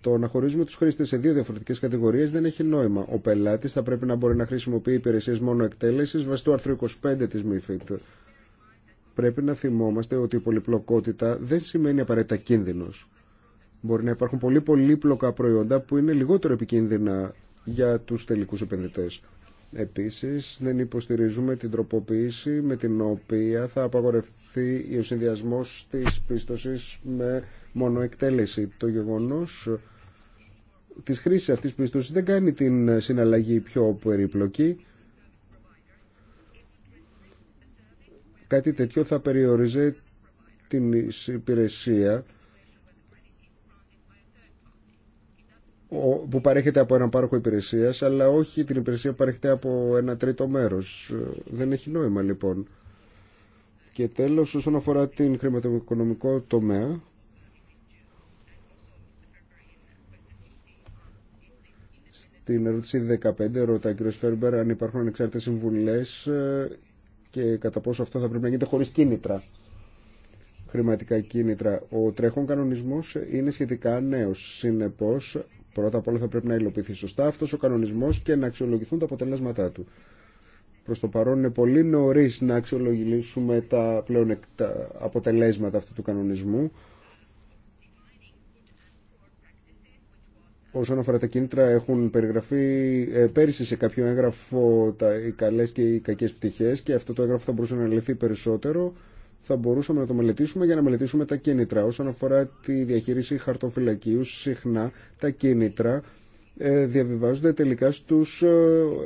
B: Το να χωρίζουμε του χρήστε σε δύο διαφορετικέ κατηγορίε δεν έχει νόημα. Ο πελάτη θα πρέπει να μπορεί να χρησιμοποιεί υπηρεσίε μόνο εκτέλεση βάσει του άρθρου 25 τη MIFID. Πρέπει να θυμόμαστε ότι η πολυπλοκότητα δεν σημαίνει απαραίτητα κίνδυνο. Μπορεί να υπάρχουν πολύ πολύπλοκα προϊόντα που είναι λιγότερο επικίνδυνα για του τελικού επενδυτέ. Επίση, δεν υποστηρίζουμε την τροποποίηση με την οποία θα απαγορευτεί επιτευχθεί ο συνδυασμός της πίστοσης με μονοεκτέλεση. Το γεγονός της χρήσης αυτής πίστοσης δεν κάνει την συναλλαγή πιο περίπλοκη. Κάτι τέτοιο θα περιοριζει την υπηρεσία που παρέχεται από έναν πάροχο υπηρεσιας αλλά όχι την υπηρεσία που παρέχεται από ένα τρίτο μέρος Δεν έχει νόημα λοιπόν. Και τέλος, όσον αφορά την χρηματοοικονομικό τομέα, στην ερώτηση 15 ρώταει ο κ. Φέρμπερ αν υπάρχουν ανεξάρτητες συμβουλές ε, και κατά πόσο αυτό θα πρέπει να γίνεται χωρίς κίνητρα χρηματικά κίνητρα. Ο τρέχον κανονισμός είναι σχετικά νέος. Συνεπώς, πρώτα απ' όλα θα πρέπει να υλοποιηθεί σωστά αυτός ο κανονισμός και να αξιολογηθούν τα αποτελέσματά του. Προς το παρόν είναι πολύ νωρίς να αξιολογήσουμε τα πλέον τα αποτελέσματα αυτού του κανονισμού. Όσον αφορά τα κίνητρα έχουν περιγραφεί ε, πέρυσι σε κάποιο έγγραφο οι καλές και οι κακές πτυχές και αυτό το έγγραφο θα μπορούσε να λυθεί περισσότερο. Θα μπορούσαμε να το μελετήσουμε για να μελετήσουμε τα κίνητρα. Όσον αφορά τη διαχείριση χαρτοφυλακίου, συχνά τα κίνητρα ε, διαβιβάζονται τελικά στους ε,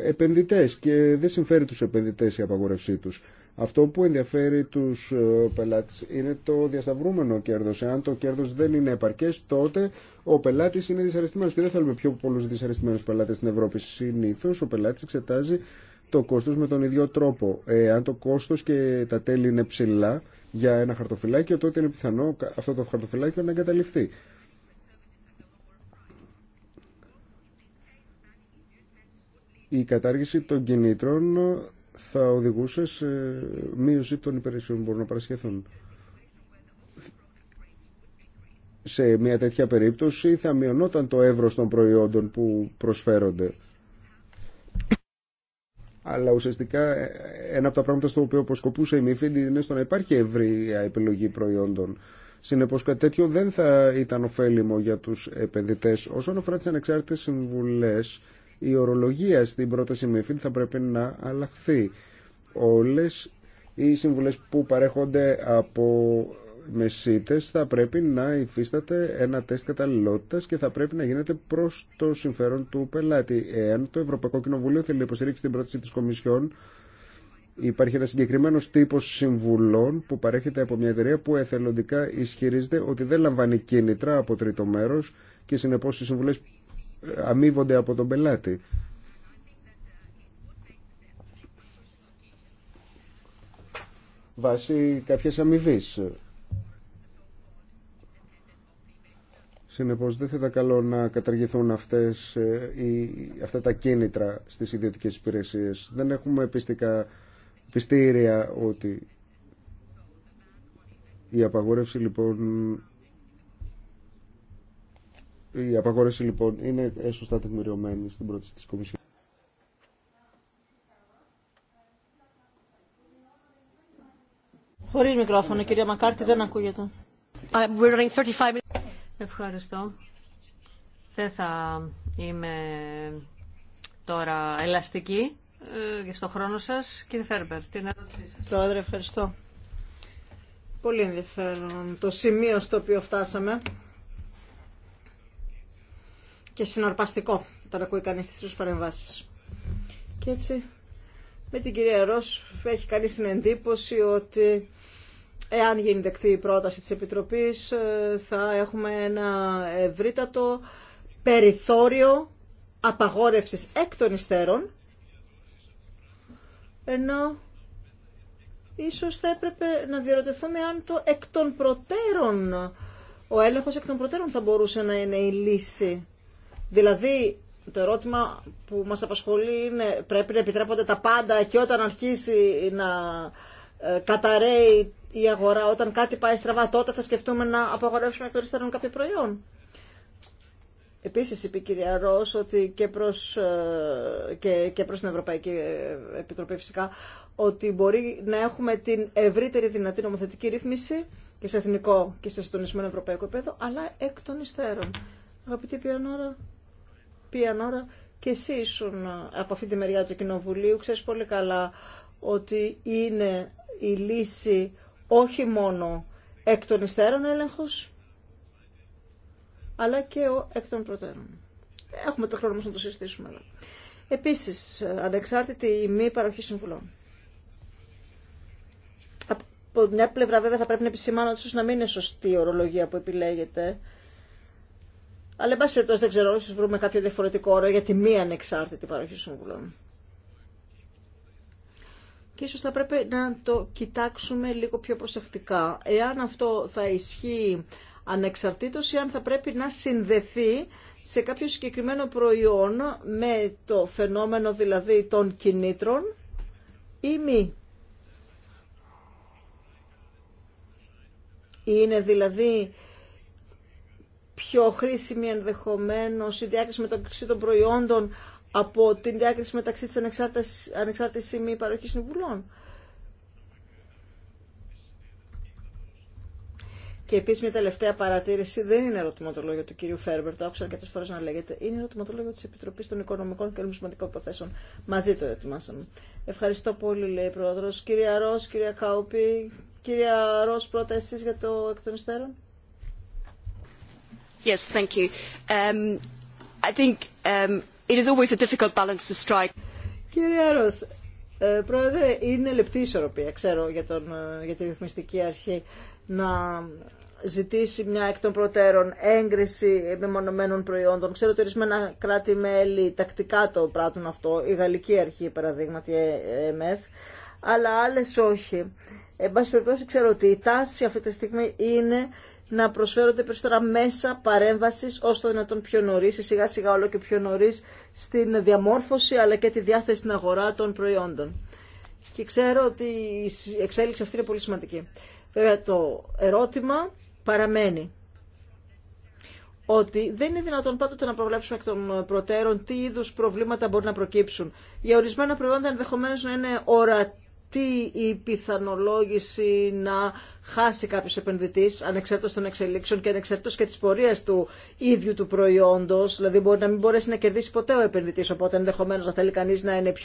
B: επενδυτές και δεν συμφέρει τους επενδυτές η απαγορευσή τους. Αυτό που ενδιαφέρει τους ε, πελάτες είναι το διασταυρούμενο κέρδος. Εάν το κέρδος δεν είναι επαρκές τότε ο πελάτης είναι δυσαρεστημένος και δεν θέλουμε πιο πολλούς δυσαρεστημένους πελάτες στην Ευρώπη. Συνήθω ο πελάτης εξετάζει το κόστος με τον ίδιο τρόπο. Εάν το κόστος και τα τέλη είναι ψηλά για ένα χαρτοφυλάκιο τότε είναι πιθανό αυτό το χαρτοφυλάκιο να εγκαταλειφθεί. η κατάργηση των κινήτρων θα οδηγούσε σε μείωση των υπηρεσιών που μπορούν να παρασχεθούν. Σε μια τέτοια περίπτωση θα μειωνόταν το εύρος των προϊόντων που προσφέρονται. Αλλά ουσιαστικά ε, ένα από τα πράγματα στο οποίο αποσκοπούσε η Μίφιντ είναι στο να υπάρχει ευρία επιλογή προϊόντων. Συνεπώς κάτι τέτοιο δεν θα ήταν ωφέλιμο για τους επενδυτές. Όσον αφορά τις ανεξάρτητες συμβουλές, η ορολογία στην πρόταση ΜΕΦΙΔ θα πρέπει να αλλάχθει. Όλες οι συμβουλές που παρέχονται από μεσίτες θα πρέπει να υφίσταται ένα τεστ καταλληλότητας και θα πρέπει να γίνεται προς το συμφέρον του πελάτη. Εάν το Ευρωπαϊκό Κοινοβουλίο θέλει να υποστηρίξει την πρόταση της Κομισιόν, Υπάρχει ένα συγκεκριμένο τύπο συμβουλών που παρέχεται από μια εταιρεία που εθελοντικά ισχυρίζεται ότι δεν λαμβάνει κίνητρα από τρίτο μέρο και συνεπώ οι συμβουλέ αμείβονται από τον πελάτη. Βάσει κάποιες αμοιβή. Συνεπώς δεν θα ήταν καλό να καταργηθούν αυτές, ή, ε, αυτά τα κίνητρα στις ιδιωτικές υπηρεσίες. Δεν έχουμε πιστικά, πιστήρια ότι η απαγόρευση λοιπόν η απαγόρευση λοιπόν είναι σωστά τεκμηριωμένη στην πρόταση της Κομισιόν.
C: Χωρίς μικρόφωνο, κυρία Μακάρτη, δεν ακούγεται. Uh, ευχαριστώ. Δεν θα είμαι
A: τώρα ελαστική ε, στο χρόνο σας. Κύριε Φέρμπερ, την
C: ερώτησή σας. Πρόεδρε, ευχαριστώ. Πολύ ενδιαφέρον το σημείο στο οποίο φτάσαμε και συναρπαστικό όταν ακούει κανεί τι τρει παρεμβάσει. Και έτσι, με την κυρία Ρο έχει κανεί την εντύπωση ότι εάν γίνει δεκτή η πρόταση της Επιτροπής ε, θα έχουμε ένα ευρύτατο περιθώριο απαγόρευσης εκ των υστέρων ενώ ίσως θα έπρεπε να διερωτηθούμε αν το εκ των προτέρων ο έλεγχος εκ των προτέρων θα μπορούσε να είναι η λύση Δηλαδή, το ερώτημα που μας απασχολεί είναι πρέπει να επιτρέπονται τα πάντα και όταν αρχίσει να ε, καταραίει η αγορά, όταν κάτι πάει στραβά, τότε θα σκεφτούμε να απαγορεύσουμε εκ των υστέρων κάποιο προϊόν. Επίσης είπε η κυρία Ρος ότι και προς, ε, και, και προς την Ευρωπαϊκή Επιτροπή φυσικά ότι μπορεί να έχουμε την ευρύτερη δυνατή νομοθετική ρύθμιση και σε εθνικό και σε συντονισμένο ευρωπαϊκό επίπεδο, αλλά εκ των υστέρων. Αγαπητή Πιανόρα πήγαν ώρα και εσύ ήσουν ε, από αυτή τη μεριά του Κοινοβουλίου, ξέρεις πολύ καλά ότι είναι η λύση όχι μόνο εκ των υστέρων έλεγχος, αλλά και ο εκ των προτέρων. Έχουμε το χρόνο μας να το συζητήσουμε. Αλλά. Επίσης, ε, ανεξάρτητη η μη παροχή συμβουλών. Από μια πλευρά βέβαια θα πρέπει να επισημάνω ότι να μην είναι σωστή η ορολογία που επιλέγεται, αλλά, εν πάση περιπτώσει, δεν ξέρω, ίσω βρούμε κάποιο διαφορετικό όρο για τη μη ανεξάρτητη παροχή συμβουλών. Και ίσως θα πρέπει να το κοιτάξουμε λίγο πιο προσεκτικά. Εάν αυτό θα ισχύει ανεξαρτήτως ή αν θα πρέπει να συνδεθεί σε κάποιο συγκεκριμένο προϊόν με το φαινόμενο δηλαδή των κινήτρων ή μη. Είναι δηλαδή πιο χρήσιμη ενδεχομένω η διάκριση μεταξύ των προϊόντων από την διάκριση μεταξύ της ανεξάρτησης, η μη παροχής συμβουλών. Και επίση μια τελευταία παρατήρηση δεν είναι ερωτηματολόγιο του κυρίου Φέρμπερ, το άκουσα αρκετέ φορέ να λέγεται. Είναι ερωτηματολόγιο τη Επιτροπή των Οικονομικών και Νομισματικών Υποθέσεων. Μαζί το ετοιμάσαμε. Ευχαριστώ πολύ, λέει η Πρόεδρο. Κυρία Ρο, κυρία Κάουπη, κυρία Ρο, πρώτα για το εκ των υστέρων. Yes, thank Κύριε Άρος, ε, πρόεδρε, είναι λεπτή ισορροπία, ξέρω, για, τον, ε, για τη ρυθμιστική αρχή να ζητήσει μια εκ των προτέρων έγκριση μεμονωμένων προϊόντων. Ξέρω ότι ορισμένα κράτη-μέλη τακτικά το πράττουν αυτό, η Γαλλική Αρχή παραδείγματι, ε, ΕΜΕΘ, αλλά άλλες όχι. Εν πάση περιπτώσει ξέρω ότι η τάση αυτή τη στιγμή είναι να προσφέρονται περισσότερα μέσα παρέμβασης όσο το δυνατόν πιο νωρί σιγά σιγά όλο και πιο νωρί στην διαμόρφωση αλλά και τη διάθεση στην αγορά των προϊόντων. Και ξέρω ότι η εξέλιξη αυτή είναι πολύ σημαντική. Βέβαια το ερώτημα παραμένει ότι δεν είναι δυνατόν πάντοτε να προβλέψουμε εκ των προτέρων τι είδους προβλήματα μπορεί να προκύψουν. Για ορισμένα προϊόντα ενδεχομένως να είναι ορατή τι η πιθανολόγηση να χάσει κάποιο επενδυτή ανεξαρτήτω των εξελίξεων και ανεξαρτήτω και τη πορεία του ίδιου του προϊόντο. Δηλαδή, μπορεί να μην μπορέσει να κερδίσει ποτέ ο επενδυτή. Οπότε, ενδεχομένω να θέλει κανεί να, να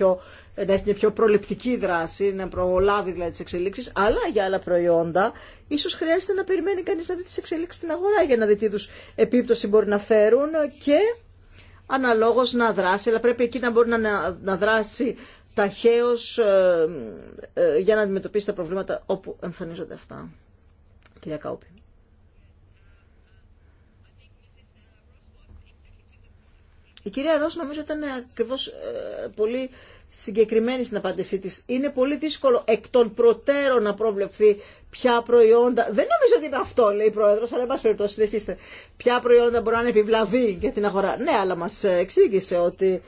C: έχει μια πιο προληπτική δράση, να προλάβει δηλαδή τι εξελίξει. Αλλά για άλλα προϊόντα, ίσω χρειάζεται να περιμένει κανεί να δει τι εξελίξει στην αγορά για να δει τι είδου επίπτωση μπορεί να φέρουν και αναλόγως να δράσει, αλλά πρέπει εκεί να μπορεί να δράσει ταχαίως ε, ε, για να αντιμετωπίσει τα προβλήματα όπου εμφανίζονται αυτά. Κυρία Κάουπη. Η κυρία Ρώσ νομίζω ήταν ακριβώς ε, πολύ συγκεκριμένη στην απάντησή της. Είναι πολύ δύσκολο εκ των προτέρων να προβλεφθεί ποια προϊόντα... Δεν νομίζω ότι είναι αυτό, λέει η Πρόεδρος, αλλά εν πάση συνεχίστε. Ποια προϊόντα μπορεί να είναι επιβλαβή για την αγορά. Ναι, αλλά μας εξήγησε ότι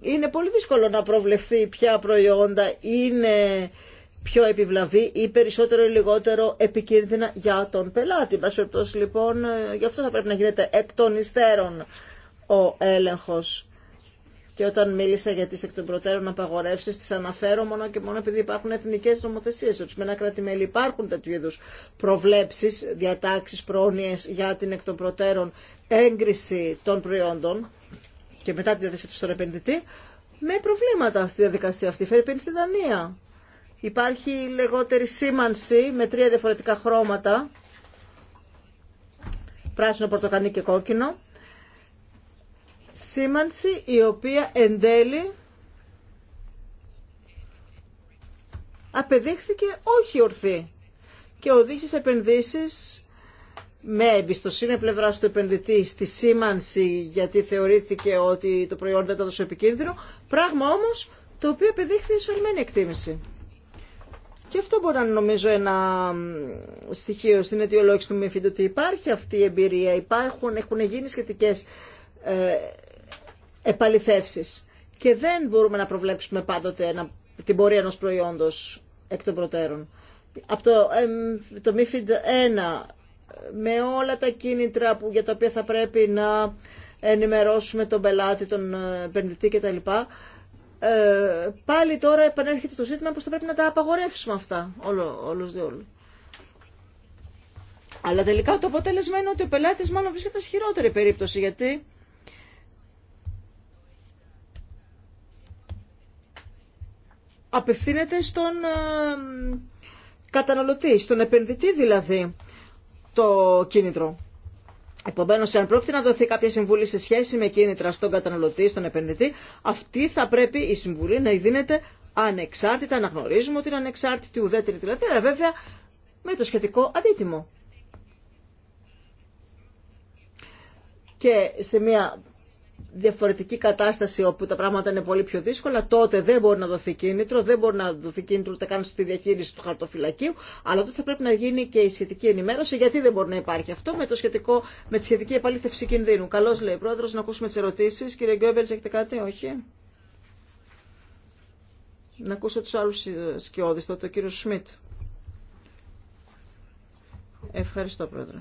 C: είναι πολύ δύσκολο να προβλεφθεί ποια προϊόντα είναι πιο επιβλαβή ή περισσότερο ή λιγότερο επικίνδυνα για τον πελάτη. Μας περιπτώσει λοιπόν, ε, γι' αυτό θα πρέπει να γίνεται εκ των υστέρων ο έλεγχος. Και όταν μίλησα για τις εκ των προτέρων απαγορεύσεις, τις αναφέρω μόνο και μόνο επειδή υπάρχουν εθνικές μενα Ορισμένα κράτη-μέλη υπάρχουν τέτοιου είδου προβλέψεις, διατάξεις, πρόνοιες για την εκ των προτέρων έγκριση των προϊόντων και μετά τη διάθεσή του στον επενδυτή, με προβλήματα στη διαδικασία αυτή. Φέρει πέντε στη Δανία. Υπάρχει λεγότερη σήμανση με τρία διαφορετικά χρώματα, πράσινο, πορτοκανί και κόκκινο. Σήμανση η οποία εν τέλει απεδείχθηκε όχι ορθή και οδήγησε επενδύσεις με εμπιστοσύνη πλευρά του επενδυτή στη σήμανση γιατί θεωρήθηκε ότι το προϊόν δεν ήταν τόσο επικίνδυνο, πράγμα όμω το οποίο επιδείχθη εισφαλμένη εκτίμηση. Και αυτό μπορεί να είναι νομίζω ένα στοιχείο στην αιτιολόγηση του ΜΜΕΦΙΔ, ότι υπάρχει αυτή η εμπειρία, υπάρχουν, έχουν γίνει σχετικέ ε, επαληθεύσεις και δεν μπορούμε να προβλέψουμε πάντοτε ένα, την πορεία ενός προϊόντος εκ των προτέρων. Από το, ε, το 1 με όλα τα κίνητρα που, για τα οποία θα πρέπει να ενημερώσουμε τον πελάτη, τον ε, επενδυτή κτλ. Ε, πάλι τώρα επανέρχεται το ζήτημα πως θα πρέπει να τα απαγορεύσουμε αυτά όλο, όλος διόλου. Αλλά τελικά το αποτέλεσμα είναι ότι ο πελάτης μάλλον βρίσκεται σε χειρότερη περίπτωση γιατί απευθύνεται στον ε, καταναλωτή, στον επενδυτή δηλαδή το κίνητρο. Επομένω, αν πρόκειται να δοθεί κάποια συμβουλή σε σχέση με κίνητρα στον καταναλωτή, στον επενδυτή, αυτή θα πρέπει η συμβουλή να δίνεται ανεξάρτητα, να γνωρίζουμε ότι είναι ανεξάρτητη ουδέτερη δηλαδή, βέβαια με το σχετικό αντίτιμο. Και σε μια διαφορετική κατάσταση όπου τα πράγματα είναι πολύ πιο δύσκολα, τότε δεν μπορεί να δοθεί κίνητρο, δεν μπορεί να δοθεί κίνητρο ούτε καν στη διαχείριση του χαρτοφυλακίου, αλλά τότε θα πρέπει να γίνει και η σχετική ενημέρωση, γιατί δεν μπορεί να υπάρχει αυτό με, το σχετικό, με τη σχετική επαλήθευση κινδύνου. Καλώ λέει ο πρόεδρο, να ακούσουμε τι ερωτήσει. Κύριε Γκέμπελ, έχετε κάτι, όχι. Να ακούσω του άλλου σκιώδει, τότε ο κύριο Σμιτ. Ευχαριστώ, πρόεδρε.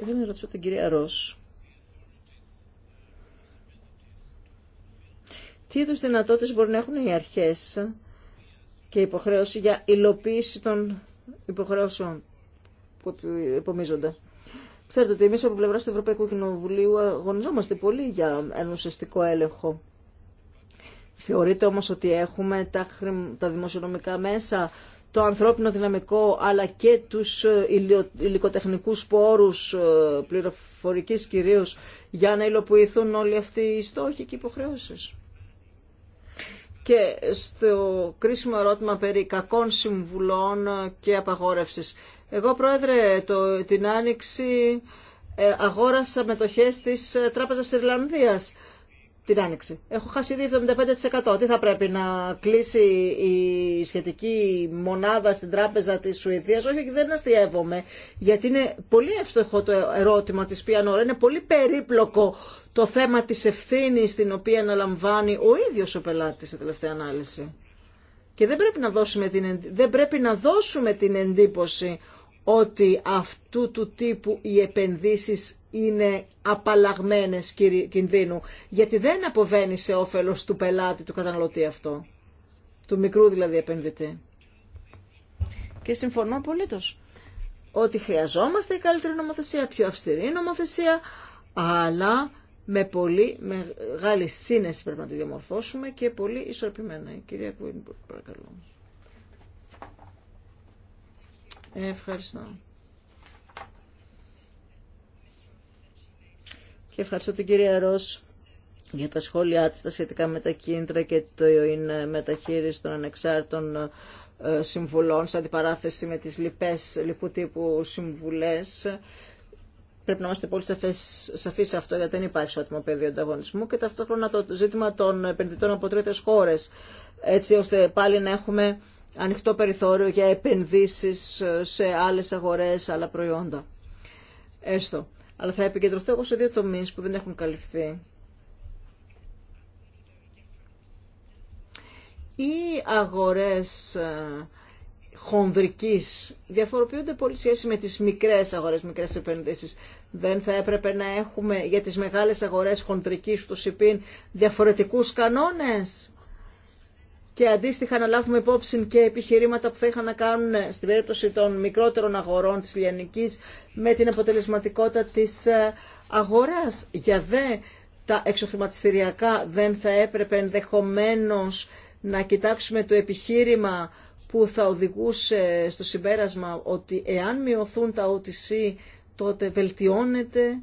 C: Θα ε, ήθελα να ρωτήσω την κυρία Τι είδου δυνατότητε μπορεί να έχουν οι αρχές και υποχρέωση για υλοποίηση των υποχρεώσεων που επομίζονται. Ξέρετε ότι εμείς από πλευρά του Ευρωπαϊκού Κοινοβουλίου αγωνιζόμαστε πολύ για ενουσιαστικό έλεγχο. Θεωρείτε όμως ότι έχουμε τα, τα δημοσιονομικά μέσα το ανθρώπινο δυναμικό αλλά και τους ε, υλικοτεχνικούς πόρους ε, πληροφορικής κυρίως για να υλοποιηθούν όλοι αυτοί οι στόχοι και οι υποχρεώσεις. Και στο κρίσιμο ερώτημα περί κακών συμβουλών και απαγόρευσης. Εγώ, Πρόεδρε, το, την Άνοιξη ε, αγόρασα μετοχές της Τράπεζας Ιρλανδίας την Άνοιξη. Έχω χάσει ήδη 75%. Τι θα πρέπει να κλείσει η σχετική μονάδα στην τράπεζα της Σουηδίας. Όχι, δεν αστείευομαι. Γιατί είναι πολύ εύστοχο το ερώτημα της Πιανόρα. Είναι πολύ περίπλοκο το θέμα της ευθύνη την οποία αναλαμβάνει ο ίδιος ο πελάτης σε τελευταία ανάλυση. Και δεν πρέπει να δώσουμε την, δεν πρέπει να δώσουμε την εντύπωση ότι αυτού του τύπου οι επενδύσεις είναι απαλλαγμένες κινδύνου, γιατί δεν αποβαίνει σε όφελος του πελάτη, του καταναλωτή αυτό, του μικρού δηλαδή επενδυτή. Και συμφωνώ απολύτως ότι χρειαζόμαστε η καλύτερη νομοθεσία, πιο αυστηρή νομοθεσία, αλλά με πολύ μεγάλη σύνεση πρέπει να τη διαμορφώσουμε και πολύ ισορροπημένα. κυρία Κουίνπουρ, παρακαλώ. Ευχαριστώ. Και ευχαριστώ την κυρία Ρος για τα σχόλιά της τα σχετικά με τα κίνητρα και το είναι ε, μεταχείριση των ανεξάρτητων ε, συμβουλών σε αντιπαράθεση με τις λοιπές λοιπού τύπου συμβουλές. Πρέπει να είμαστε πολύ σαφεί σε αυτό γιατί δεν υπάρχει άτομο πεδίο ανταγωνισμού και ταυτόχρονα το ζήτημα των επενδυτών από τρίτε χώρε. έτσι ώστε πάλι να έχουμε ανοιχτό περιθώριο για επενδύσεις ε, σε άλλες αγορές, άλλα προϊόντα. Έστω. Αλλά θα επικεντρωθώ εγώ σε δύο τομείς που δεν έχουν καλυφθεί. Οι αγορές ε, χονδρικής διαφοροποιούνται πολύ σχέση με τις μικρές αγορές, μικρές επενδύσεις. Δεν θα έπρεπε να έχουμε για τις μεγάλες αγορές χονδρικής του ΣΥΠΗΝ διαφορετικούς κανόνες και αντίστοιχα να λάβουμε υπόψη και επιχειρήματα που θα είχαν να κάνουν ε, στην περίπτωση των μικρότερων αγορών της Λιανικής με την αποτελεσματικότητα της ε, αγοράς. Για δε τα εξωχρηματιστηριακά δεν θα έπρεπε ενδεχομένω να κοιτάξουμε το επιχείρημα που θα οδηγούσε στο συμπέρασμα ότι εάν μειωθούν τα OTC τότε βελτιώνεται,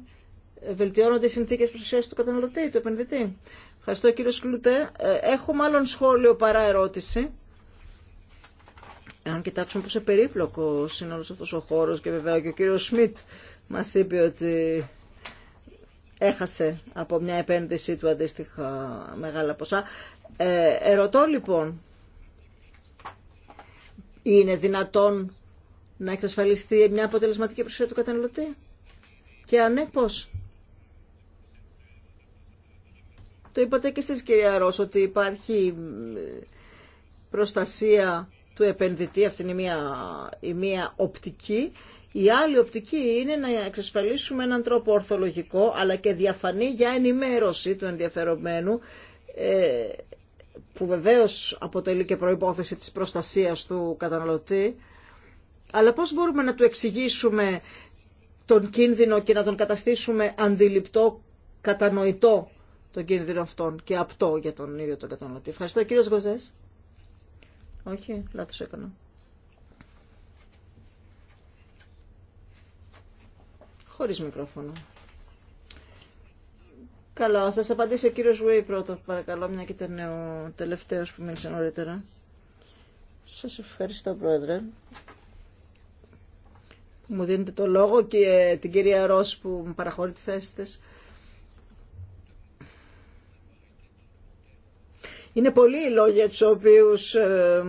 C: ε, βελτιώνονται οι συνθήκες προστασίας του καταναλωτή, του επενδυτή. Ευχαριστώ κύριο Σκλουτέ. Ε, έχω μάλλον σχόλιο παρά ερώτηση. Αν κοιτάξουμε πόσο περίπλοκο είναι όλος αυτός ο χώρος και βέβαια και ο κύριος Σμιτ μας είπε ότι έχασε από μια επένδυση του αντίστοιχα μεγάλα ποσά. Ε, ερωτώ λοιπόν, είναι δυνατόν να εξασφαλιστεί μια αποτελεσματική προσφυγή του καταναλωτή και αν ναι, Το είπατε και εσείς κυρία Ρώσο ότι υπάρχει προστασία του επενδυτή, αυτή είναι η μία, η μία οπτική. Η άλλη οπτική είναι να εξασφαλίσουμε έναν τρόπο ορθολογικό αλλά και διαφανή για ενημέρωση του ενδιαφερομένου ε, που βεβαίως αποτελεί και προϋπόθεση της προστασίας του καταναλωτή. Αλλά πώς μπορούμε να του εξηγήσουμε τον κίνδυνο και να τον καταστήσουμε αντιληπτό, κατανοητό τον κίνδυνο αυτόν και απτό για τον ίδιο τον καταναλωτή. Ευχαριστώ κύριο Γκοζέ. Όχι, λάθο έκανα. Χωρί μικρόφωνο. Καλό. σα απαντήσει ο κύριο Βουέι πρώτα, παρακαλώ, μια και ήταν ο τελευταίο που μίλησε νωρίτερα. Σα ευχαριστώ, Πρόεδρε. Μου δίνετε το λόγο και την κυρία Ρώση που μου παραχωρεί τη θέση της. Είναι πολλοί οι λόγοι για του οποίους ε,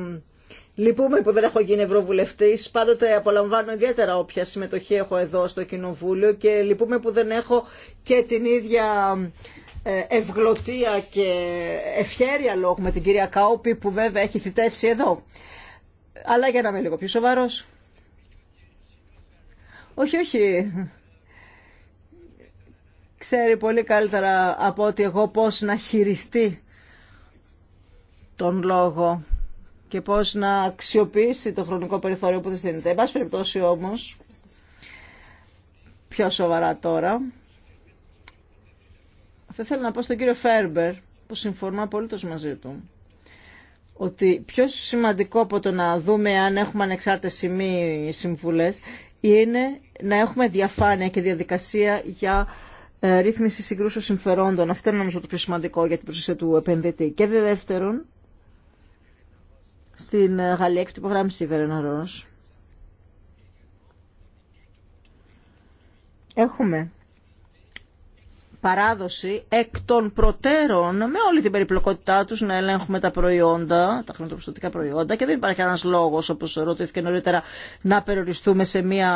C: λυπούμε που δεν έχω γίνει ευρωβουλευτή, Πάντοτε απολαμβάνω ιδιαίτερα όποια συμμετοχή έχω εδώ στο Κοινοβούλιο και λυπούμε που δεν έχω και την ίδια ε, ευγλωτία και ευχέρεια λόγω με την κυρία Κάουπη που βέβαια έχει θητεύσει εδώ. Αλλά για να είμαι λίγο πιο σοβαρός. Όχι, όχι. Ξέρει πολύ καλύτερα από ότι εγώ πώς να χειριστεί τον λόγο και πώς να αξιοποιήσει το χρονικό περιθώριο που της δίνεται. Εν πάση περιπτώσει όμως, πιο σοβαρά τώρα, θα ήθελα να πω στον κύριο Φέρμπερ, που συμφωνώ απολύτως μαζί του, ότι πιο σημαντικό από το να δούμε αν έχουμε ανεξάρτητες ή συμβουλές, είναι να έχουμε διαφάνεια και διαδικασία για ε, ρύθμιση συγκρούσεων συμφερόντων. Αυτό είναι νομίζω το πιο σημαντικό για την προσοχή του επενδυτή. Και δεύτερον, στην ε, Γαλλία και του υπογράμμιση Έχουμε παράδοση εκ των προτέρων με όλη την περιπλοκότητά τους να ελέγχουμε τα προϊόντα, τα χρηματοπιστωτικά προϊόντα και δεν υπάρχει κανένας λόγος όπως ρωτήθηκε νωρίτερα να περιοριστούμε σε μια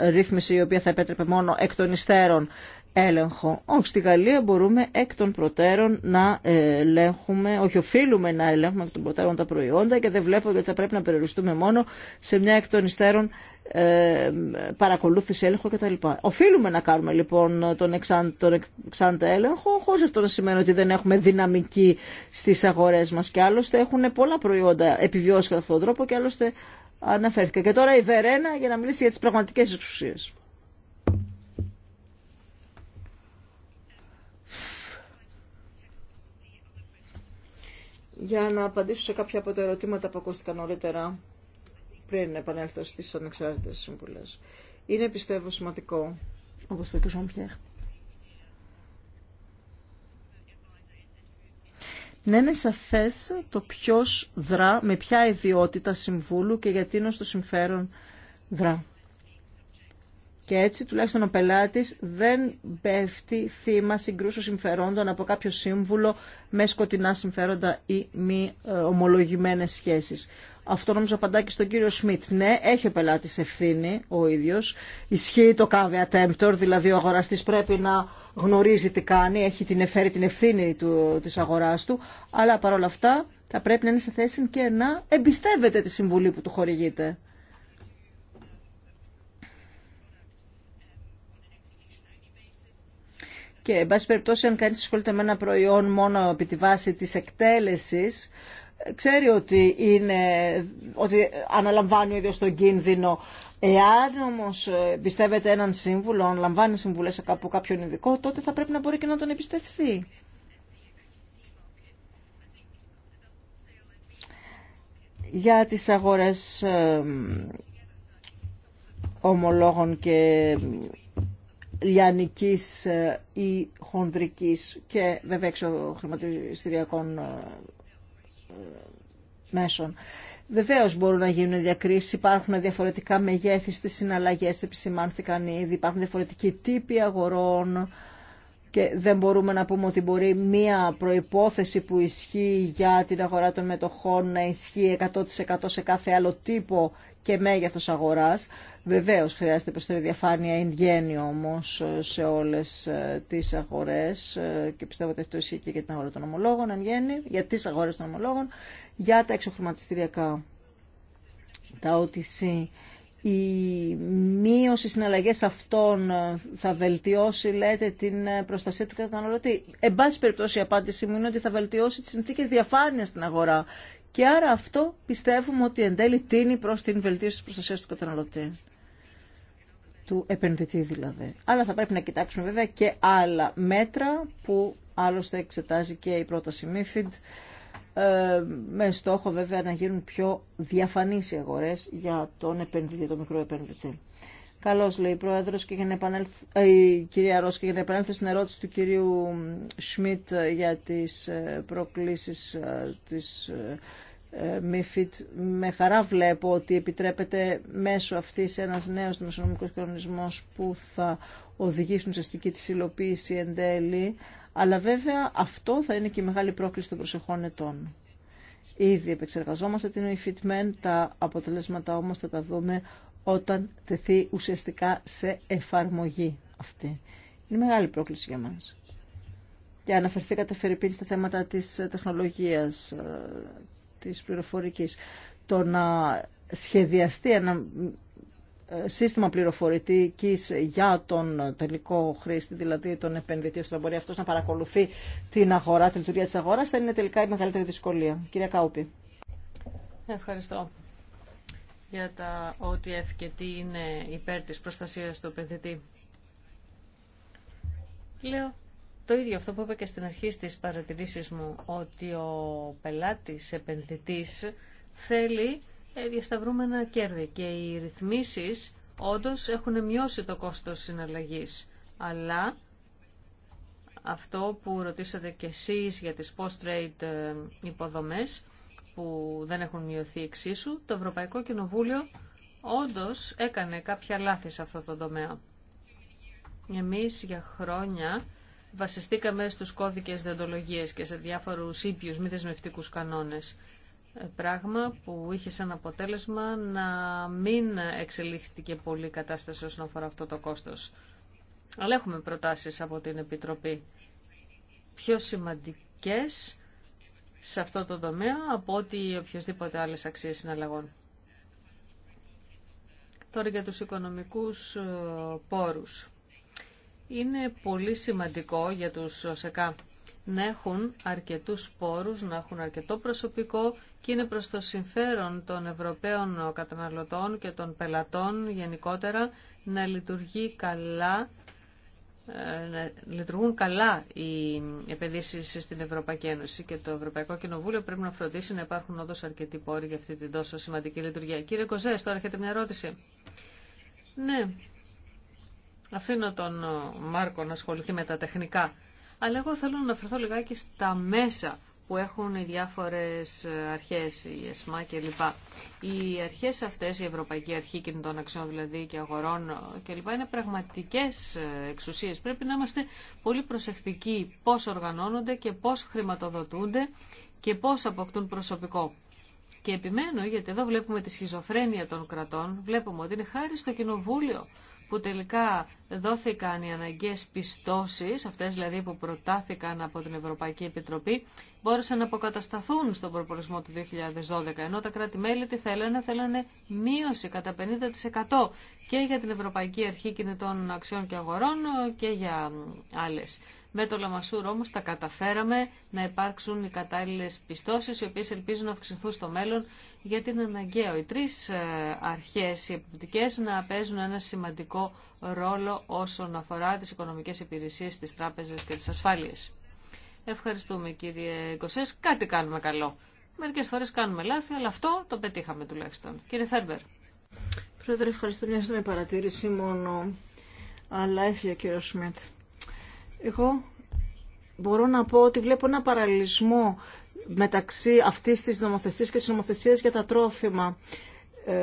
C: ρύθμιση η οποία θα επέτρεπε μόνο εκ των υστέρων έλεγχο. Όχι, στη Γαλλία μπορούμε εκ των προτέρων να ελέγχουμε, όχι οφείλουμε να ελέγχουμε εκ των προτέρων τα προϊόντα και δεν βλέπω ότι θα πρέπει να περιοριστούμε μόνο σε μια εκ των υστέρων ε, παρακολούθηση, έλεγχο κτλ. Οφείλουμε να κάνουμε λοιπόν τον, τον εξάντα έλεγχο, χωρίς αυτό να σημαίνει ότι δεν έχουμε δυναμική στις αγορές μας και άλλωστε έχουν πολλά προϊόντα επιβιώσει κατά αυτόν τον τρόπο και άλλωστε αναφέρθηκα. Και τώρα η Βερένα για να μιλήσει για τις πραγματικές εξουσίες. Για να απαντήσω σε κάποια από τα ερωτήματα που ακούστηκαν νωρίτερα πριν επανέλθω στις ανεξάρτητες συμβουλές. Είναι πιστεύω σημαντικό, όπως είπε και ο Ζομπιέρ, να είναι σαφές το ποιος δρά, με ποια ιδιότητα συμβούλου και γιατί είναι στο συμφέρον δρά. Και έτσι τουλάχιστον ο πελάτη δεν πέφτει θύμα συγκρούσεων συμφερόντων από κάποιο σύμβουλο με σκοτεινά συμφέροντα ή μη ε, ομολογημένες σχέσεις. Αυτό νομίζω απαντά και στον κύριο Σμιτ. Ναι, έχει ο πελάτη ευθύνη ο ίδιο. Ισχύει το κάβε attemptor, δηλαδή ο αγοραστή πρέπει να γνωρίζει τι κάνει, έχει την εφέρει την ευθύνη τη αγορά του. Αλλά παρόλα αυτά θα πρέπει να είναι σε θέση και να εμπιστεύεται τη συμβουλή που του χορηγείται. Και, εν πάση περιπτώσει, αν κανείς ασχολείται με ένα προϊόν μόνο επί τη βάση τη εκτέλεση, ξέρει ότι, είναι, ότι αναλαμβάνει ο ίδιο τον κίνδυνο. Εάν όμω ε, πιστεύετε έναν σύμβουλο, αν λαμβάνει συμβουλέ από κάποιον ειδικό, τότε θα πρέπει να μπορεί και να τον εμπιστευτεί. Για τις αγορές ε, ομολόγων και λιανικής ε, ή χονδρικής και βέβαια εξωχρηματιστηριακών χρηματιστηριακών ε, ε, μέσων. Βεβαίω μπορούν να γίνουν διακρίσει, υπάρχουν διαφορετικά μεγέθη στι συναλλαγέ, επισημάνθηκαν ήδη, υπάρχουν διαφορετικοί τύποι αγορών, και δεν μπορούμε να πούμε ότι μπορεί μία προϋπόθεση που ισχύει για την αγορά των μετοχών να ισχύει 100% σε κάθε άλλο τύπο και μέγεθος αγοράς. Βεβαίως χρειάζεται περισσότερη διαφάνεια εν γέννη όμως ε, σε όλες ε, τις αγορές ε, και πιστεύω ότι αυτό ισχύει και για την αγορά των ομολόγων εν γέννη, για τις αγορές των ομολόγων, για τα εξωχρηματιστηριακά, τα OTC η μείωση συναλλαγές αυτών ε, θα βελτιώσει, λέτε, την ε, προστασία του καταναλωτή. Εν πάση περιπτώσει, η απάντηση μου είναι ότι θα βελτιώσει τις συνθήκες διαφάνειας στην αγορά. Και άρα αυτό πιστεύουμε ότι εν τέλει τίνει προς την βελτίωση της προστασίας του καταναλωτή. Του επενδυτή δηλαδή. Αλλά θα πρέπει να κοιτάξουμε βέβαια και άλλα μέτρα που άλλωστε εξετάζει και η πρόταση MIFID ε, με στόχο βέβαια να γίνουν πιο διαφανείς οι αγορές για τον επενδυτή, το μικρό επενδυτή. Καλώ λέει η Πρόεδρο και για να ε, η κυρία Ρώσ, και για να επανέλθω στην ερώτηση του κυρίου Σμιτ για τι ε, προκλήσει τη ΜΥΦΙΤ. Με χαρά βλέπω ότι επιτρέπεται μέσω αυτή ένα νέο δημοσιονομικό κανονισμό που θα οδηγήσουν ουσιαστική τη υλοποίηση εν τέλει αλλά βέβαια αυτό θα είναι και η μεγάλη πρόκληση των προσεχών ετών. Ήδη επεξεργαζόμαστε την ΟΗΦΙΤΜΕΝ, τα αποτελέσματα όμως θα τα δούμε όταν τεθεί ουσιαστικά σε εφαρμογή αυτή. Είναι μεγάλη πρόκληση για μας. Και αναφερθήκατε Φερρυπίν στα θέματα της ε, τεχνολογίας, ε, της πληροφορικής. Το να σχεδιαστεί ένα ε, σύστημα πληροφορητικής για τον τελικό χρήστη, δηλαδή τον επενδυτή, ώστε να μπορεί αυτός να παρακολουθεί την αγορά, την λειτουργία της αγοράς, θα είναι τελικά η μεγαλύτερη δυσκολία. Κυρία Κάουπη.
A: Ευχαριστώ για τα ότι και τι είναι υπέρ της προστασίας του επενδυτή. Λέω το ίδιο αυτό που είπα και στην αρχή στις παρατηρήσεις μου, ότι ο πελάτης επενδυτής θέλει ε, διασταυρούμενα κέρδη και οι ρυθμίσεις όντως έχουν μειώσει το κόστος συναλλαγής. Αλλά αυτό που ρωτήσατε κι εσείς για τις post-trade ε, υποδομές που δεν έχουν μειωθεί εξίσου, το Ευρωπαϊκό Κοινοβούλιο όντως έκανε κάποια λάθη σε αυτό το τομέα. Εμείς για χρόνια βασιστήκαμε στους κώδικες διοντολογίες και σε διάφορους ήπιους μη δεσμευτικούς κανόνες πράγμα που είχε σαν αποτέλεσμα να μην εξελίχθηκε πολύ η κατάσταση όσον αφορά αυτό το κόστος. Αλλά έχουμε προτάσεις από την Επιτροπή πιο σημαντικές σε αυτό το τομέα από ότι οποιασδήποτε άλλες αξίες συναλλαγών. Τώρα για τους οικονομικούς ε, πόρους. Είναι πολύ σημαντικό για τους ΣΕΚΑ να έχουν αρκετούς πόρους, να έχουν αρκετό προσωπικό και είναι προς το συμφέρον των Ευρωπαίων καταναλωτών και των πελατών γενικότερα να λειτουργεί καλά ε, να λειτουργούν καλά οι επενδύσει στην Ευρωπαϊκή Ένωση και το Ευρωπαϊκό Κοινοβούλιο πρέπει να φροντίσει να υπάρχουν όντω αρκετοί πόροι για αυτή την τόσο σημαντική λειτουργία. Κύριε Κοζέ, τώρα έχετε μια ερώτηση. Ναι. Αφήνω τον Μάρκο να ασχοληθεί με τα τεχνικά. Αλλά εγώ θέλω να αναφερθώ λιγάκι στα μέσα που έχουν οι διάφορες αρχές, η ΕΣΜΑ κλπ. Οι αρχές αυτές, η Ευρωπαϊκή Αρχή Κινητών Αξιών δηλαδή και Αγορών κλπ. είναι πραγματικές εξουσίες. Πρέπει να είμαστε πολύ προσεκτικοί πώς οργανώνονται και πώς χρηματοδοτούνται και πώς αποκτούν προσωπικό. Και επιμένω, γιατί εδώ βλέπουμε τη σχιζοφρένεια των κρατών, βλέπουμε ότι είναι χάρη στο Κοινοβούλιο που τελικά δόθηκαν οι αναγκαίες πιστώσεις, αυτές δηλαδή που προτάθηκαν από την Ευρωπαϊκή Επιτροπή, μπόρεσαν να αποκατασταθούν στον προπολισμό του 2012, ενώ τα κράτη-μέλη τι θέλανε, θέλανε μείωση κατά 50% και για την Ευρωπαϊκή Αρχή Κινητών Αξιών και Αγορών και για άλλες. Με το Λαμασούρ όμως τα καταφέραμε να υπάρξουν οι κατάλληλες πιστώσεις, οι οποίες ελπίζουν να αυξηθούν στο μέλλον, γιατί είναι αναγκαίο οι τρεις ε, αρχές, οι επιπτικές, να παίζουν ένα σημαντικό ρόλο όσον αφορά τις οικονομικές υπηρεσίες, τις τράπεζες και τις ασφάλειες. Ευχαριστούμε κύριε Κωσές. Κάτι κάνουμε καλό. Μερικές φορές κάνουμε λάθη, αλλά αυτό το πετύχαμε τουλάχιστον. Κύριε Φέρμπερ.
C: Πρόεδρε, ευχαριστώ. Μια σύντομη παρατήρηση μόνο. Αλλά έφυγε ο κύριο Σμιτ. Εγώ μπορώ να πω ότι βλέπω ένα παραλληλισμό μεταξύ αυτής της νομοθεσίας και της νομοθεσίας για τα τρόφιμα. Ε,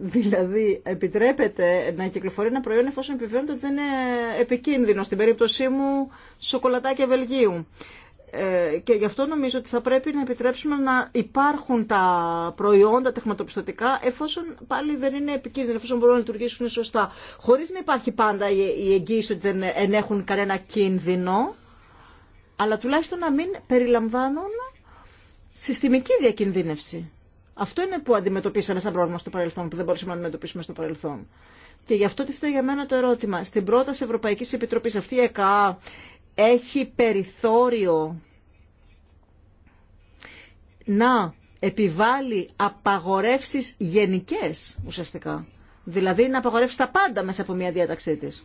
C: δηλαδή επιτρέπεται να κυκλοφορεί ένα προϊόν εφόσον επιβεβαιώνεται ότι δεν είναι επικίνδυνο. Στην περίπτωσή μου σοκολατάκια Βελγίου. Ε, και γι' αυτό νομίζω ότι θα πρέπει να επιτρέψουμε να υπάρχουν τα προϊόντα τεχματοπιστωτικά εφόσον πάλι δεν είναι επικίνδυνα, εφόσον μπορούν να λειτουργήσουν σωστά. Χωρίς να υπάρχει πάντα η εγγύηση ότι δεν ενέχουν κανένα κίνδυνο, αλλά τουλάχιστον να μην περιλαμβάνουν συστημική διακινδύνευση. Αυτό είναι που αντιμετωπίσαμε σαν πρόβλημα στο παρελθόν, που δεν μπορούσαμε να αντιμετωπίσουμε στο παρελθόν. Και γι' αυτό τίθεται για μένα το ερώτημα. Στην πρόταση Ευρωπαϊκή Επιτροπή, αυτή η ΕΚΑ έχει περιθώριο να επιβάλλει απαγορεύσεις γενικές ουσιαστικά. Δηλαδή να απαγορεύσει τα πάντα μέσα από μια διάταξή της.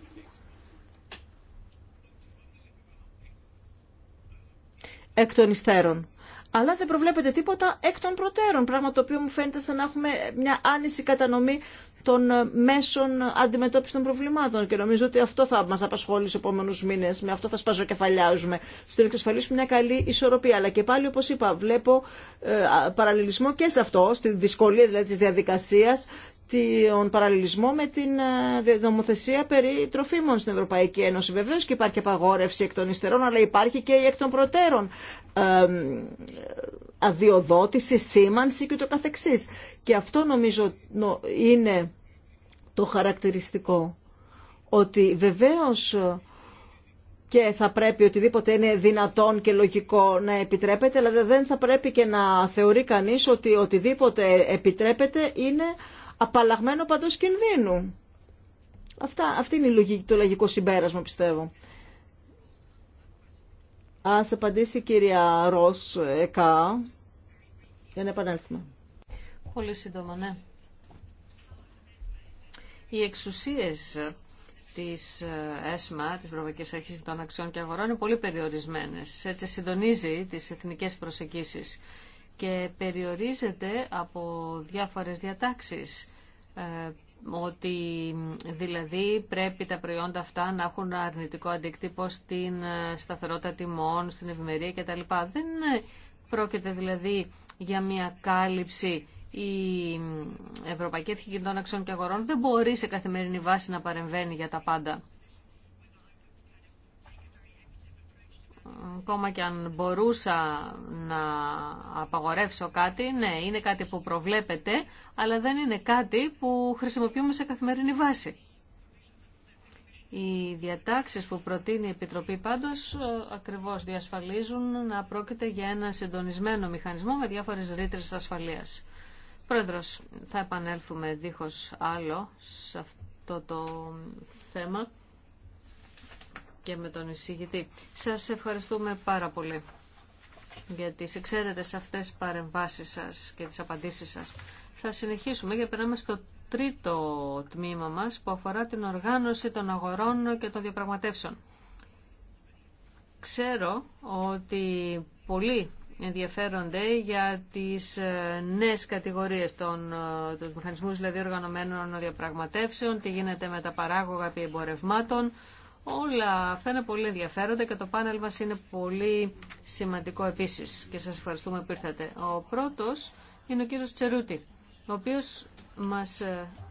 C: Εκ των υστέρων αλλά δεν προβλέπεται τίποτα εκ των προτέρων, πράγμα το οποίο μου φαίνεται σαν να έχουμε μια άνηση κατανομή των ε, μέσων αντιμετώπιση των προβλημάτων. Και νομίζω ότι αυτό θα μα απασχολεί στου επόμενου μήνε. Με αυτό θα σπαζοκεφαλιάζουμε. Στο να εξασφαλίσουμε μια καλή ισορροπία. Αλλά και πάλι, όπω είπα, βλέπω ε, παραλληλισμό και σε αυτό, στη δυσκολία δηλαδή τη διαδικασία, τον παραλληλισμό με την ε, νομοθεσία περί τροφίμων στην Ευρωπαϊκή Ένωση. Βεβαίω και υπάρχει απαγόρευση εκ των υστερών, αλλά υπάρχει και η εκ των προτέρων αδειοδότηση, σήμανση και το καθεξής. Και αυτό νομίζω είναι το χαρακτηριστικό, ότι βεβαίως ε, και θα πρέπει οτιδήποτε είναι δυνατόν και λογικό να επιτρέπεται, αλλά δεν θα πρέπει και να θεωρεί κανείς ότι οτιδήποτε επιτρέπεται είναι απαλλαγμένο παντό κινδύνου. Αυτά, αυτή είναι η λογική, το λογικό συμπέρασμα πιστεύω. Α απαντήσει η κυρία ρό Εκά για να επανέλθουμε.
A: Πολύ σύντομα, ναι. Οι εξουσίες της ε, ΕΣΜΑ, της Ευρωπαϊκή Αρχής των Αξιών και Αγορών, είναι πολύ περιορισμένες. Έτσι συντονίζει τις εθνικές προσεγγίσεις και περιορίζεται από διάφορες διατάξεις ε, ότι δηλαδή πρέπει τα προϊόντα αυτά να έχουν αρνητικό αντίκτυπο στην ε, σταθερότητα τιμών, στην ευημερία κτλ. Δεν ε, πρόκειται δηλαδή για μια κάλυψη η Ευρωπαϊκή Αρχή Αξιών και Αγορών δεν μπορεί σε καθημερινή βάση να παρεμβαίνει για τα πάντα. ακόμα και αν μπορούσα να απαγορεύσω κάτι, ναι, είναι κάτι που προβλέπεται, αλλά δεν είναι κάτι που χρησιμοποιούμε σε καθημερινή βάση. Οι διατάξεις που προτείνει η Επιτροπή πάντως ε, ακριβώς διασφαλίζουν να πρόκειται για ένα συντονισμένο μηχανισμό με διάφορες ρήτρες ασφαλείας. Πρόεδρος, θα επανέλθουμε δίχως άλλο σε αυτό το θέμα και με τον εισηγητή. Σας ευχαριστούμε πάρα πολύ για τις εξαίρετες αυτές παρεμβάσεις σας και τις απαντήσεις σας. Θα συνεχίσουμε για περνάμε στο τρίτο τμήμα μας που αφορά την οργάνωση των αγορών και των διαπραγματεύσεων. Ξέρω ότι πολλοί ενδιαφέρονται για τις ε, νέες κατηγορίες των ε, τους μηχανισμούς δηλαδή οργανωμένων διαπραγματεύσεων, τι γίνεται με τα παράγωγα επί εμπορευμάτων, Όλα αυτά είναι πολύ ενδιαφέροντα και το πάνελ μας είναι πολύ σημαντικό επίσης και σας ευχαριστούμε που ήρθατε. Ο πρώτος είναι ο κύριος Τσερούτη, ο οποίος μας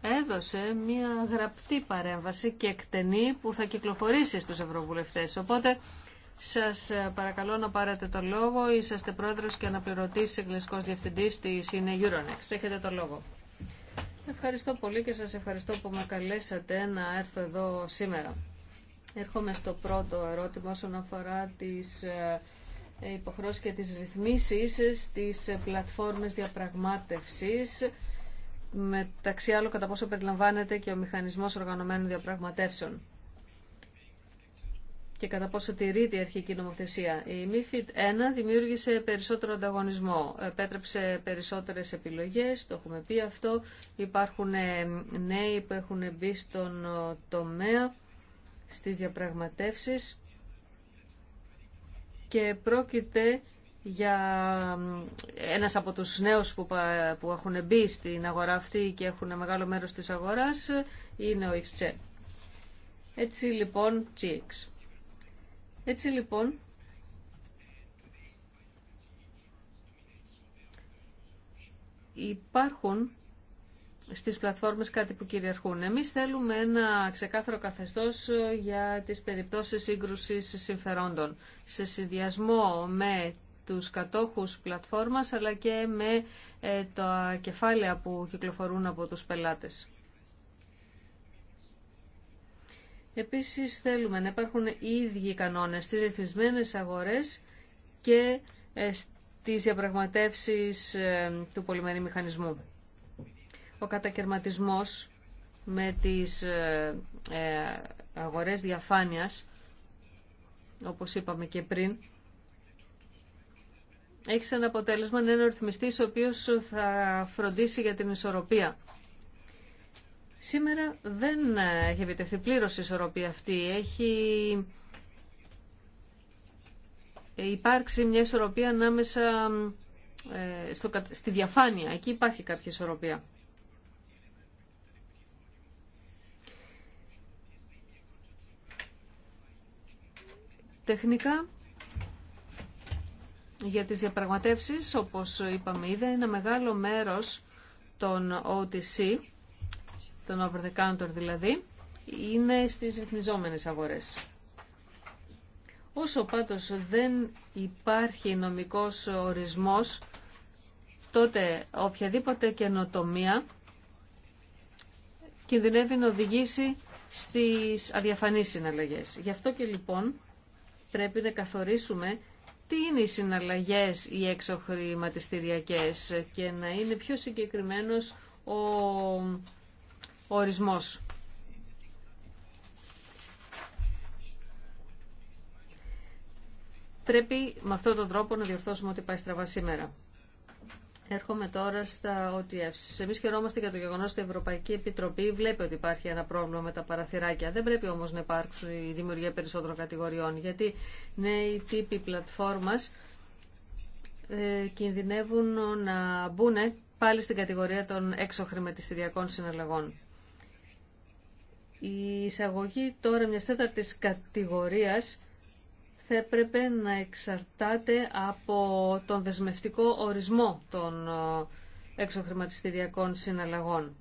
A: έδωσε μια γραπτή παρέμβαση και εκτενή που θα κυκλοφορήσει στους ευρωβουλευτές. Οπότε σας παρακαλώ να πάρετε το λόγο. Είσαστε πρόεδρος και αναπληρωτής εγκλησικός διευθυντής της είναι Euronext. Έχετε το λόγο. Ευχαριστώ πολύ και σας ευχαριστώ που με καλέσατε να έρθω εδώ σήμερα. Έρχομαι στο πρώτο ερώτημα όσον αφορά τις ε, υποχρώσεις και τις ρυθμίσεις στις πλατφόρμες διαπραγμάτευσης μεταξύ άλλων κατά πόσο περιλαμβάνεται και ο μηχανισμός οργανωμένων διαπραγματεύσεων και κατά πόσο τηρείται η αρχική νομοθεσία. Η MIFID 1 δημιούργησε περισσότερο ανταγωνισμό, επέτρεψε περισσότερες επιλογές, το έχουμε πει αυτό, υπάρχουν ε, νέοι που έχουν μπει στον ε, τομέα στις διαπραγματεύσεις και πρόκειται για ένας από τους νέους που, που έχουν μπει στην αγορά αυτή και έχουν μεγάλο μέρος της αγοράς είναι ο XC. Έτσι λοιπόν, GX. Έτσι λοιπόν, υπάρχουν στις πλατφόρμες κάτι που κυριαρχούν. Εμείς θέλουμε ένα ξεκάθαρο καθεστώς ε, για τις περιπτώσεις σύγκρουσης συμφερόντων σε συνδυασμό με τους κατόχους πλατφόρμας αλλά και με ε, τα κεφάλαια που κυκλοφορούν από τους πελάτες. Επίσης θέλουμε να υπάρχουν οι ίδιοι κανόνες στις ρυθμισμένες αγορές και ε, στις διαπραγματεύσεις του πολυμερή μηχανισμού. Ο κατακαιρματισμός με τις ε, ε, αγορές διαφάνειας, όπως είπαμε και πριν, έχει σαν αποτέλεσμα να είναι ο ρυθμιστής ο οποίος θα φροντίσει για την ισορροπία. Σήμερα δεν έχει επιτεθεί πλήρως η ισορροπία αυτή. Έχει υπάρξει μια ισορροπία ανάμεσα ε, στο, στη διαφάνεια. Εκεί υπάρχει κάποια ισορροπία. τεχνικά για τις διαπραγματεύσεις, όπως είπαμε ήδη, ένα μεγάλο μέρος των OTC, των over the counter δηλαδή, είναι στις ρυθμιζόμενες αγορές. Όσο πάντως δεν υπάρχει νομικός ορισμός, τότε οποιαδήποτε καινοτομία κινδυνεύει να οδηγήσει στις αδιαφανείς συναλλαγές. Γι' αυτό και λοιπόν πρέπει να καθορίσουμε τι είναι οι συναλλαγές οι εξωχρηματιστηριακές και να είναι πιο συγκεκριμένος ο ορισμός. Πρέπει με αυτόν τον τρόπο να διορθώσουμε ό,τι πάει στραβά σήμερα. Έρχομαι τώρα στα OTFs. Εμεί χαιρόμαστε για το γεγονό ότι η Ευρωπαϊκή Επιτροπή βλέπει ότι υπάρχει ένα πρόβλημα με τα παραθυράκια. Δεν πρέπει όμω να υπάρξει η δημιουργία περισσότερων κατηγοριών, γιατί νέοι τύποι πλατφόρμα ε, κινδυνεύουν να μπουν πάλι στην κατηγορία των έξω χρηματιστηριακών συναλλαγών. Η εισαγωγή τώρα μια τέταρτη κατηγορία θα έπρεπε να εξαρτάται από τον δεσμευτικό ορισμό των ε, εξωχρηματιστηριακών συναλλαγών.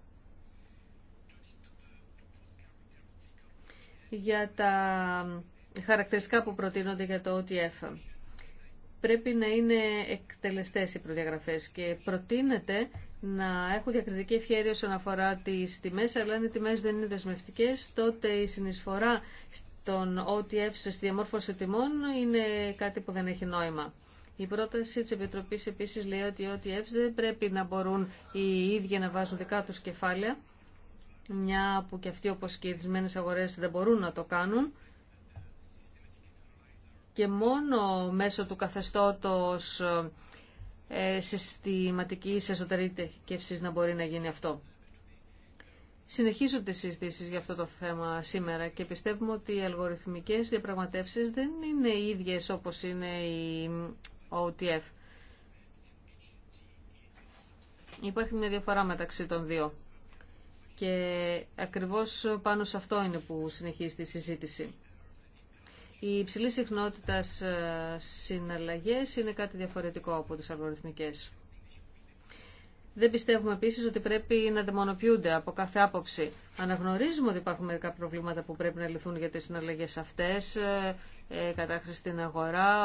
A: Για τα χαρακτηριστικά που προτείνονται για το OTF. Πρέπει να είναι εκτελεστές οι προδιαγραφές και προτείνεται να έχουν διακριτική ευχαίρεια όσον αφορά τις τιμές, αλλά αν οι τιμές δεν είναι δεσμευτικές, τότε η συνεισφορά τον OTF στη διαμόρφωση τιμών είναι κάτι που δεν έχει νόημα. Η πρόταση της Επιτροπής επίσης λέει ότι οι OTF δεν πρέπει να μπορούν οι ίδιοι να βάζουν δικά τους κεφάλαια, μια που και αυτοί όπως και οι αγορές δεν μπορούν να το κάνουν και μόνο μέσω του καθεστώτος ε, συστηματικής εσωτερικής να μπορεί να γίνει αυτό. Συνεχίζονται συζητήσεις για αυτό το θέμα σήμερα και πιστεύουμε ότι οι αλγοριθμικές διαπραγματεύσεις δεν είναι οι ίδιες όπως είναι η OTF. Υπάρχει μια διαφορά μεταξύ των δύο. Και ακριβώς πάνω σε αυτό είναι που συνεχίζει τη συζήτηση. Οι υψηλή συχνότητα ε, συναλλαγές είναι κάτι διαφορετικό από τις αλγοριθμικές. Δεν πιστεύουμε επίση ότι πρέπει να δαιμονοποιούνται από κάθε άποψη. Αναγνωρίζουμε ότι υπάρχουν μερικά προβλήματα που πρέπει να λυθούν για τι συναλλαγές αυτές, ε, ε, κατάχρηση στην αγορά,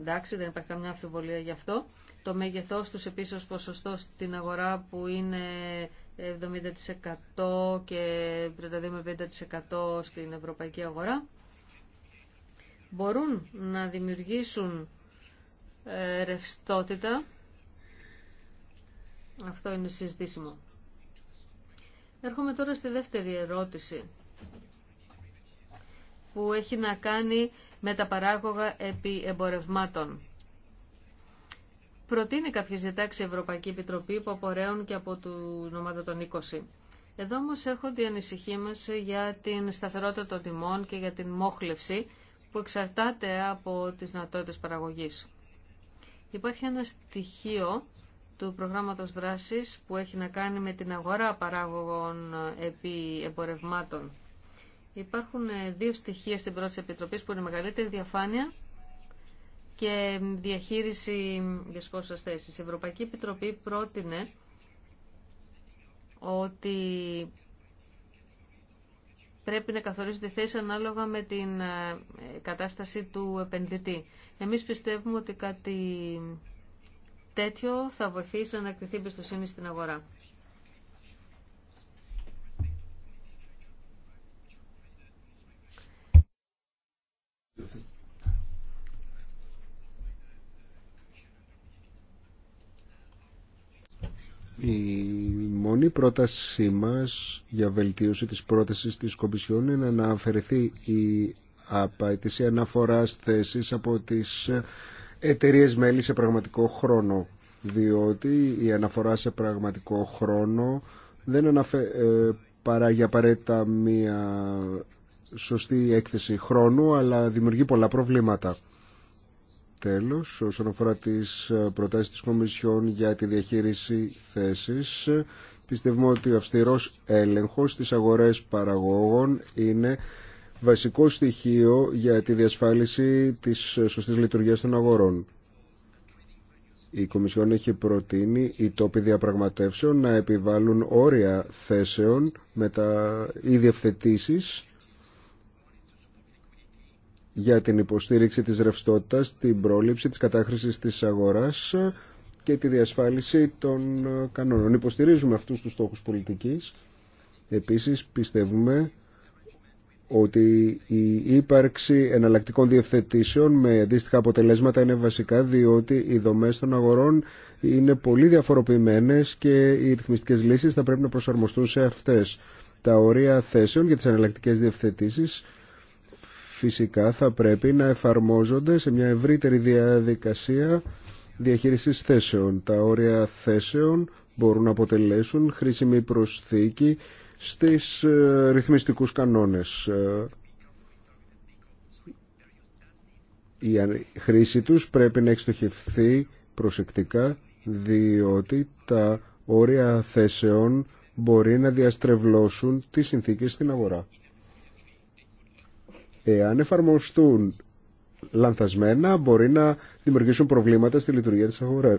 A: εντάξει δεν υπάρχει καμιά αμφιβολία γι' αυτό. Το μέγεθός τους επίσης ως ποσοστό στην αγορά που είναι 70% και 32 50% στην ευρωπαϊκή αγορά μπορούν να δημιουργήσουν ε, ρευστότητα αυτό είναι συζητήσιμο. Έρχομαι τώρα στη δεύτερη ερώτηση που έχει να κάνει με τα παράγωγα επί εμπορευμάτων. Προτείνει κάποιες διατάξει η Ευρωπαϊκή Επιτροπή που απορρέουν και από του ομάδα των 20. Εδώ όμω έρχονται οι ανησυχίε μα για την σταθερότητα των τιμών και για την μόχλευση που εξαρτάται από τις δυνατότητε παραγωγή. Υπάρχει ένα στοιχείο του προγράμματος δράσης που έχει να κάνει με την αγορά παράγωγων επί εμπορευμάτων. Υπάρχουν ε, δύο στοιχεία στην πρώτη επιτροπή που είναι μεγαλύτερη διαφάνεια και διαχείριση για σπόσα θέσεις. Η Ευρωπαϊκή Επιτροπή πρότεινε ότι πρέπει να καθορίζεται θέση ανάλογα με την ε, κατάσταση του επενδυτή. Εμείς πιστεύουμε ότι κάτι τέτοιο θα βοηθήσει να ανακτηθεί πιστοσύνη στην αγορά.
B: Η μόνη πρότασή μας για βελτίωση της πρότασης της Κομισιόν είναι να αφαιρεθεί η απαιτήση αναφοράς θέσης από τις εταιρείε μέλη σε πραγματικό χρόνο. Διότι η αναφορά σε πραγματικό χρόνο δεν αναφε... Ε, παράγει απαραίτητα μία σωστή έκθεση χρόνου, αλλά δημιουργεί πολλά προβλήματα. Τέλος, όσον αφορά τις ε, προτάσεις της Κομισιόν για τη διαχείριση θέσης, πιστεύουμε ότι ο αυστηρός έλεγχος στις αγορές παραγόγων είναι βασικό στοιχείο για τη διασφάλιση της σωστής λειτουργίας των αγορών. Η Κομισιόν έχει προτείνει οι τόποι διαπραγματεύσεων να επιβάλλουν όρια θέσεων με τα ίδια για την υποστήριξη της ρευστότητας, την πρόληψη της κατάχρησης της αγοράς και τη διασφάλιση των κανόνων. Υποστηρίζουμε αυτούς τους στόχους πολιτικής. Επίσης πιστεύουμε ότι η ύπαρξη εναλλακτικών διευθετήσεων με αντίστοιχα αποτελέσματα είναι βασικά διότι οι δομές των αγορών είναι πολύ διαφοροποιημένες και οι ρυθμιστικές λύσεις θα πρέπει να προσαρμοστούν σε αυτές. Τα όρια θέσεων για τις εναλλακτικές διευθετήσεις φυσικά θα πρέπει να εφαρμόζονται σε μια ευρύτερη διαδικασία διαχείρισης θέσεων. Τα όρια θέσεων μπορούν να αποτελέσουν χρήσιμη προσθήκη στις ε, ρυθμιστικούς κανόνες. Ε, η χρήση τους πρέπει να εξτοχευθεί προσεκτικά διότι τα όρια θέσεων μπορεί να διαστρεβλώσουν τις συνθήκες στην αγορά. Εάν εφαρμοστούν λανθασμένα μπορεί να δημιουργήσουν προβλήματα στη λειτουργία της αγοράς.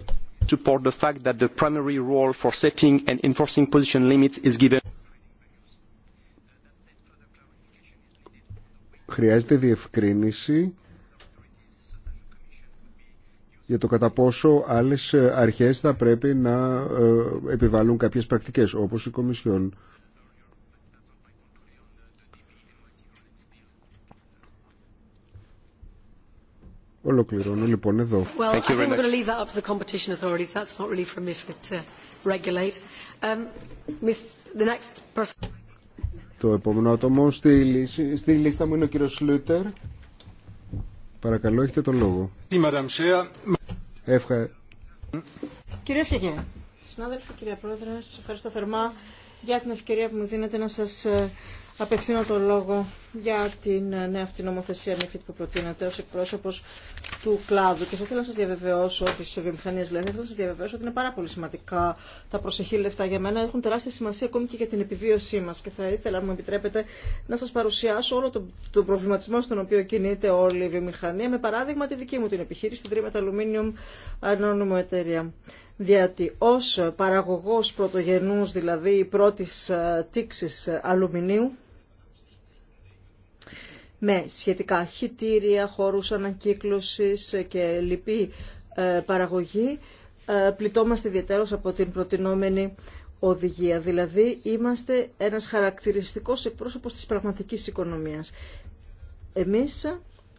B: Χρειάζεται διευκρίνηση για το κατά πόσο άλλες αρχές θα πρέπει να ε, επιβάλλουν κάποιες πρακτικές, όπως η Κομισιόν. Ολοκληρώνω λοιπόν εδώ. Well, I think we're going to
C: leave that up
A: to the competition authorities. That's not really for MIFID to regulate. Um, miss,
C: the next person.
B: Το επόμενο άτομο στη, λίστα μου είναι ο κύριο Σλούτερ. Παρακαλώ, έχετε τον λόγο. Ευχα...
C: Κυρίες και κύριοι, συνάδελφοι, κυρία Πρόεδρε, σας ευχαριστώ θερμά για την ευκαιρία που μου δίνετε να σας ε, απευθύνω τον λόγο για την ε, νέα αυτή νομοθεσία MIFID που προτείνεται ως εκπρόσωπος του κλάδου. Και θα ήθελα να σας διαβεβαιώσω, τις βιομηχανίες λένε, θα ότι είναι πάρα πολύ σημαντικά τα προσεχή λεφτά για μένα. Έχουν τεράστια σημασία ακόμη και για την επιβίωσή μας. Και θα ήθελα, αν μου επιτρέπετε, να σας παρουσιάσω όλο τον, το προβληματισμό στον οποίο κινείται όλη η βιομηχανία. Με παράδειγμα τη δική μου την επιχείρηση, την Dream Aluminium Anonymous Εταιρεία διότι ως παραγωγός πρωτογενούς, δηλαδή πρώτης ε, τήξης αλουμινίου, με σχετικά χιτήρια, χώρους ανακύκλωσης και λοιπή ε, παραγωγή, ε, πληττόμαστε ιδιαίτερως από την προτινόμενη οδηγία. Δηλαδή είμαστε ένας χαρακτηριστικός εκπρόσωπος της πραγματικής οικονομίας. Εμείς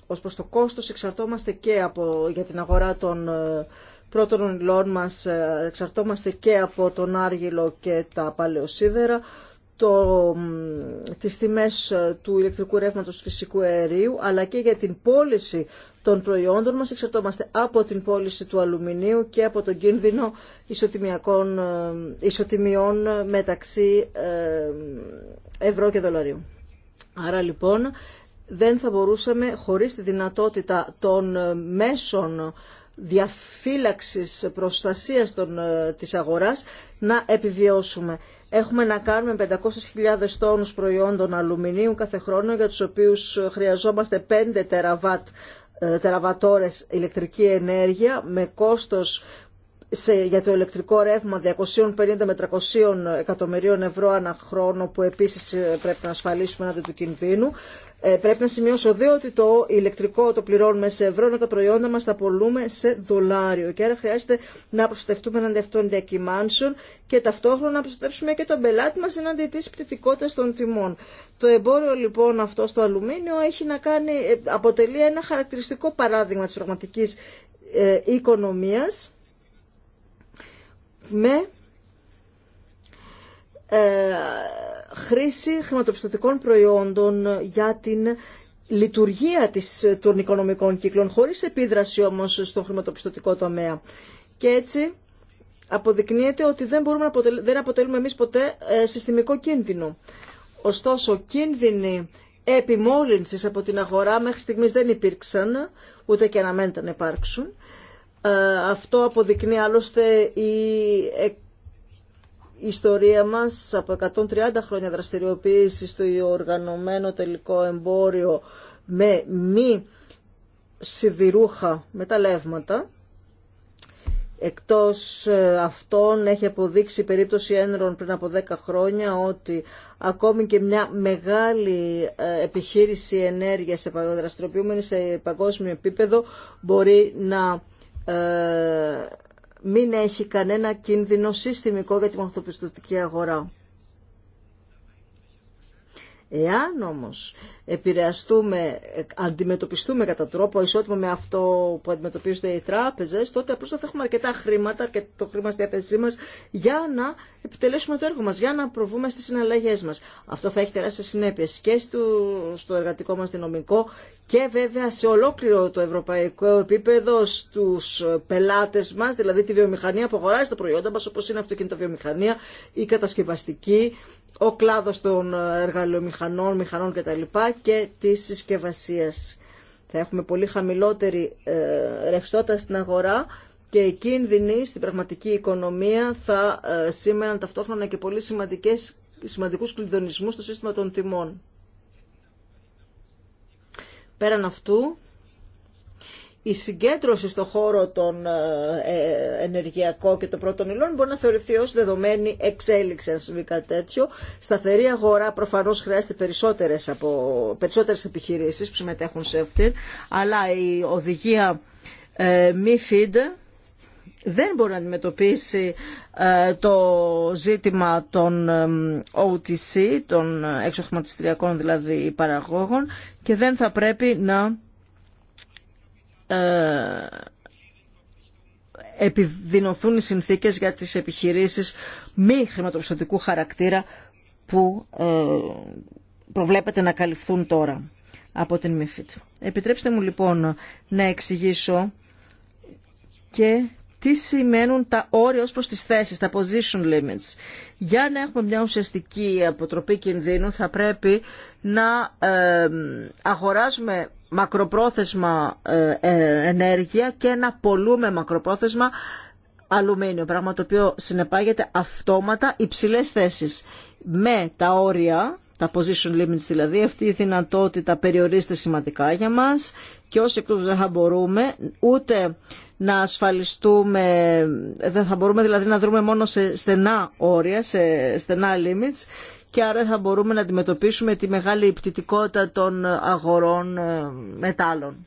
C: ως προς το κόστος εξαρτώμαστε και από, για την αγορά των ε, πρώτων υλών μας, εξαρτώμαστε και από τον άργυλο και τα παλαιοσίδερα το, τις τιμές ε, του ηλεκτρικού ρεύματος του φυσικού αερίου αλλά και για την πώληση των προϊόντων μας εξαρτώμαστε από την πώληση του αλουμινίου και από τον κίνδυνο ισοτιμιακών, ε, ισοτιμιών μεταξύ ε, ευρώ και δολαρίου. Άρα λοιπόν δεν θα μπορούσαμε χωρίς τη δυνατότητα των μέσων διαφύλαξης προστασίας των, της αγοράς να επιβιώσουμε. Έχουμε να κάνουμε 500.000 τόνους προϊόντων αλουμινίου κάθε χρόνο για τους οποίους ε, χρειαζόμαστε 5 τεραβάτ ε, τεραβατόρες ηλεκτρική ενέργεια με κόστος σε, για το ηλεκτρικό ρεύμα 250 με 300 εκατομμυρίων ευρώ ανά χρόνο που επίσης ε, πρέπει να ασφαλίσουμε έναντι του κινδύνου. Ε, πρέπει να σημειώσω δύο ότι το ηλεκτρικό το πληρώνουμε σε ευρώ, αλλά τα προϊόντα μας τα πολλούμε σε δολάριο. Και άρα χρειάζεται να προστατευτούμε εναντί αυτών διακυμάνσεων και ταυτόχρονα να προστατεύσουμε και τον πελάτη μας εναντί της πτυτικότητας των τιμών. Το εμπόριο λοιπόν αυτό στο αλουμίνιο έχει να κάνει, ε, αποτελεί ένα χαρακτηριστικό παράδειγμα της πραγματικής ε, οικονομίας με ε, χρήση χρηματοπιστωτικών προϊόντων για την λειτουργία της, των οικονομικών κύκλων, χωρίς επίδραση όμως στο χρηματοπιστωτικό τομέα. Και έτσι αποδεικνύεται ότι δεν, μπορούμε να δεν αποτελούμε εμείς ποτέ ε, συστημικό κίνδυνο. Ωστόσο, κίνδυνοι επιμόλυνσης από την αγορά μέχρι στιγμής δεν υπήρξαν, ούτε και αναμένεται να υπάρξουν. Ε, αυτό αποδεικνύει άλλωστε η ιστορία μας από 130 χρόνια δραστηριοποίηση στο οργανωμένο τελικό εμπόριο με μη σιδηρούχα μεταλλεύματα. Εκτός ε, αυτών έχει αποδείξει η περίπτωση ένρων πριν από 10 χρόνια ότι ακόμη και μια μεγάλη ε, επιχείρηση ενέργειας δραστηριοποιούμενη σε παγκόσμιο επίπεδο μπορεί να ε, μην έχει κανένα κίνδυνο συστημικό για την μορφοπιστωτική αγορά. Εάν όμως επηρεαστούμε, αντιμετωπιστούμε κατά τρόπο ισότιμο με αυτό που αντιμετωπίζονται οι τράπεζε, τότε απλώ θα έχουμε αρκετά χρήματα και το χρήμα στη διάθεσή μα για να επιτελέσουμε το έργο μα, για να προβούμε στι συναλλαγές μα. Αυτό θα έχει τεράστιε συνέπειε και στο εργατικό μα δυναμικό και βέβαια σε ολόκληρο το ευρωπαϊκό επίπεδο στου πελάτε μα, δηλαδή τη βιομηχανία που αγοράζει τα προϊόντα μα όπω είναι αυτοκινητοβιομηχανία, η κατασκευαστική, ο κλάδο των εργαλειομηχανών, μηχανών κτλ και της συσκευασίας. Θα έχουμε πολύ χαμηλότερη ε, ρευστότητα στην αγορά και οι κίνδυνοι στην πραγματική οικονομία θα ε, σήμαιναν ταυτόχρονα και πολύ σημαντικές, σημαντικούς κλειδονισμούς στο σύστημα των τιμών. Πέραν αυτού, η συγκέντρωση στον χώρο των ε, ε, ενεργειακών και των πρώτων υλών μπορεί να θεωρηθεί ως δεδομένη εξέλιξη αν συμβεί κάτι τέτοιο. Σταθερή αγορά προφανώς χρειάζεται περισσότερες, από, περισσότερες επιχειρήσεις που συμμετέχουν σε αυτήν, αλλά η οδηγία ε, MIFID δεν μπορεί να αντιμετωπίσει ε, το ζήτημα των OTC, των εξοχματιστριακών δηλαδή παραγόγων και δεν θα πρέπει να ε, επιδεινωθούν οι συνθήκες για τις επιχειρήσεις μη χρηματοπιστωτικού χαρακτήρα που ε, προβλέπεται να καλυφθούν τώρα από την ΜΥΦΙΤ. Επιτρέψτε μου λοιπόν να εξηγήσω και τι σημαίνουν τα όρια ως προς τις θέσεις, τα position limits. Για να έχουμε μια ουσιαστική αποτροπή κινδύνου θα πρέπει να ε, αγοράζουμε μακροπρόθεσμα ε, ε, ενέργεια και να πολλούμε μακροπρόθεσμα αλουμίνιο, πράγμα το οποίο συνεπάγεται αυτόματα υψηλές θέσεις. Με τα όρια, τα position limits δηλαδή, αυτή η δυνατότητα περιορίζεται σημαντικά για μας και όσοι εκ δεν θα μπορούμε ούτε να ασφαλιστούμε, δεν θα μπορούμε δηλαδή να δρούμε μόνο σε στενά όρια, σε στενά limits και άρα θα μπορούμε να αντιμετωπίσουμε τη μεγάλη πτυτικότητα των αγορών ε, μετάλλων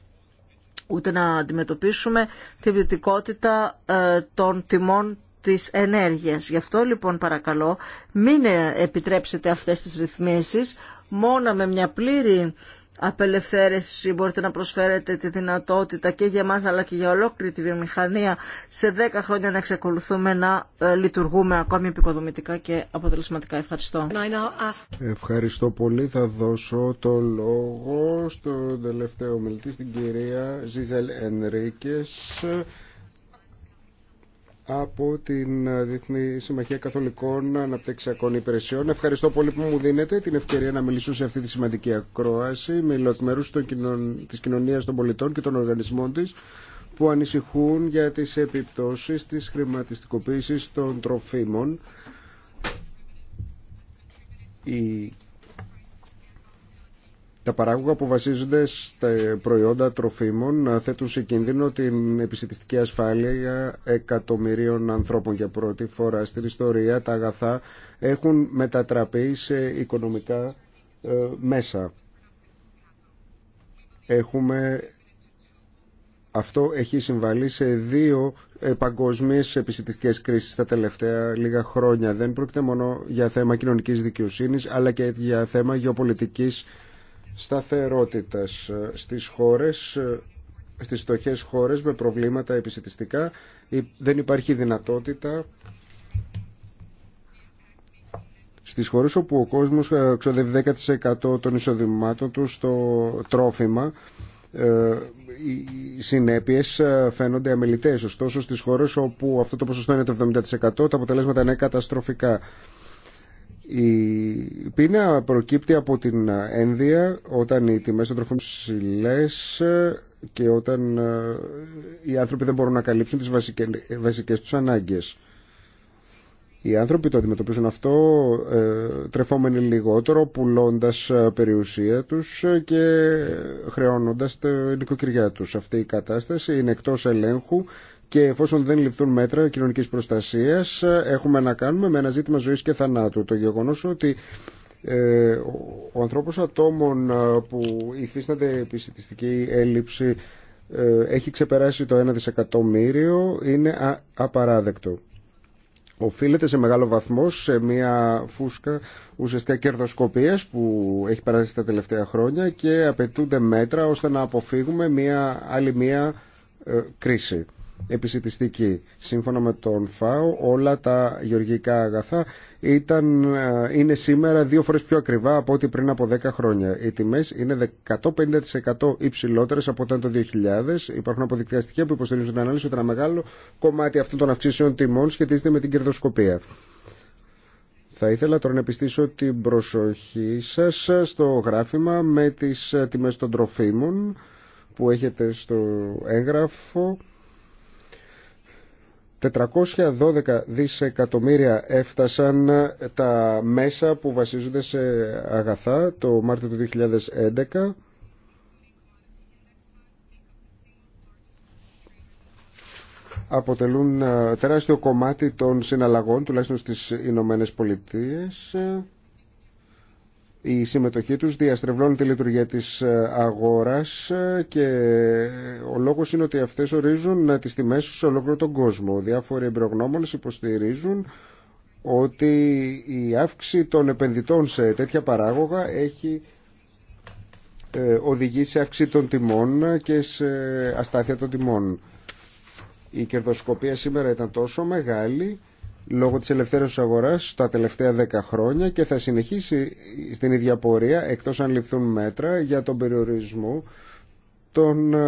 C: ούτε να αντιμετωπίσουμε τη πτυτικότητα ε, των τιμών της ενέργειας. Γι' αυτό λοιπόν παρακαλώ μην ε, επιτρέψετε αυτές τις ρυθμίσεις μόνο με μια πλήρη απελευθέρωση μπορείτε να προσφέρετε τη δυνατότητα και για μας αλλά και για ολόκληρη τη βιομηχανία σε 10 χρόνια να εξακολουθούμε να ε, λειτουργούμε ακόμη επικοδομητικά και αποτελεσματικά. Ευχαριστώ.
B: Ευχαριστώ πολύ. Θα δώσω το λόγο στον τελευταίο μιλητή, στην κυρία Ζίζελ Ενρίκες από την ε, Διεθνή Συμμαχία Καθολικών Αναπτυξιακών Υπηρεσιών. Ευχαριστώ πολύ που μου δίνετε την ευκαιρία να μιλήσω σε αυτή τη σημαντική ακρόαση με μέρου κοινων... της κοινωνίας των πολιτών και των οργανισμών της που ανησυχούν για τις επιπτώσεις της χρηματιστικοποίηση των τροφίμων. Τα παράγωγα που βασίζονται στα προϊόντα τροφίμων θέτουν σε κίνδυνο την επιστημιστική ασφάλεια εκατομμυρίων ανθρώπων. Για πρώτη φορά στην ιστορία τα αγαθά έχουν μετατραπεί σε οικονομικά ε, μέσα. Έχουμε... Αυτό έχει συμβαλεί σε δύο ε, παγκόσμιε επιστημιστικέ κρίσει τα τελευταία λίγα χρόνια. Δεν πρόκειται μόνο για θέμα κοινωνική δικαιοσύνη, αλλά και για θέμα γεωπολιτική σταθερότητας ε, στις χώρες, ε, στις στοχές χώρες με προβλήματα επισητιστικά. Δεν υπάρχει δυνατότητα στις χώρες όπου ο κόσμος ε, ξοδεύει 10% των εισοδημάτων του στο τρόφιμα οι συνέπειε φαίνονται αμελητέ. Ωστόσο, στι χώρε όπου αυτό το ποσοστό είναι το 70%, τα αποτελέσματα είναι καταστροφικά. Η πείνα προκύπτει από την ένδυα όταν οι τιμές των τροφών ψηλέ και όταν ε, οι άνθρωποι δεν μπορούν να καλύψουν τις βασικές, βασικές τους ανάγκες. Οι άνθρωποι το αντιμετωπίζουν αυτό ε, τρεφόμενοι λιγότερο, πουλώντας ε, περιουσία τους και χρεώνοντας την οικοκυριά τους. Αυτή η κατάσταση είναι εκτός ελέγχου και εφόσον δεν ληφθούν μέτρα κοινωνική προστασία, έχουμε να κάνουμε με ένα ζήτημα ζωή και θανάτου. Το γεγονό ότι ε, ο ανθρώπος ατόμων ε, που υφίστανται επισητιστική έλλειψη ε, έχει ξεπεράσει το 1 δισεκατομμύριο είναι απαράδεκτο. Οφείλεται σε μεγάλο βαθμό σε μια φούσκα ουσιαστικά κερδοσκοπία που έχει περάσει τα τελευταία χρόνια και απαιτούνται μέτρα ώστε να αποφύγουμε μια άλλη μια κρίση επισητιστική. Σύμφωνα με τον ΦΑΟ, όλα τα γεωργικά αγαθά ήταν, ε, είναι σήμερα δύο φορές πιο ακριβά από ό,τι πριν από 10 χρόνια. Οι τιμές είναι 150% υψηλότερες από όταν το 2000. Υπάρχουν αποδεικτικά στοιχεία που υποστηρίζουν την ανάλυση ότι ένα μεγάλο κομμάτι αυτών των αυξήσεων τιμών σχετίζεται με την κερδοσκοπία. Θα ήθελα τώρα να επιστήσω την προσοχή σας στο γράφημα με τις ε, τιμές των τροφίμων που έχετε στο έγγραφο. 412 δισεκατομμύρια έφτασαν τα μέσα που βασίζονται σε αγαθά το Μάρτιο του 2011 αποτελούν ε, τεράστιο κομμάτι των συναλλαγών τουλάχιστον στις Ηνωμένε Πολιτείες η συμμετοχή τους διαστρεβλώνει τη λειτουργία της ε, αγοράς ε, και ο λόγος είναι ότι αυτές ορίζουν ε, τις τιμές σε ολόκληρο τον κόσμο. Διάφοροι εμπρογνώμονες υποστηρίζουν ότι η αύξηση των επενδυτών σε τέτοια παράγωγα έχει οδηγήσει σε αύξηση των τιμών και σε αστάθεια των τιμών. Η κερδοσκοπία σήμερα ήταν τόσο μεγάλη λόγω της ελευθέρωσης αγοράς τα τελευταία 10 χρόνια και θα συνεχίσει στην ίδια πορεία εκτός αν ληφθούν μέτρα για τον περιορισμό των ε,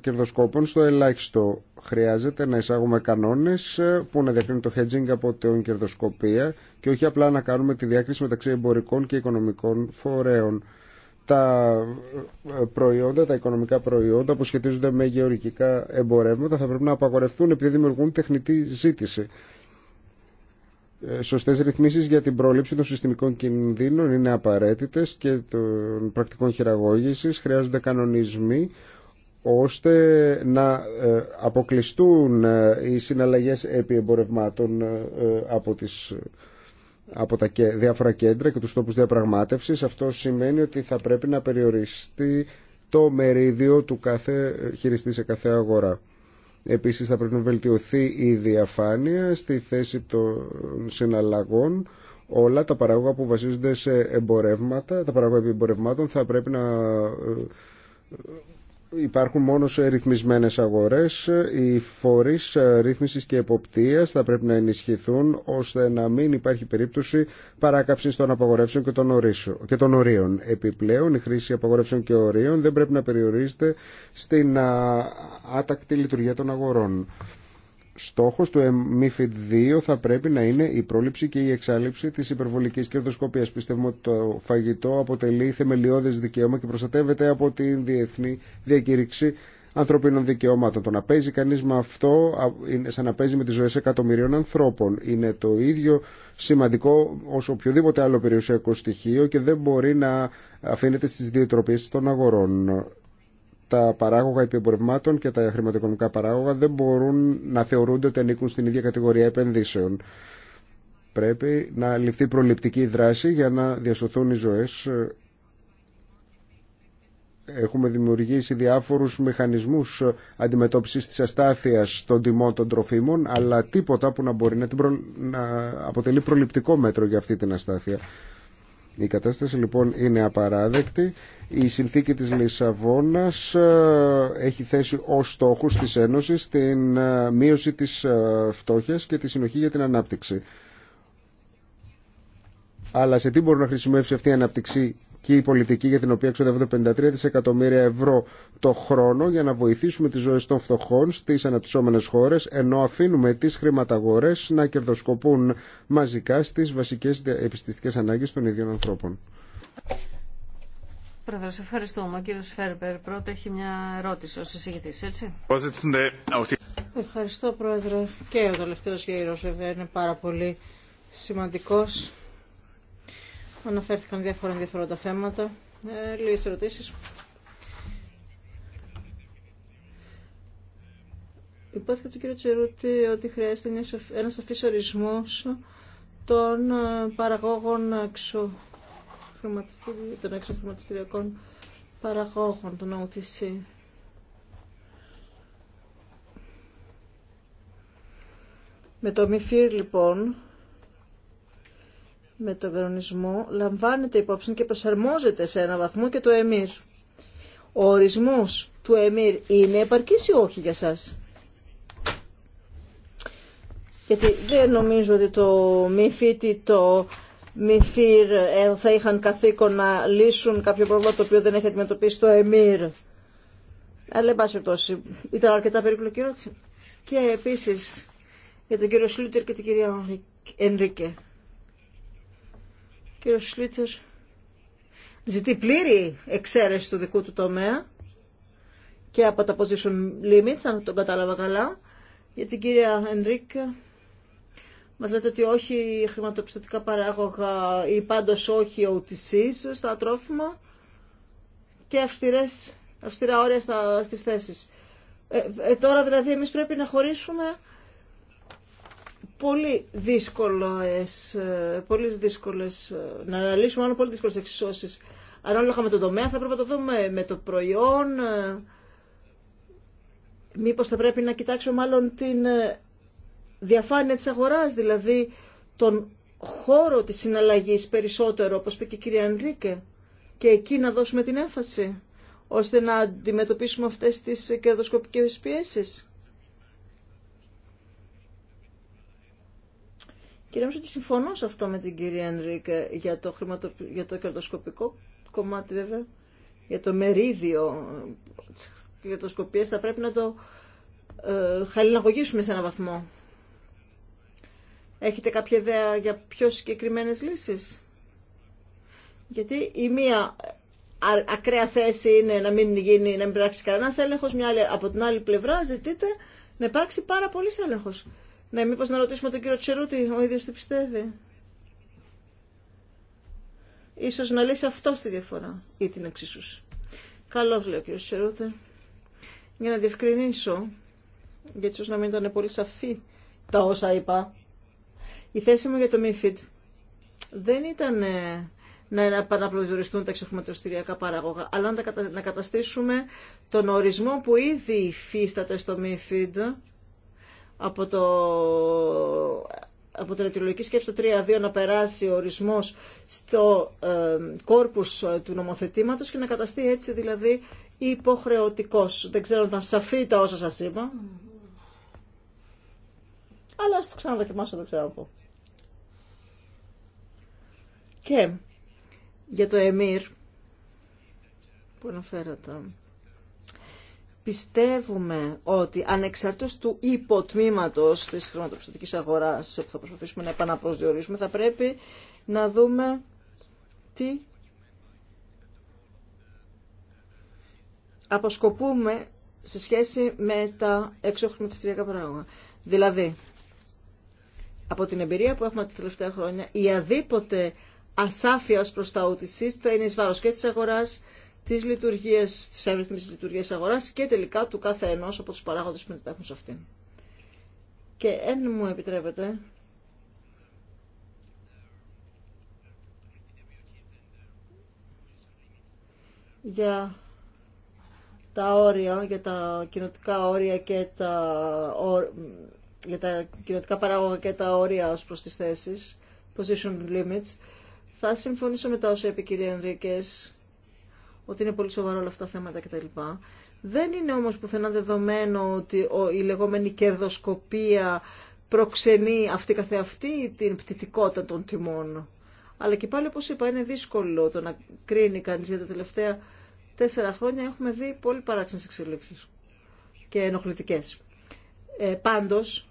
B: κερδοσκόπων στο ελάχιστο. Χρειάζεται να εισάγουμε κανόνες ε, που να διακρίνουν το hedging από την κερδοσκοπία και όχι απλά να κάνουμε τη διάκριση μεταξύ εμπορικών και οικονομικών φορέων. Τα ε, προϊόντα, τα οικονομικά προϊόντα που σχετίζονται με γεωργικά εμπορεύματα θα πρέπει να απαγορευτούν επειδή δημιουργούν τεχνητή ζήτηση. Ε, Σωστέ ρυθμίσεις για την πρόληψη των συστημικών κινδύνων είναι απαραίτητες και των πρακτικών χειραγώγηση χρειάζονται κανονισμοί ώστε να ε, αποκλειστούν ε, οι συναλλαγές επί εμπορευμάτων από, τις, από τα διάφορα κέντρα και τους τόπους διαπραγμάτευσης. Αυτό σημαίνει ότι θα πρέπει να περιοριστεί το μερίδιο του κάθε χειριστή σε κάθε αγορά. Επίσης θα πρέπει να βελτιωθεί η διαφάνεια στη θέση των συναλλαγών. Όλα τα παράγωγα που βασίζονται σε εμπορεύματα, τα παράγωγα επιμπορευμάτων θα πρέπει να ε, υπάρχουν μόνο σε ρυθμισμένες αγορές. Οι φορείς ε, ρύθμισης και εποπτείας θα πρέπει να ενισχυθούν ώστε να μην υπάρχει περίπτωση παράκαψης των απαγορεύσεων και των, και των ορίων. Επιπλέον, η χρήση απαγορεύσεων και ορίων δεν πρέπει να περιορίζεται στην άτακτη λειτουργία των αγορών στόχος του MIFID 2 θα πρέπει να είναι η πρόληψη και η εξάλληψη της υπερβολικής κερδοσκοπίας. Πιστεύουμε ότι το φαγητό αποτελεί θεμελιώδες δικαίωμα και προστατεύεται από την διεθνή διακήρυξη ανθρωπίνων δικαιωμάτων. Το να παίζει κανείς με αυτό είναι σαν να παίζει με τις ζωές εκατομμυρίων ανθρώπων. Είναι το ίδιο σημαντικό όσο οποιοδήποτε άλλο περιουσιακό στοιχείο και δεν μπορεί να αφήνεται στις δύο των αγορών τα παράγωγα επιεμπορευμάτων και τα χρηματοοικονομικά παράγωγα δεν μπορούν να θεωρούνται ότι ανήκουν στην ίδια κατηγορία επενδύσεων. Πρέπει να ληφθεί προληπτική δράση για να διασωθούν οι ζωές. Έχουμε δημιουργήσει διάφορους μηχανισμούς αντιμετώπισης της αστάθειας των τιμών των τροφίμων, αλλά τίποτα που να μπορεί να, να αποτελεί προληπτικό μέτρο για αυτή την αστάθεια. Η κατάσταση λοιπόν είναι απαράδεκτη. Η συνθήκη της Λισαβόνας ε, έχει θέσει ως στόχους της Ένωσης την ε, μείωση της ε, φτώχειας και τη συνοχή για την ανάπτυξη. Αλλά σε τι μπορεί να χρησιμεύσει αυτή η ανάπτυξη και η πολιτική για την οποία εξοδεύονται 53 δισεκατομμύρια ευρώ το χρόνο για να βοηθήσουμε τις ζωές των φτωχών στις αναπτυσσόμενες χώρες ενώ αφήνουμε τις χρηματαγορές να κερδοσκοπούν μαζικά στις βασικές επιστημικές ανάγκες των ίδιων ανθρώπων.
A: Πρόεδρος, ευχαριστούμε. Ο κύριος Φέρπερ πρώτα έχει μια ερώτηση ως εισηγητής, έτσι. Ευχαριστώ, Πρόεδρε.
C: Και ο τελευταίος γύρος, βέβαια, είναι πάρα πολύ σημαντικός Αναφέρθηκαν διάφορα ενδιαφέροντα θέματα. Ε, λίγες ερωτήσεις. Υπόθηκε από τον κύριο Τσερούτη ότι χρειάζεται ένας σαφής ορισμός των ε, παραγόγων των εξωχρηματιστηριακών παραγόγων, των OTC. Με το MIFIR λοιπόν με τον κανονισμό λαμβάνεται υπόψη και προσαρμόζεται σε ένα βαθμό και το ΕΜΙΡ. Ο ορισμός του ΕΜΙΡ είναι επαρκής ή όχι για σας. Γιατί δεν νομίζω ότι το μη φίτη, το ε, θα είχαν καθήκον να λύσουν κάποιο πρόβλημα το οποίο δεν έχει αντιμετωπίσει το ΕΜΙΡ. Αλλά, εν πάση περιπτώσει, ήταν αρκετά περίπλοκη ερώτηση. Και επίσης για τον κύριο Σλούτερ και την κυρία Ενρίκε. Κύριο Σλίτσερ ζητεί πλήρη εξαίρεση του δικού του τομέα και από τα position limits, αν τον κατάλαβα καλά. Για την κυρία Ενρίκ, μα λέτε ότι όχι χρηματοπιστωτικά παράγωγα ή πάντω όχι OTC στα τρόφιμα και αυστηρές, αυστηρά όρια στι στις θέσεις. Ε, ε, τώρα δηλαδή εμείς πρέπει να χωρίσουμε πολύ δύσκολες, ε, πολύ δύσκολες, ε, να αναλύσουμε άλλο πολύ δύσκολες εξισώσεις. Ανάλογα με τον τομέα θα πρέπει να το δούμε με το προϊόν. Ε, μήπως θα πρέπει να κοιτάξουμε μάλλον την διαφάνεια της αγοράς, δηλαδή τον χώρο της συναλλαγής περισσότερο, όπως είπε και η κυρία Ανρίκε, και εκεί να δώσουμε την έμφαση, ώστε να αντιμετωπίσουμε αυτές τις κερδοσκοπικές πιέσεις. Κυρίε μου, ότι συμφωνώ σε αυτό με την κυρία Ενρίκε για το, χρηματο... για το κερδοσκοπικό κομμάτι βέβαια, για το μερίδιο ε, της για θα πρέπει να το ε, χαλιναγωγήσουμε σε έναν βαθμό. Έχετε κάποια ιδέα για πιο συγκεκριμένε λύσεις. Γιατί η μία ακραία θέση είναι να μην γίνει, να μην πράξει κανένα έλεγχο, μια από την άλλη πλευρά ζητείτε να υπάρξει πάρα πολύ έλεγχο. Ναι, μήπως να ρωτήσουμε τον κύριο Τσερούτη, ο ίδιος τι πιστεύει. Ίσως να λύσει αυτό τη διαφορά ή την εξίσωση. Καλώ λέει ο κύριο Τσερούτη. Για να διευκρινίσω, γιατί ίσω να μην ήταν πολύ σαφή τα όσα είπα, η θέση μου για το MIFID δεν ήταν ε, να επαναπροδιοριστούν τα εξωχηματοστηριακά παράγωγα, αλλά να καταστήσουμε τον ορισμό που ήδη υφίσταται στο MIFID από το από την αιτιολογική σκέψη 3-2 να περάσει ο ορισμός στο ε, κόρπους του νομοθετήματος και να καταστεί έτσι δηλαδή υποχρεωτικός. Δεν ξέρω αν ήταν σαφή τα όσα σας είπα. Αλλά ας το ξαναδοκιμάσω, το από Και για το ΕΜΙΡ που αναφέρατε πιστεύουμε ότι ανεξαρτήτως του υποτμήματος της χρηματοπιστωτικής αγοράς που θα προσπαθήσουμε να επαναπροσδιορίσουμε θα πρέπει να δούμε τι αποσκοπούμε σε σχέση με τα έξω χρηματιστηριακά πράγματα. Δηλαδή, από την εμπειρία που έχουμε τα τελευταία χρόνια, η αδίποτε ασάφεια προς τα θα είναι εις βάρος και της αγοράς τις λειτουργίες τις αγορά λειτουργίες αγοράς και τελικά του κάθε ενός από τους παράγοντες που μετατέχουν σε αυτήν. Και εν μου επιτρέπετε, για τα όρια, για τα κοινοτικά όρια και τα, για τα κοινοτικά παράγωγα και τα όρια ως προς τις θέσεις, position limits, θα συμφωνήσω με τα όσα είπε η κυρία Ενρίκες, ότι είναι πολύ σοβαρό όλα αυτά τα θέματα κτλ. Δεν είναι όμως πουθενά δεδομένο ότι η λεγόμενη κερδοσκοπία προξενεί αυτή καθεαυτή την πτυτικότητα των τιμών. Αλλά και πάλι όπως είπα είναι δύσκολο το να κρίνει κανείς για τα τελευταία τέσσερα χρόνια έχουμε δει πολύ παράξενες εξελίξεις και ενοχλητικές. Ε, πάντως,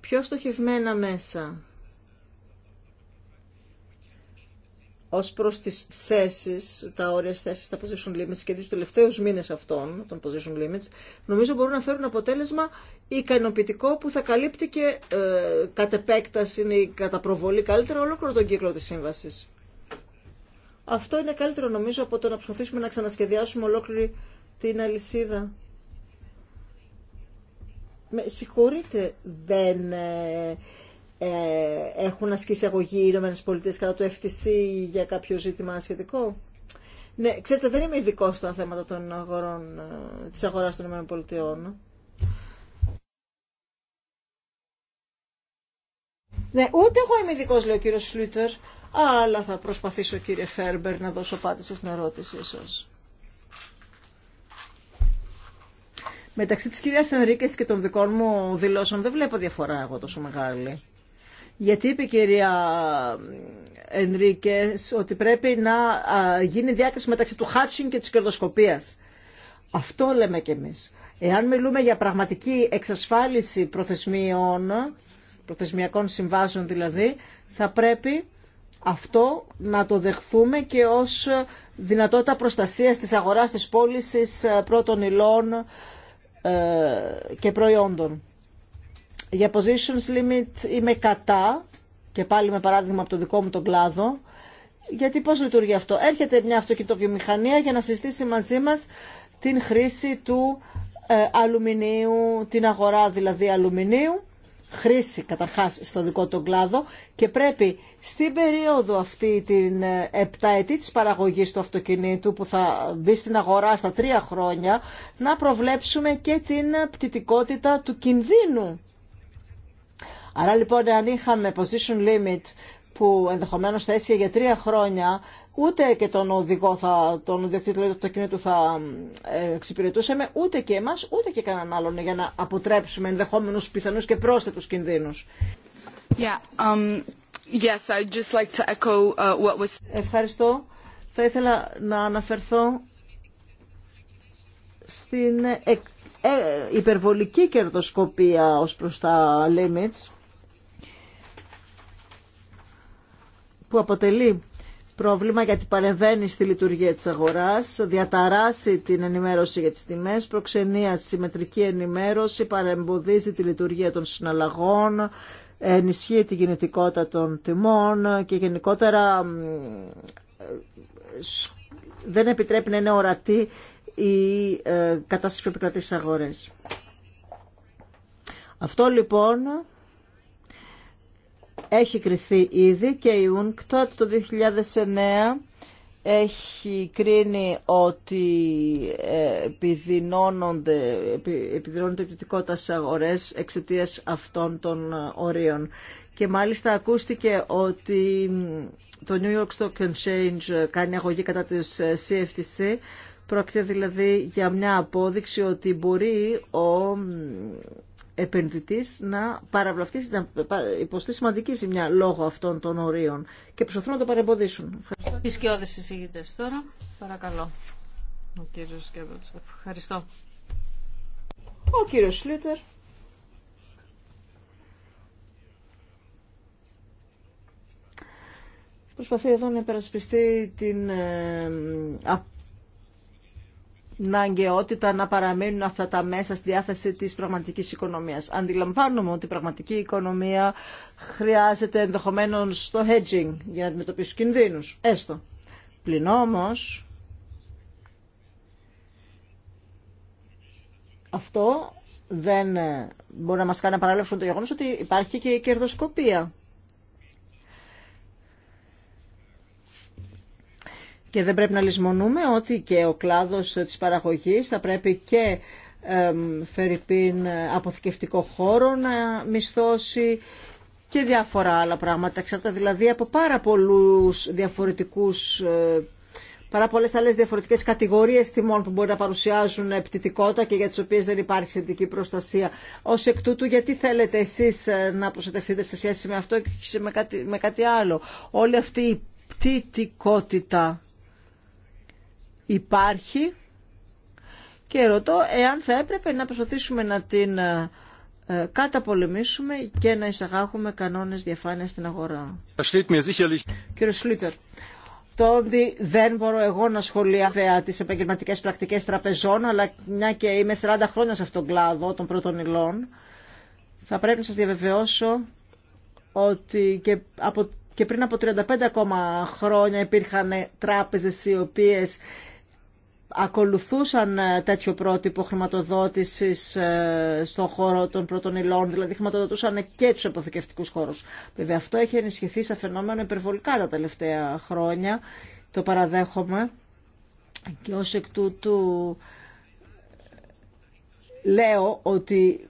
C: πιο στοχευμένα μέσα ως προς τις θέσεις, τα όρια θέσεις, τα position limits και τους τελευταίους μήνες αυτών, των position limits, νομίζω μπορούν να φέρουν αποτέλεσμα ικανοποιητικό που θα καλύπτει και ε, κατ' επέκταση ή κατά προβολή καλύτερα ολόκληρο τον κύκλο της σύμβασης. Αυτό είναι καλύτερο νομίζω από το να προσπαθήσουμε να ξανασχεδιάσουμε ολόκληρη την αλυσίδα. Με συγχωρείτε, δεν... Ε, ε, έχουν ασκήσει αγωγή οι Ηνωμένε κατά του FTC για κάποιο ζήτημα σχετικό. Ναι, ξέρετε, δεν είμαι ειδικό στα θέματα των αγορών, ε, της αγοράς των Ηνωμένων Πολιτειών. Ναι, ούτε εγώ είμαι ειδικό, λέει ο κύριο Σλούτερ, αλλά θα προσπαθήσω, κύριε Φέρμπερ, να δώσω απάντηση στην ερώτησή σα. Μεταξύ της κυρίας Ενρίκες και των δικών μου δηλώσεων δεν βλέπω διαφορά εγώ τόσο μεγάλη. Γιατί είπε η κυρία Ενρίκες ότι πρέπει να γίνει διάκριση μεταξύ του χάτσιν και της κερδοσκοπίας. Αυτό λέμε κι εμείς. Εάν μιλούμε για πραγματική εξασφάλιση προθεσμίων, προθεσμιακών συμβάσεων δηλαδή, θα πρέπει αυτό να το δεχθούμε και ως δυνατότητα προστασίας της αγοράς της πώληση ε, πρώτων υλών ε, και προϊόντων. Για positions limit είμαι κατά και πάλι με παράδειγμα από το δικό μου τον κλάδο. Γιατί πώς λειτουργεί αυτό. Έρχεται μια αυτοκινητοβιομηχανία για να συστήσει μαζί μας την χρήση του ε, αλουμινίου, την αγορά δηλαδή αλουμινίου, χρήση καταρχάς στο δικό τον κλάδο και πρέπει στην περίοδο αυτή την ε, επταετή της παραγωγής του αυτοκινήτου που θα μπει στην αγορά στα τρία χρόνια να προβλέψουμε και την πτητικότητα του κινδύνου Άρα λοιπόν αν είχαμε position limit που ενδεχομένως θα έσχε για τρία χρόνια, ούτε και τον οδηγό, θα, τον ιδιοκτήτη δηλαδή, του αυτοκινήτου θα ε, εξυπηρετούσαμε, ούτε και εμάς, ούτε και κανέναν άλλον για να αποτρέψουμε ενδεχόμενους πιθανούς και πρόσθετους κινδύνους. Yeah, um, yes, just like to echo uh, what was... Ευχαριστώ. Θα ήθελα να αναφερθώ στην ε, ε, υπερβολική κερδοσκοπία ως προς τα limits που αποτελεί πρόβλημα γιατί παρεμβαίνει στη λειτουργία της αγοράς, διαταράσει την ενημέρωση για τις τιμές, προξενία συμμετρική ενημέρωση, παρεμποδίζει τη λειτουργία των συναλλαγών, ενισχύει την κινητικότητα των τιμών και γενικότερα δεν επιτρέπει να είναι ορατή η ε, κατάσταση που επικρατεί στις αγορές. Αυτό λοιπόν έχει κριθεί ήδη και η UNCTAD το 2009 έχει κρίνει ότι ε, επιδεινώνονται, επιδεινώνονται σε αγορές εξαιτίας αυτών των ε, ορίων. Και μάλιστα ακούστηκε ότι το New York Stock Exchange κάνει αγωγή κατά της CFTC ε, Πρόκειται δηλαδή για μια απόδειξη ότι μπορεί ο επενδυτής να παραβλαφθεί, να υποστεί σημαντική ζημιά λόγω αυτών των ορίων και προσπαθούν να το παρεμποδίσουν.
A: Οι σκιώδες εισηγητές τώρα. Παρακαλώ. Ο κύριος Κέβελος. Ευχαριστώ.
C: Ο κύριος Σλίτερ. Προσπαθεί εδώ να υπερασπιστεί την ε, αναγκαιότητα να παραμένουν αυτά τα μέσα στη διάθεση της πραγματικής οικονομίας. Αντιλαμβάνομαι ότι η πραγματική οικονομία χρειάζεται ενδεχομένως στο hedging για να αντιμετωπίσει κινδύνους. Έστω. Πλην όμως, αυτό δεν μπορεί να μας κάνει να παραλέψουμε το γεγονός ότι υπάρχει και η κερδοσκοπία Και δεν πρέπει να λησμονούμε ότι και ο κλάδος της παραγωγής θα πρέπει και φερρυπίν αποθηκευτικό χώρο να μισθώσει και διάφορα άλλα πράγματα. Εξαρτάται δηλαδή από πάρα πολλούς διαφορετικούς ε, Παρά πολλέ άλλε διαφορετικέ κατηγορίε τιμών που μπορεί να παρουσιάζουν επιτητικότητα και για τι οποίε δεν υπάρχει σχετική προστασία. Ω εκ τούτου, γιατί θέλετε εσεί ε, να προστατευτείτε σε σχέση με αυτό και με κάτι, με κάτι άλλο. Όλη αυτή η πτητικότητα υπάρχει και ρωτώ εάν θα έπρεπε να προσπαθήσουμε να την ε, ε, καταπολεμήσουμε και να εισαγάγουμε κανόνες διαφάνειας στην αγορά. Κύριε Σλίτσερ, το ότι δεν μπορώ εγώ να σχολιάσω τις επαγγελματικές πρακτικές τραπεζών, αλλά μια και είμαι 40 χρόνια σε αυτόν τον κλάδο των πρώτων υλών, θα πρέπει να σας διαβεβαιώσω ότι και από και πριν από 35 ακόμα χρόνια υπήρχαν τράπεζες οι οποίες ακολουθούσαν ε, τέτοιο πρότυπο χρηματοδότησης ε, στον χώρο των πρώτων υλών, δηλαδή χρηματοδοτούσαν και τους αποθηκευτικούς χώρους. Βέβαια αυτό έχει ενισχυθεί σε φαινόμενο υπερβολικά τα τελευταία χρόνια, το παραδέχομαι και ως εκ τούτου λέω ότι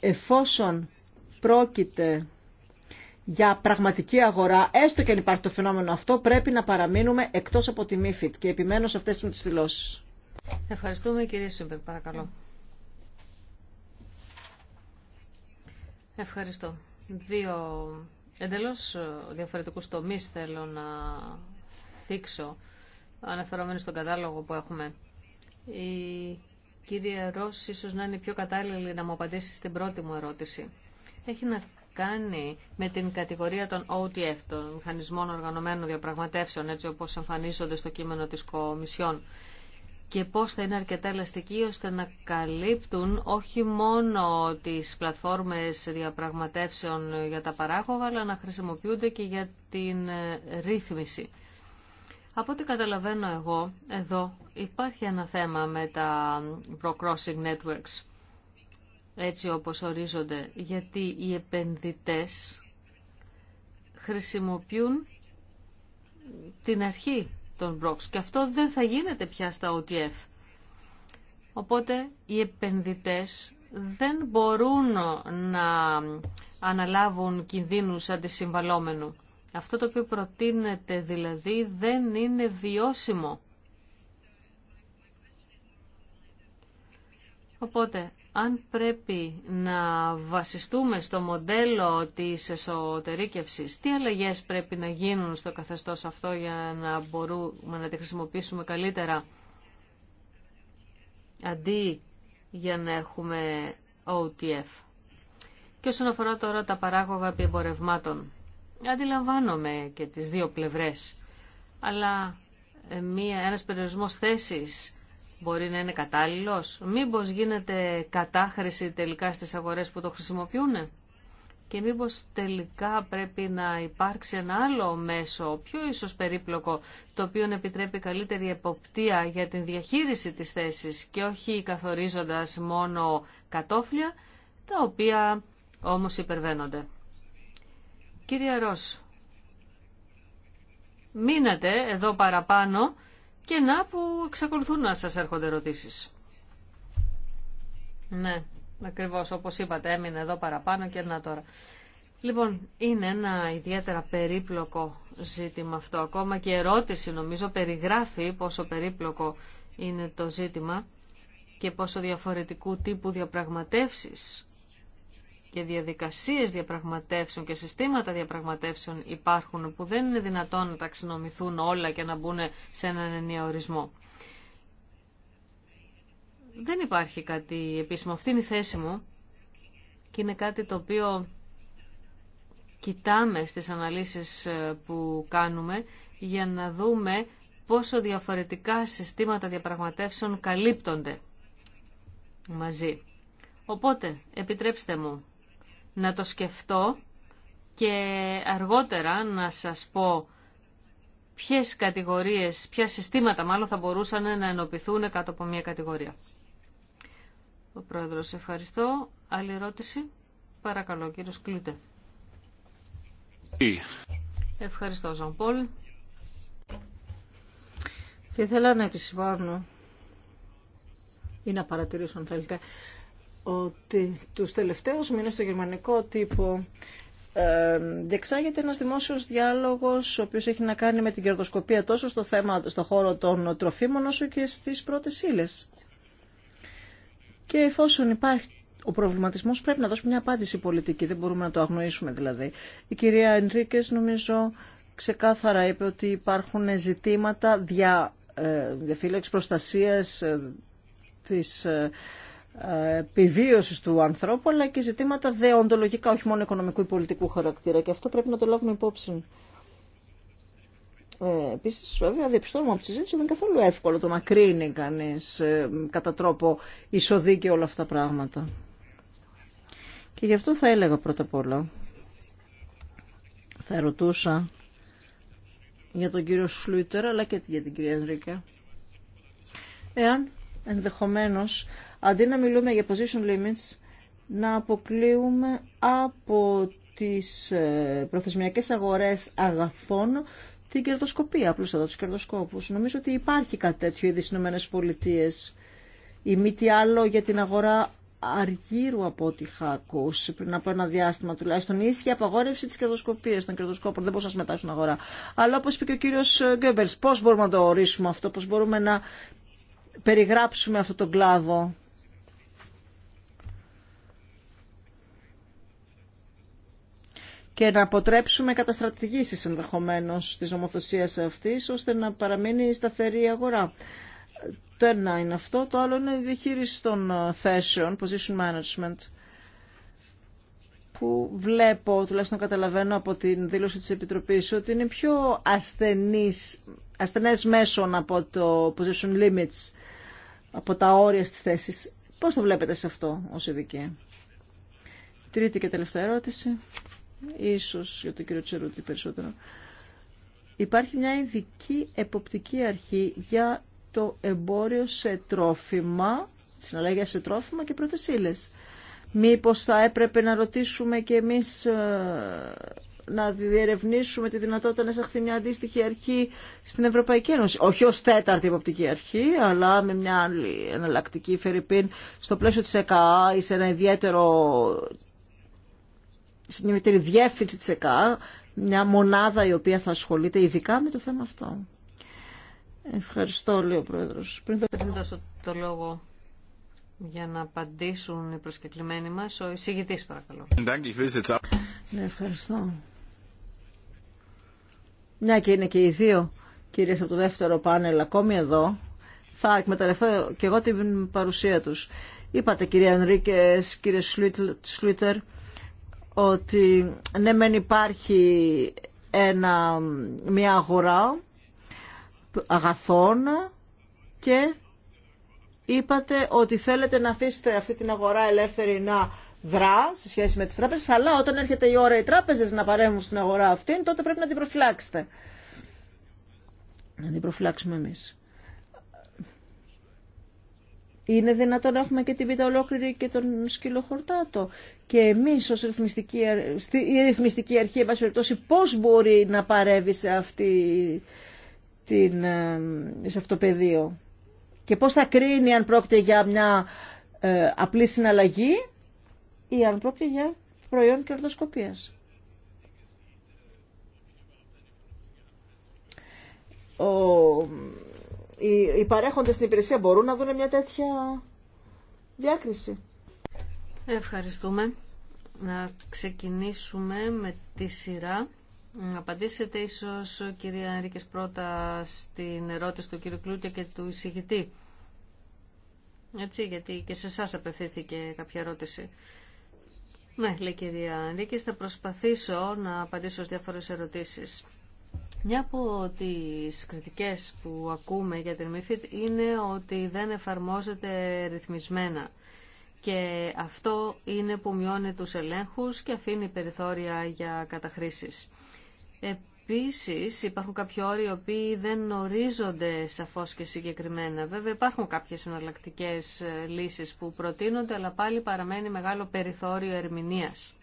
C: εφόσον πρόκειται για πραγματική αγορά, έστω και αν υπάρχει το φαινόμενο αυτό, πρέπει να παραμείνουμε εκτός από τη MIFID και επιμένω σε αυτές τις δηλώσει.
A: Ευχαριστούμε κύριε Σούμπερ, παρακαλώ. Ευχαριστώ. Δύο εντελώς ε, διαφορετικούς τομείς θέλω να θίξω, αναφερόμενοι στον κατάλογο που έχουμε. Η κυρία Ρώση ίσως να είναι πιο κατάλληλη να μου απαντήσει στην πρώτη μου ερώτηση. Έχει να με την κατηγορία των OTF, των Μηχανισμών Οργανωμένων Διαπραγματεύσεων, έτσι όπως εμφανίζονται στο κείμενο της Κομισιόν, και πώς θα είναι αρκετά ελαστικοί ώστε να καλύπτουν όχι μόνο τις πλατφόρμες διαπραγματεύσεων για τα παράγωγα, αλλά να χρησιμοποιούνται και για την ε, ρύθμιση. Από ό,τι καταλαβαίνω εγώ, εδώ υπάρχει ένα θέμα με τα Procrossing Networks έτσι όπως ορίζονται, γιατί οι επενδυτές χρησιμοποιούν την αρχή των Brooks και αυτό δεν θα γίνεται πια στα OTF. Οπότε οι επενδυτές δεν μπορούν να αναλάβουν κινδύνους αντισυμβαλόμενου. Αυτό το οποίο προτείνεται δηλαδή δεν είναι βιώσιμο. Οπότε, αν πρέπει να βασιστούμε στο μοντέλο της εσωτερήκευσης, τι αλλαγές πρέπει να γίνουν στο καθεστώς αυτό για να μπορούμε να τη χρησιμοποιήσουμε καλύτερα, αντί για να έχουμε OTF. Και όσον αφορά τώρα τα παράγωγα επί εμπορευμάτων, αντιλαμβάνομαι και τις δύο πλευρές, αλλά ε, μία, ένας περιορισμός θέσης μπορεί να είναι κατάλληλος. Μήπως γίνεται κατάχρηση τελικά στις αγορές που το χρησιμοποιούν. Και μήπως τελικά πρέπει να υπάρξει ένα άλλο μέσο, πιο ίσως περίπλοκο, το οποίο επιτρέπει καλύτερη εποπτεία για την διαχείριση της θέσης και όχι καθορίζοντας μόνο κατόφλια, τα οποία όμως υπερβαίνονται. Κύριε Ρος, μείνατε εδώ παραπάνω και να που εξακολουθούν να σας έρχονται ερωτήσεις. Ναι, ακριβώς όπως είπατε έμεινε εδώ παραπάνω και να τώρα. Λοιπόν, είναι ένα ιδιαίτερα περίπλοκο ζήτημα αυτό. Ακόμα και ερώτηση νομίζω περιγράφει πόσο περίπλοκο είναι το ζήτημα και πόσο διαφορετικού τύπου διαπραγματεύσεις και διαδικασίες διαπραγματεύσεων και συστήματα διαπραγματεύσεων υπάρχουν που δεν είναι δυνατόν να ταξινομηθούν όλα και να μπουν σε έναν ενιαίο ορισμό. Δεν υπάρχει κάτι επίσημο. Αυτή είναι η θέση μου και είναι κάτι το οποίο κοιτάμε στις αναλύσεις ε, που κάνουμε για να δούμε πόσο διαφορετικά συστήματα διαπραγματεύσεων καλύπτονται μαζί. Οπότε, επιτρέψτε μου να το σκεφτώ και αργότερα να σας πω ποιες κατηγορίες, ποια συστήματα μάλλον θα μπορούσαν να ενοποιηθούν κάτω από μια κατηγορία. Ο Πρόεδρος, ευχαριστώ. Άλλη ερώτηση. Παρακαλώ, κύριος Κλούτε.
C: Ευχαριστώ, Ζαν Πολ. Θα ήθελα να επισημάνω ή να παρατηρήσω, αν θέλετε, ότι τους τελευταίους μήνες στο γερμανικό τύπο ε, διεξάγεται ένας δημόσιος διάλογος ο οποίος έχει να κάνει με την κερδοσκοπία τόσο στο, θέμα, στο χώρο των τροφίμων όσο και στις πρώτες ύλε. Και εφόσον υπάρχει ο προβληματισμός πρέπει να δώσουμε μια απάντηση πολιτική, δεν μπορούμε να το αγνοήσουμε δηλαδή. Η κυρία Ενρίκες νομίζω ξεκάθαρα είπε ότι υπάρχουν ζητήματα δια, ε, διαφύλαξης προστασίας ε, της ε, επιβίωση του ανθρώπου, αλλά και ζητήματα δεοντολογικά, όχι μόνο οικονομικού ή πολιτικού χαρακτήρα. Και αυτό πρέπει να το λάβουμε υπόψη. Ε, Επίση, βέβαια, διαπιστώνουμε από τη συζήτηση ότι είναι καθόλου εύκολο το να κρίνει κανεί ε, κατά τρόπο ισοδή και όλα αυτά τα πράγματα. Και γι' αυτό θα έλεγα πρώτα απ' όλα. Θα ρωτούσα για τον κύριο Σλούιτσερ αλλά και για την κυρία Ενρίκε. Εάν ενδεχομένως αντί να μιλούμε για position limits, να αποκλείουμε από τις ε, προθεσμιακές αγορές αγαθών την κερδοσκοπία, απλώς εδώ τους κερδοσκόπους. Νομίζω ότι υπάρχει κάτι τέτοιο ήδη στις Ηνωμένες Ή μη τι άλλο για την αγορά αργύρου από ό,τι είχα ακούσει πριν από ένα διάστημα τουλάχιστον. Η ίσχυη απαγόρευση τη κερδοσκοπία των κερδοσκόπων δεν μπορούσα να συμμετάσχει στην αγορά. Αλλά όπω είπε και ο κύριο Γκέμπελ, πώ μπορούμε να το ορίσουμε αυτό, πώ μπορούμε να περιγράψουμε αυτό τον κλάδο και να αποτρέψουμε καταστρατηγήσει ενδεχομένω τη ομοθοσίας αυτή, ώστε να παραμείνει η σταθερή αγορά. Το ένα είναι αυτό, το άλλο είναι η διαχείριση των ε, θέσεων, position management, που βλέπω, τουλάχιστον καταλαβαίνω από την δήλωση της Επιτροπής, ότι είναι πιο ασθενής, ασθενές μέσων από το position limits, από τα όρια στις θέσεις. Πώς το βλέπετε σε αυτό ως ειδική. Τρίτη και τελευταία ερώτηση ίσως για τον κύριο Τσερούτη περισσότερο. Υπάρχει μια ειδική εποπτική αρχή για το εμπόριο σε τρόφιμα, συναλλαγές σε τρόφιμα και πρώτες ύλες. Μήπως θα έπρεπε να ρωτήσουμε και εμείς ε, να διερευνήσουμε τη δυνατότητα να εισαχθεί μια αντίστοιχη αρχή στην Ευρωπαϊκή Ένωση. Όχι ως τέταρτη εποπτική αρχή, αλλά με μια άλλη εναλλακτική φερρυπίν στο πλαίσιο της ΕΚΑ ή σε ένα ιδιαίτερο στην ιδιαίτερη διεύθυνση της ΕΚΑ, μια μονάδα η οποία θα ασχολείται ειδικά με το θέμα αυτό. Ευχαριστώ, λέει ο Πρόεδρος. Πριν, το δώσω
A: το λόγο για να απαντήσουν οι προσκεκλημένοι μας, ο
C: εισηγητής παρακαλώ. Ναι, ευχαριστώ. Μια και είναι και οι δύο κυρίες από το δεύτερο πάνελ ακόμη εδώ, θα εκμεταλλευτώ και εγώ την παρουσία τους. Είπατε κυρία Ανρίκες, κύριε Σλούιτερ, ότι ναι μεν υπάρχει ένα, μια αγορά αγαθών και είπατε ότι θέλετε να αφήσετε αυτή την αγορά ελεύθερη να δρά σε σχέση με τις τράπεζες, αλλά όταν έρχεται η ώρα οι τράπεζες να παρέμβουν στην αγορά αυτή, τότε πρέπει να την προφυλάξετε. Να την προφυλάξουμε εμείς. Είναι δυνατόν να έχουμε και την πίτα ολόκληρη και τον σκύλο χορτάτο. Και εμεί ω ρυθμιστική, η ρυθμιστική αρχή, εν περιπτώσει, πώς μπορεί να παρεύει σε, αυτή, την, ε, σε αυτό το πεδίο. Και πώς θα κρίνει αν πρόκειται για μια ε, απλή συναλλαγή ή αν πρόκειται για προϊόν κερδοσκοπία. Ο οι, παρέχοντες στην υπηρεσία μπορούν να δουν μια τέτοια διάκριση.
A: Ευχαριστούμε. Να ξεκινήσουμε με τη σειρά. Να απαντήσετε ίσως, κυρία Ρίκες, πρώτα στην ερώτηση του κύριου Κλούτια και του εισηγητή. Έτσι, γιατί και σε εσά απευθύνθηκε κάποια ερώτηση. Ναι, λέει κυρία Ρίκη. θα προσπαθήσω να απαντήσω στις διάφορες ερωτήσεις. Μια από τις κριτικές που ακούμε για την MIFID είναι ότι δεν εφαρμόζεται ρυθμισμένα και αυτό είναι που μειώνει τους ελέγχους και αφήνει περιθώρια για καταχρήσεις. Επίσης υπάρχουν κάποιοι όροι οι οποίοι δεν ορίζονται σαφώς και συγκεκριμένα. Βέβαια υπάρχουν κάποιες εναλλακτικέ ε, λύσεις που προτείνονται αλλά πάλι παραμένει μεγάλο περιθώριο ερμηνείας.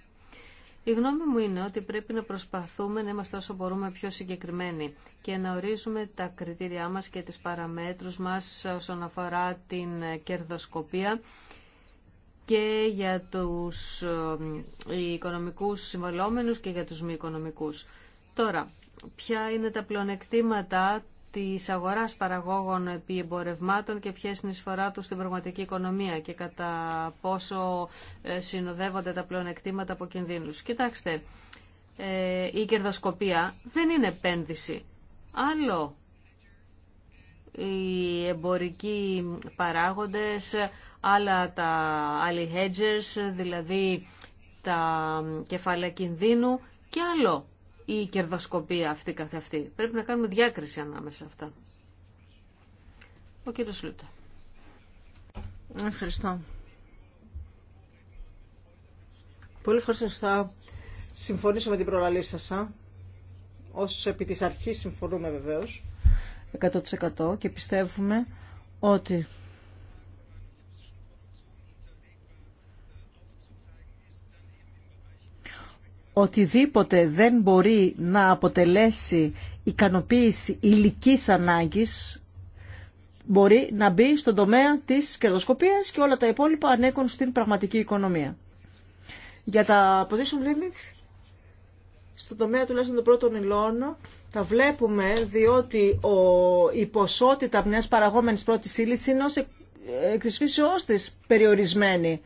A: Η γνώμη μου είναι ότι πρέπει να προσπαθούμε να είμαστε όσο μπορούμε πιο συγκεκριμένοι και να ορίζουμε τα κριτήριά μας και τις παραμέτρους μας όσον αφορά την κερδοσκοπία και για τους ε, οικονομικούς συμβολόμενους και για τους μη οικονομικούς. Τώρα, ποια είναι τα πλονεκτήματα Τη αγορά παραγόγων επί εμπορευμάτων και ποια είναι η σφορά του στην πραγματική οικονομία και κατά πόσο ε, συνοδεύονται τα πλεονεκτήματα από κινδύνους. Κοιτάξτε, ε, η κερδοσκοπία δεν είναι επένδυση. Άλλο οι εμπορικοί παράγοντες, άλλα τα άλλοι hedgers, δηλαδή τα κεφάλαια κινδύνου και άλλο η κερδοσκοπία αυτή καθεαυτή. Πρέπει να κάνουμε διάκριση ανάμεσα αυτά.
C: Ο κύριος Λούτα. Ευχαριστώ. Πολύ ευχαριστώ. συμφωνήσω με την προλαλή σας. επί της αρχής συμφωνούμε βεβαίως. 100% και πιστεύουμε ότι οτιδήποτε δεν μπορεί να αποτελέσει ικανοποίηση υλική ανάγκης μπορεί να μπει στον τομέα της κερδοσκοπίας και όλα τα υπόλοιπα ανέκουν στην πραγματική οικονομία. Για τα position limits, στον τομέα τουλάχιστον των πρώτων υλών, τα βλέπουμε διότι ο, η ποσότητα μιας παραγόμενης πρώτης ύλης είναι ως εκ περιορισμένη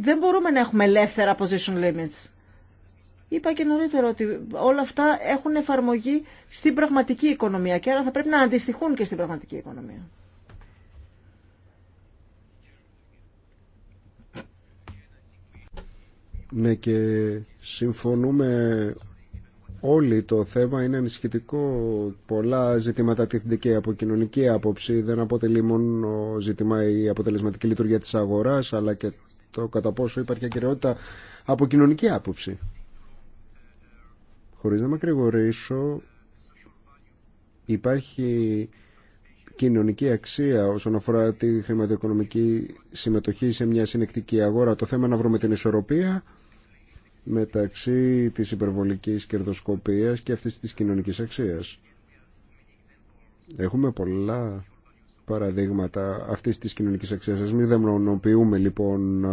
C: δεν μπορούμε να έχουμε ελεύθερα position limits. Είπα και νωρίτερα ότι όλα αυτά έχουν εφαρμογή στην πραγματική οικονομία και άρα θα πρέπει να αντιστοιχούν και στην πραγματική οικονομία.
B: Ναι και συμφωνούμε όλοι το θέμα είναι ανησυχητικό. Πολλά ζητήματα τίθενται και από κοινωνική άποψη. Δεν αποτελεί μόνο ζήτημα η αποτελεσματική λειτουργία της αγοράς αλλά και το κατά πόσο υπάρχει ακαιρεότητα από κοινωνική άποψη. Χωρίς να μακρηγορήσω, υπάρχει κοινωνική αξία όσον αφορά τη χρηματοοικονομική συμμετοχή σε μια συνεκτική αγορά. Το θέμα να βρούμε την ισορροπία μεταξύ της υπερβολικής κερδοσκοπίας και αυτής της κοινωνικής αξίας. Έχουμε πολλά παραδείγματα αυτής της κοινωνικής αξίας. Μην δαιμονοποιούμε λοιπόν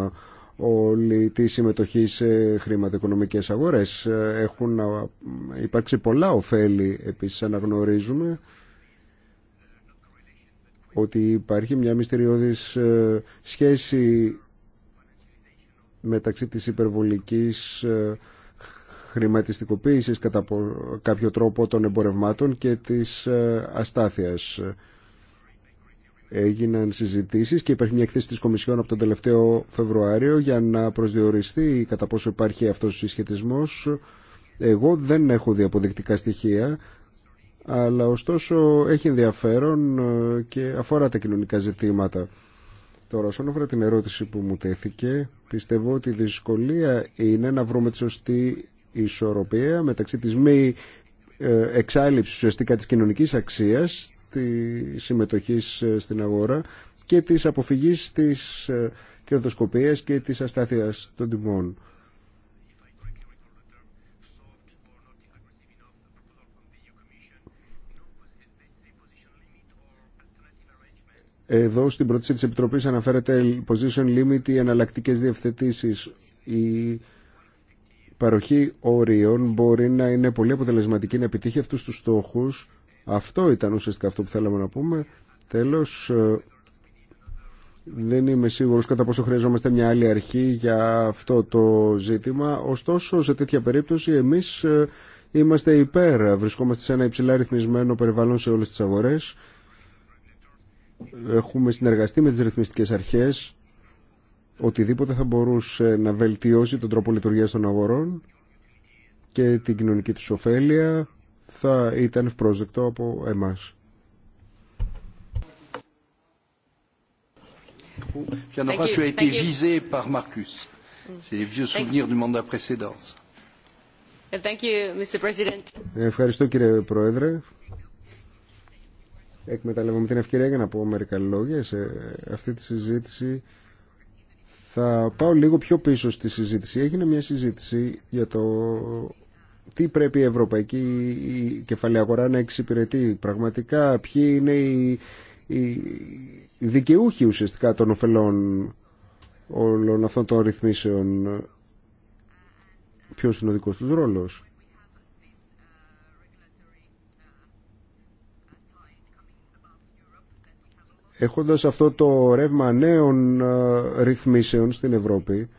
B: όλη τη συμμετοχή σε χρηματοοικονομικές αγορές. Έχουν υπάρξει πολλά ωφέλη, επίσης αναγνωρίζουμε ότι υπάρχει μια μυστηριώδης ε, σχέση μεταξύ της υπερβολικής ε, χρηματιστικοποίησης κατά κάποιο τρόπο των εμπορευμάτων και της ε, αστάθειας έγιναν συζητήσεις και υπάρχει μια εκθέση της Κομισιόν από τον τελευταίο Φεβρουάριο για να προσδιοριστεί κατά πόσο υπάρχει αυτός ο συσχετισμός. Εγώ δεν έχω διαποδεικτικά στοιχεία, αλλά ωστόσο έχει ενδιαφέρον ε, και αφορά τα κοινωνικά ζητήματα. Τώρα, όσον αφορά την ερώτηση που μου τέθηκε, πιστεύω ότι η δυσκολία είναι να βρούμε τη σωστή ισορροπία μεταξύ της μη ε, εξάλληψης ουσιαστικά της κοινωνικής αξίας τη συμμετοχή ε, στην αγορά και της αποφυγής της ε, κερδοσκοπίας και της αστάθειας των τιμών. Εδώ στην πρώτη της Επιτροπής αναφέρεται position limit ή εναλλακτικές διευθετήσεις. Η παροχή όριων μπορεί να είναι πολύ αποτελεσματική να επιτύχει αυτούς τους στόχους αυτό ήταν ουσιαστικά αυτό που θέλαμε να πούμε. Τέλος, ε, δεν είμαι σίγουρος κατά πόσο χρειαζόμαστε μια άλλη αρχή για αυτό το ζήτημα. Ωστόσο, σε τέτοια περίπτωση, εμείς ε, είμαστε υπέρ. Βρισκόμαστε σε ένα υψηλά ρυθμισμένο περιβάλλον σε όλες τις αγορές. Έχουμε συνεργαστεί με τις ρυθμιστικές αρχές. Οτιδήποτε θα μπορούσε να βελτιώσει τον τρόπο λειτουργίας των αγορών και την κοινωνική του ωφέλεια θα ήταν ευπρόσδεκτο από εμάς. tu as été visé par Marcus. C'est les vieux souvenirs du mandat Ευχαριστώ κύριε Πρόεδρε. Εκμεταλλεύομαι την ευκαιρία για να πω μερικά λόγια σε αυτή τη συζήτηση. Θα πάω λίγο πιο πίσω στη συζήτηση. Έγινε μια συζήτηση για το τι πρέπει η ευρωπαϊκή η κεφαλαία αγορά να εξυπηρετεί πραγματικά, ποιοι είναι οι, οι δικαιούχοι ουσιαστικά των ωφελών όλων αυτών των ρυθμίσεων, ποιος είναι ο δικός τους ρόλος. Έχοντας αυτό το ρεύμα νέων ε, ρυθμίσεων στην Ευρώπη,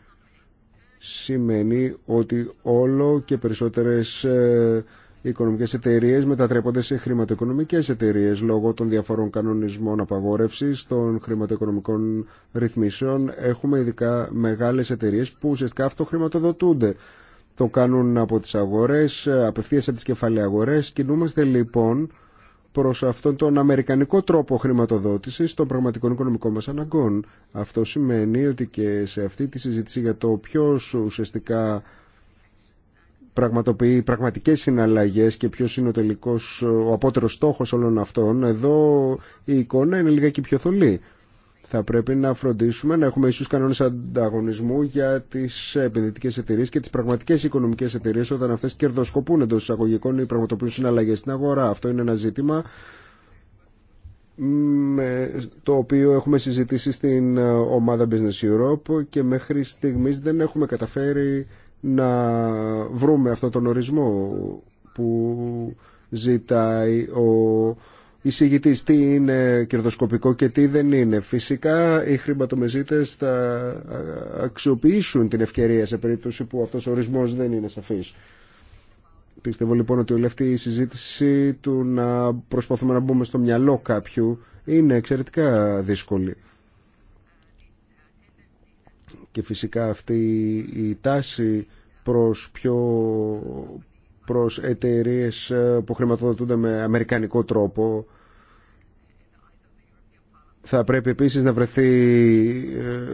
B: σημαίνει ότι όλο και περισσότερες ε, οικονομικές εταιρείες μετατρέπονται σε χρηματοοικονομικές εταιρείες λόγω των διαφορών κανονισμών απαγόρευσης των χρηματοοικονομικών ρυθμίσεων. Έχουμε ειδικά μεγάλες εταιρείες που ουσιαστικά αυτοχρηματοδοτούνται. Το κάνουν από τις αγορές, ε, απευθείας από τις κεφαλαίες αγορές. Κινούμαστε λοιπόν προς αυτόν τον αμερικανικό τρόπο χρηματοδότησης των πραγματικών οικονομικών μας αναγκών. Αυτό σημαίνει ότι και σε αυτή τη συζήτηση για το ποιο ουσιαστικά πραγματοποιεί πραγματικές συναλλαγές και ποιος είναι ο τελικός, ο απότερος στόχος όλων αυτών, εδώ η εικόνα είναι λιγάκι πιο θολή θα πρέπει να φροντίσουμε να έχουμε ίσους κανόνες ανταγωνισμού για τις επενδυτικές εταιρείες και τις πραγματικές οικονομικές εταιρείες όταν αυτές κερδοσκοπούν εντός εισαγωγικών ή πραγματοποιούν συναλλαγές στην αγορά. Αυτό είναι ένα ζήτημα το οποίο έχουμε συζητήσει στην ομάδα Business Europe και μέχρι στιγμής δεν έχουμε καταφέρει να βρούμε αυτόν τον ορισμό που ζητάει ο εισηγητής τι είναι κερδοσκοπικό και τι δεν είναι. Φυσικά οι χρηματομεζίτε θα αξιοποιήσουν την ευκαιρία σε περίπτωση που αυτός ο ορισμό δεν είναι σαφή. Πιστεύω λοιπόν ότι όλη αυτή η συζήτηση του να προσπαθούμε να μπούμε στο μυαλό κάποιου είναι εξαιρετικά δύσκολη. Και φυσικά αυτή η τάση προς πιο προς εταιρείε ε, που χρηματοδοτούνται με αμερικανικό τρόπο. Θα πρέπει επίσης να βρεθεί ε,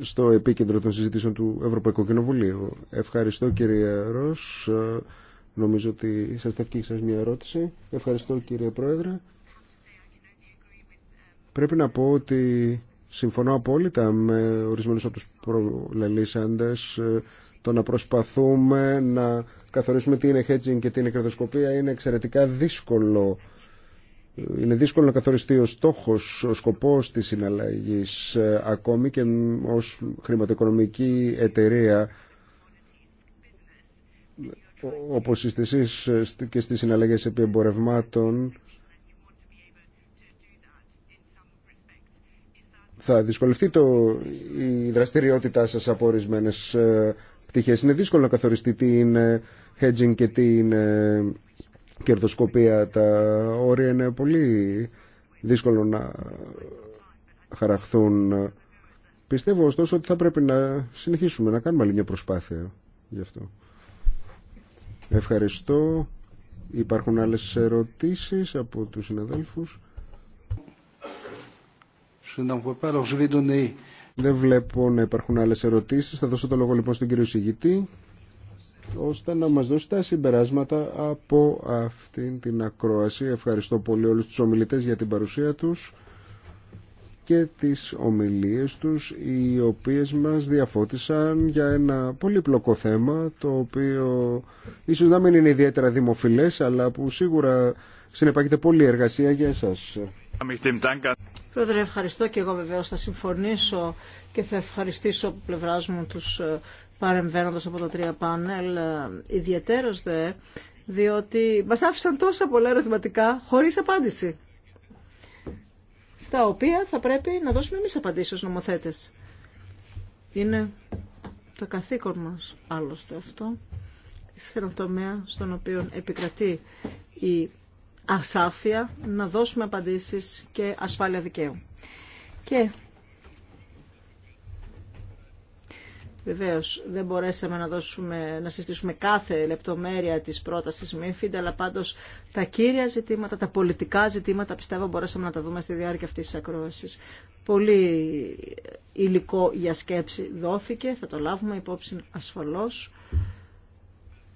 B: στο επίκεντρο των συζητήσεων του Ευρωπαϊκού Κοινοβουλίου. Ευχαριστώ κύριε Ρος. Ε, νομίζω ότι σας τα σας μια ερώτηση. Ευχαριστώ κύριε Πρόεδρε. Πρέπει να πω ότι συμφωνώ απόλυτα με ορισμένους από τους προλαλήσαντες το να προσπαθούμε να καθορίσουμε τι είναι hedging και τι είναι κερδοσκοπία είναι εξαιρετικά δύσκολο. Είναι δύσκολο να καθοριστεί ο στόχος, ο σκοπός της συναλλαγής ε, ακόμη και ως χρηματοοικονομική εταιρεία όπως είστε εσείς ε, και στις συναλλαγές επί εμπορευμάτων θα δυσκολευτεί το, η δραστηριότητά σας από ορισμένε ε, πτυχές. Είναι δύσκολο να καθοριστεί τι είναι hedging και τι είναι κερδοσκοπία. Τα όρια είναι πολύ δύσκολο να χαραχθούν. Πιστεύω ωστόσο ότι θα πρέπει να συνεχίσουμε να κάνουμε άλλη μια προσπάθεια γι' αυτό. Ευχαριστώ. Υπάρχουν άλλες ερωτήσεις από τους συναδέλφους. alors je vais donner δεν βλέπω να υπάρχουν άλλε ερωτήσεις. Θα δώσω το λόγο λοιπόν στον κύριο Σιγητή ώστε να μας δώσει τα συμπεράσματα από αυτήν την ακρόαση. Ευχαριστώ πολύ όλους τους ομιλητές για την παρουσία τους και τις ομιλίες τους οι οποίες μας διαφώτισαν για ένα πολύπλοκο θέμα το οποίο ίσως να μην είναι ιδιαίτερα δημοφιλές αλλά που σίγουρα συνεπάγεται πολλή εργασία για εσάς.
C: Πρόεδρε, ευχαριστώ και εγώ βεβαίως θα συμφωνήσω και θα ευχαριστήσω από πλευρά μου τους ε, παρεμβαίνοντας από τα τρία πάνελ. Ε, Ιδιαίτερος δε, διότι μας άφησαν τόσα πολλά ερωτηματικά χωρίς απάντηση. Στα οποία θα πρέπει να δώσουμε εμείς απαντήσεις ως νομοθέτες. Είναι το καθήκον μας άλλωστε αυτό σε ένα τομέα στον οποίο επικρατεί η ασάφεια να δώσουμε απαντήσεις και ασφάλεια δικαίου. Και Βεβαίω, δεν μπορέσαμε να, δώσουμε, να συστήσουμε κάθε λεπτομέρεια τη πρόταση ΜΕΦΙΝΤ, αλλά πάντω τα κύρια ζητήματα, τα πολιτικά ζητήματα, πιστεύω μπορέσαμε να τα δούμε στη διάρκεια αυτή τη ακρόαση. Πολύ υλικό για σκέψη δόθηκε, θα το λάβουμε υπόψη ασφαλώ.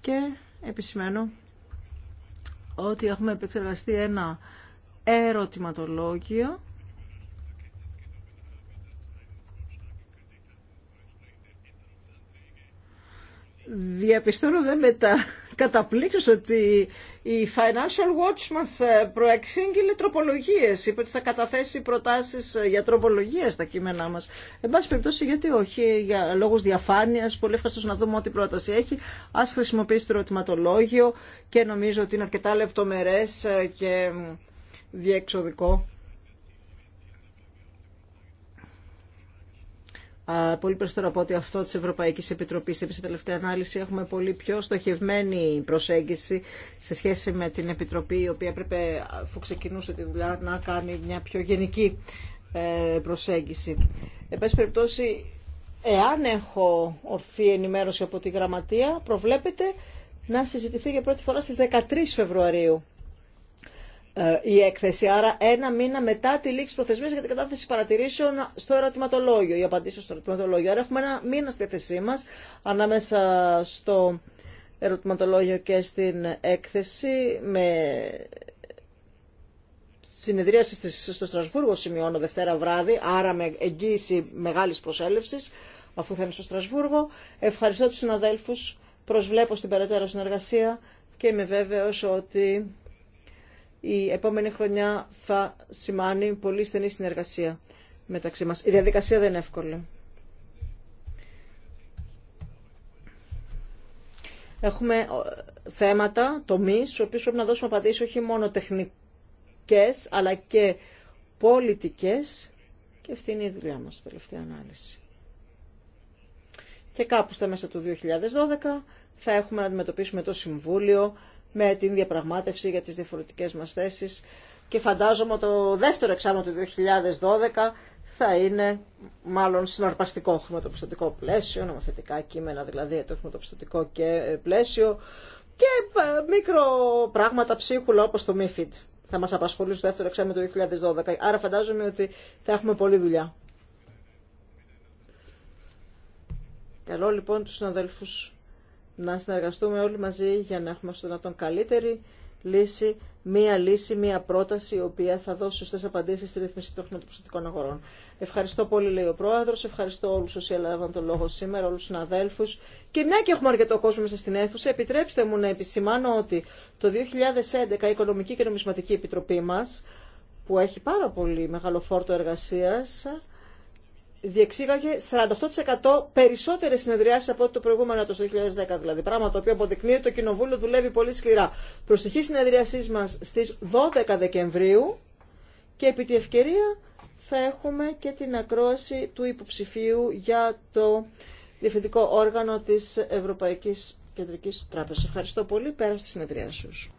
C: Και επισημαίνω ότι έχουμε επεξεργαστεί ένα ερωτηματολόγιο Διαπιστώνω δεν μετά καταπλήξω ότι η Financial Watch μας ε, προεξήγγειλε τροπολογίες. Είπε ότι θα καταθέσει προτάσεις ε, για τροπολογίες στα κείμενά μας. Εν πάση περιπτώσει γιατί όχι, για λόγους διαφάνειας, πολύ ευχαριστώ να δούμε ό,τι πρόταση έχει. Ας χρησιμοποιήσει το ερωτηματολόγιο και νομίζω ότι είναι αρκετά λεπτομερές ε, και διεξοδικό πολύ περισσότερο από ότι αυτό της Ευρωπαϊκής Επιτροπής. Επίσης, τελευταία ανάλυση έχουμε πολύ πιο στοχευμένη προσέγγιση σε σχέση με την Επιτροπή, η οποία έπρεπε, αφού ξεκινούσε τη δουλειά, να κάνει μια πιο γενική ε, προσέγγιση. Εν πάση περιπτώσει, εάν έχω ορθή ενημέρωση από τη Γραμματεία, προβλέπεται να συζητηθεί για πρώτη φορά στις 13 Φεβρουαρίου ε, η έκθεση. Άρα ένα μήνα μετά τη λήξη προθεσμίας για την κατάθεση παρατηρήσεων στο ερωτηματολόγιο, η απαντήσεων στο ερωτηματολόγιο. Άρα έχουμε ένα μήνα στη θέση μας ανάμεσα στο ερωτηματολόγιο και στην έκθεση με συνεδρίαση στο Στρασβούργο σημειώνω Δευτέρα βράδυ, άρα με εγγύηση μεγάλης προσέλευσης αφού θα είναι στο Στρασβούργο. Ευχαριστώ τους συναδέλφους, προσβλέπω στην περαιτέρω συνεργασία και είμαι βέβαιος ότι η επόμενη χρονιά θα σημάνει πολύ στενή συνεργασία μεταξύ μας. Η διαδικασία δεν είναι εύκολη. Έχουμε ε, θέματα, τομείς, στους οποίους πρέπει να δώσουμε απαντήσεις όχι μόνο τεχνικές, αλλά και πολιτικές. Και αυτή είναι η δουλειά μας, τελευταία ανάλυση. Και κάπου στα μέσα του 2012 θα έχουμε να αντιμετωπίσουμε το Συμβούλιο με την διαπραγμάτευση για τις διαφορετικές μας θέσεις και φαντάζομαι το δεύτερο εξάμεινο του 2012 θα είναι μάλλον συναρπαστικό χρηματοπιστωτικό πλαίσιο, νομοθετικά κείμενα δηλαδή το χρηματοπιστωτικό και ε, πλαίσιο και ε, μικρό πράγματα ψίχουλα όπως το MIFID θα μας απασχολήσει το δεύτερο εξάμεινο του 2012. Άρα φαντάζομαι ότι θα έχουμε πολλή δουλειά. Καλό λοιπόν τους συναδέλφους να συνεργαστούμε όλοι μαζί για να έχουμε στον δυνατόν καλύτερη λύση, μία λύση, μία πρόταση, η οποία θα δώσει σωστέ απαντήσει στη ρύθμιση των χρηματοπιστωτικών αγορών. Ευχαριστώ πολύ, λέει ο Πρόεδρο. Ευχαριστώ όλου όσοι έλαβαν τον λόγο σήμερα, όλου του συναδέλφου. Και μια και έχουμε αρκετό κόσμο μέσα στην αίθουσα, επιτρέψτε μου να επισημάνω ότι το 2011 η Οικονομική και Νομισματική Επιτροπή μα, που έχει πάρα πολύ μεγάλο φόρτο εργασία, διεξήγαγε 48% περισσότερες συνεδριάσεις από το προηγούμενο το 2010 δηλαδή. Πράγμα το οποίο αποδεικνύει ότι το Κοινοβούλιο δουλεύει πολύ σκληρά. Προσεχή συνεδριασή μας στις 12 Δεκεμβρίου και επί τη ευκαιρία θα έχουμε και την ακρόαση του υποψηφίου για το διευθυντικό όργανο της Ευρωπαϊκής Κεντρικής Τράπεζας. Ευχαριστώ πολύ. Πέρα στη συνεδρία σας.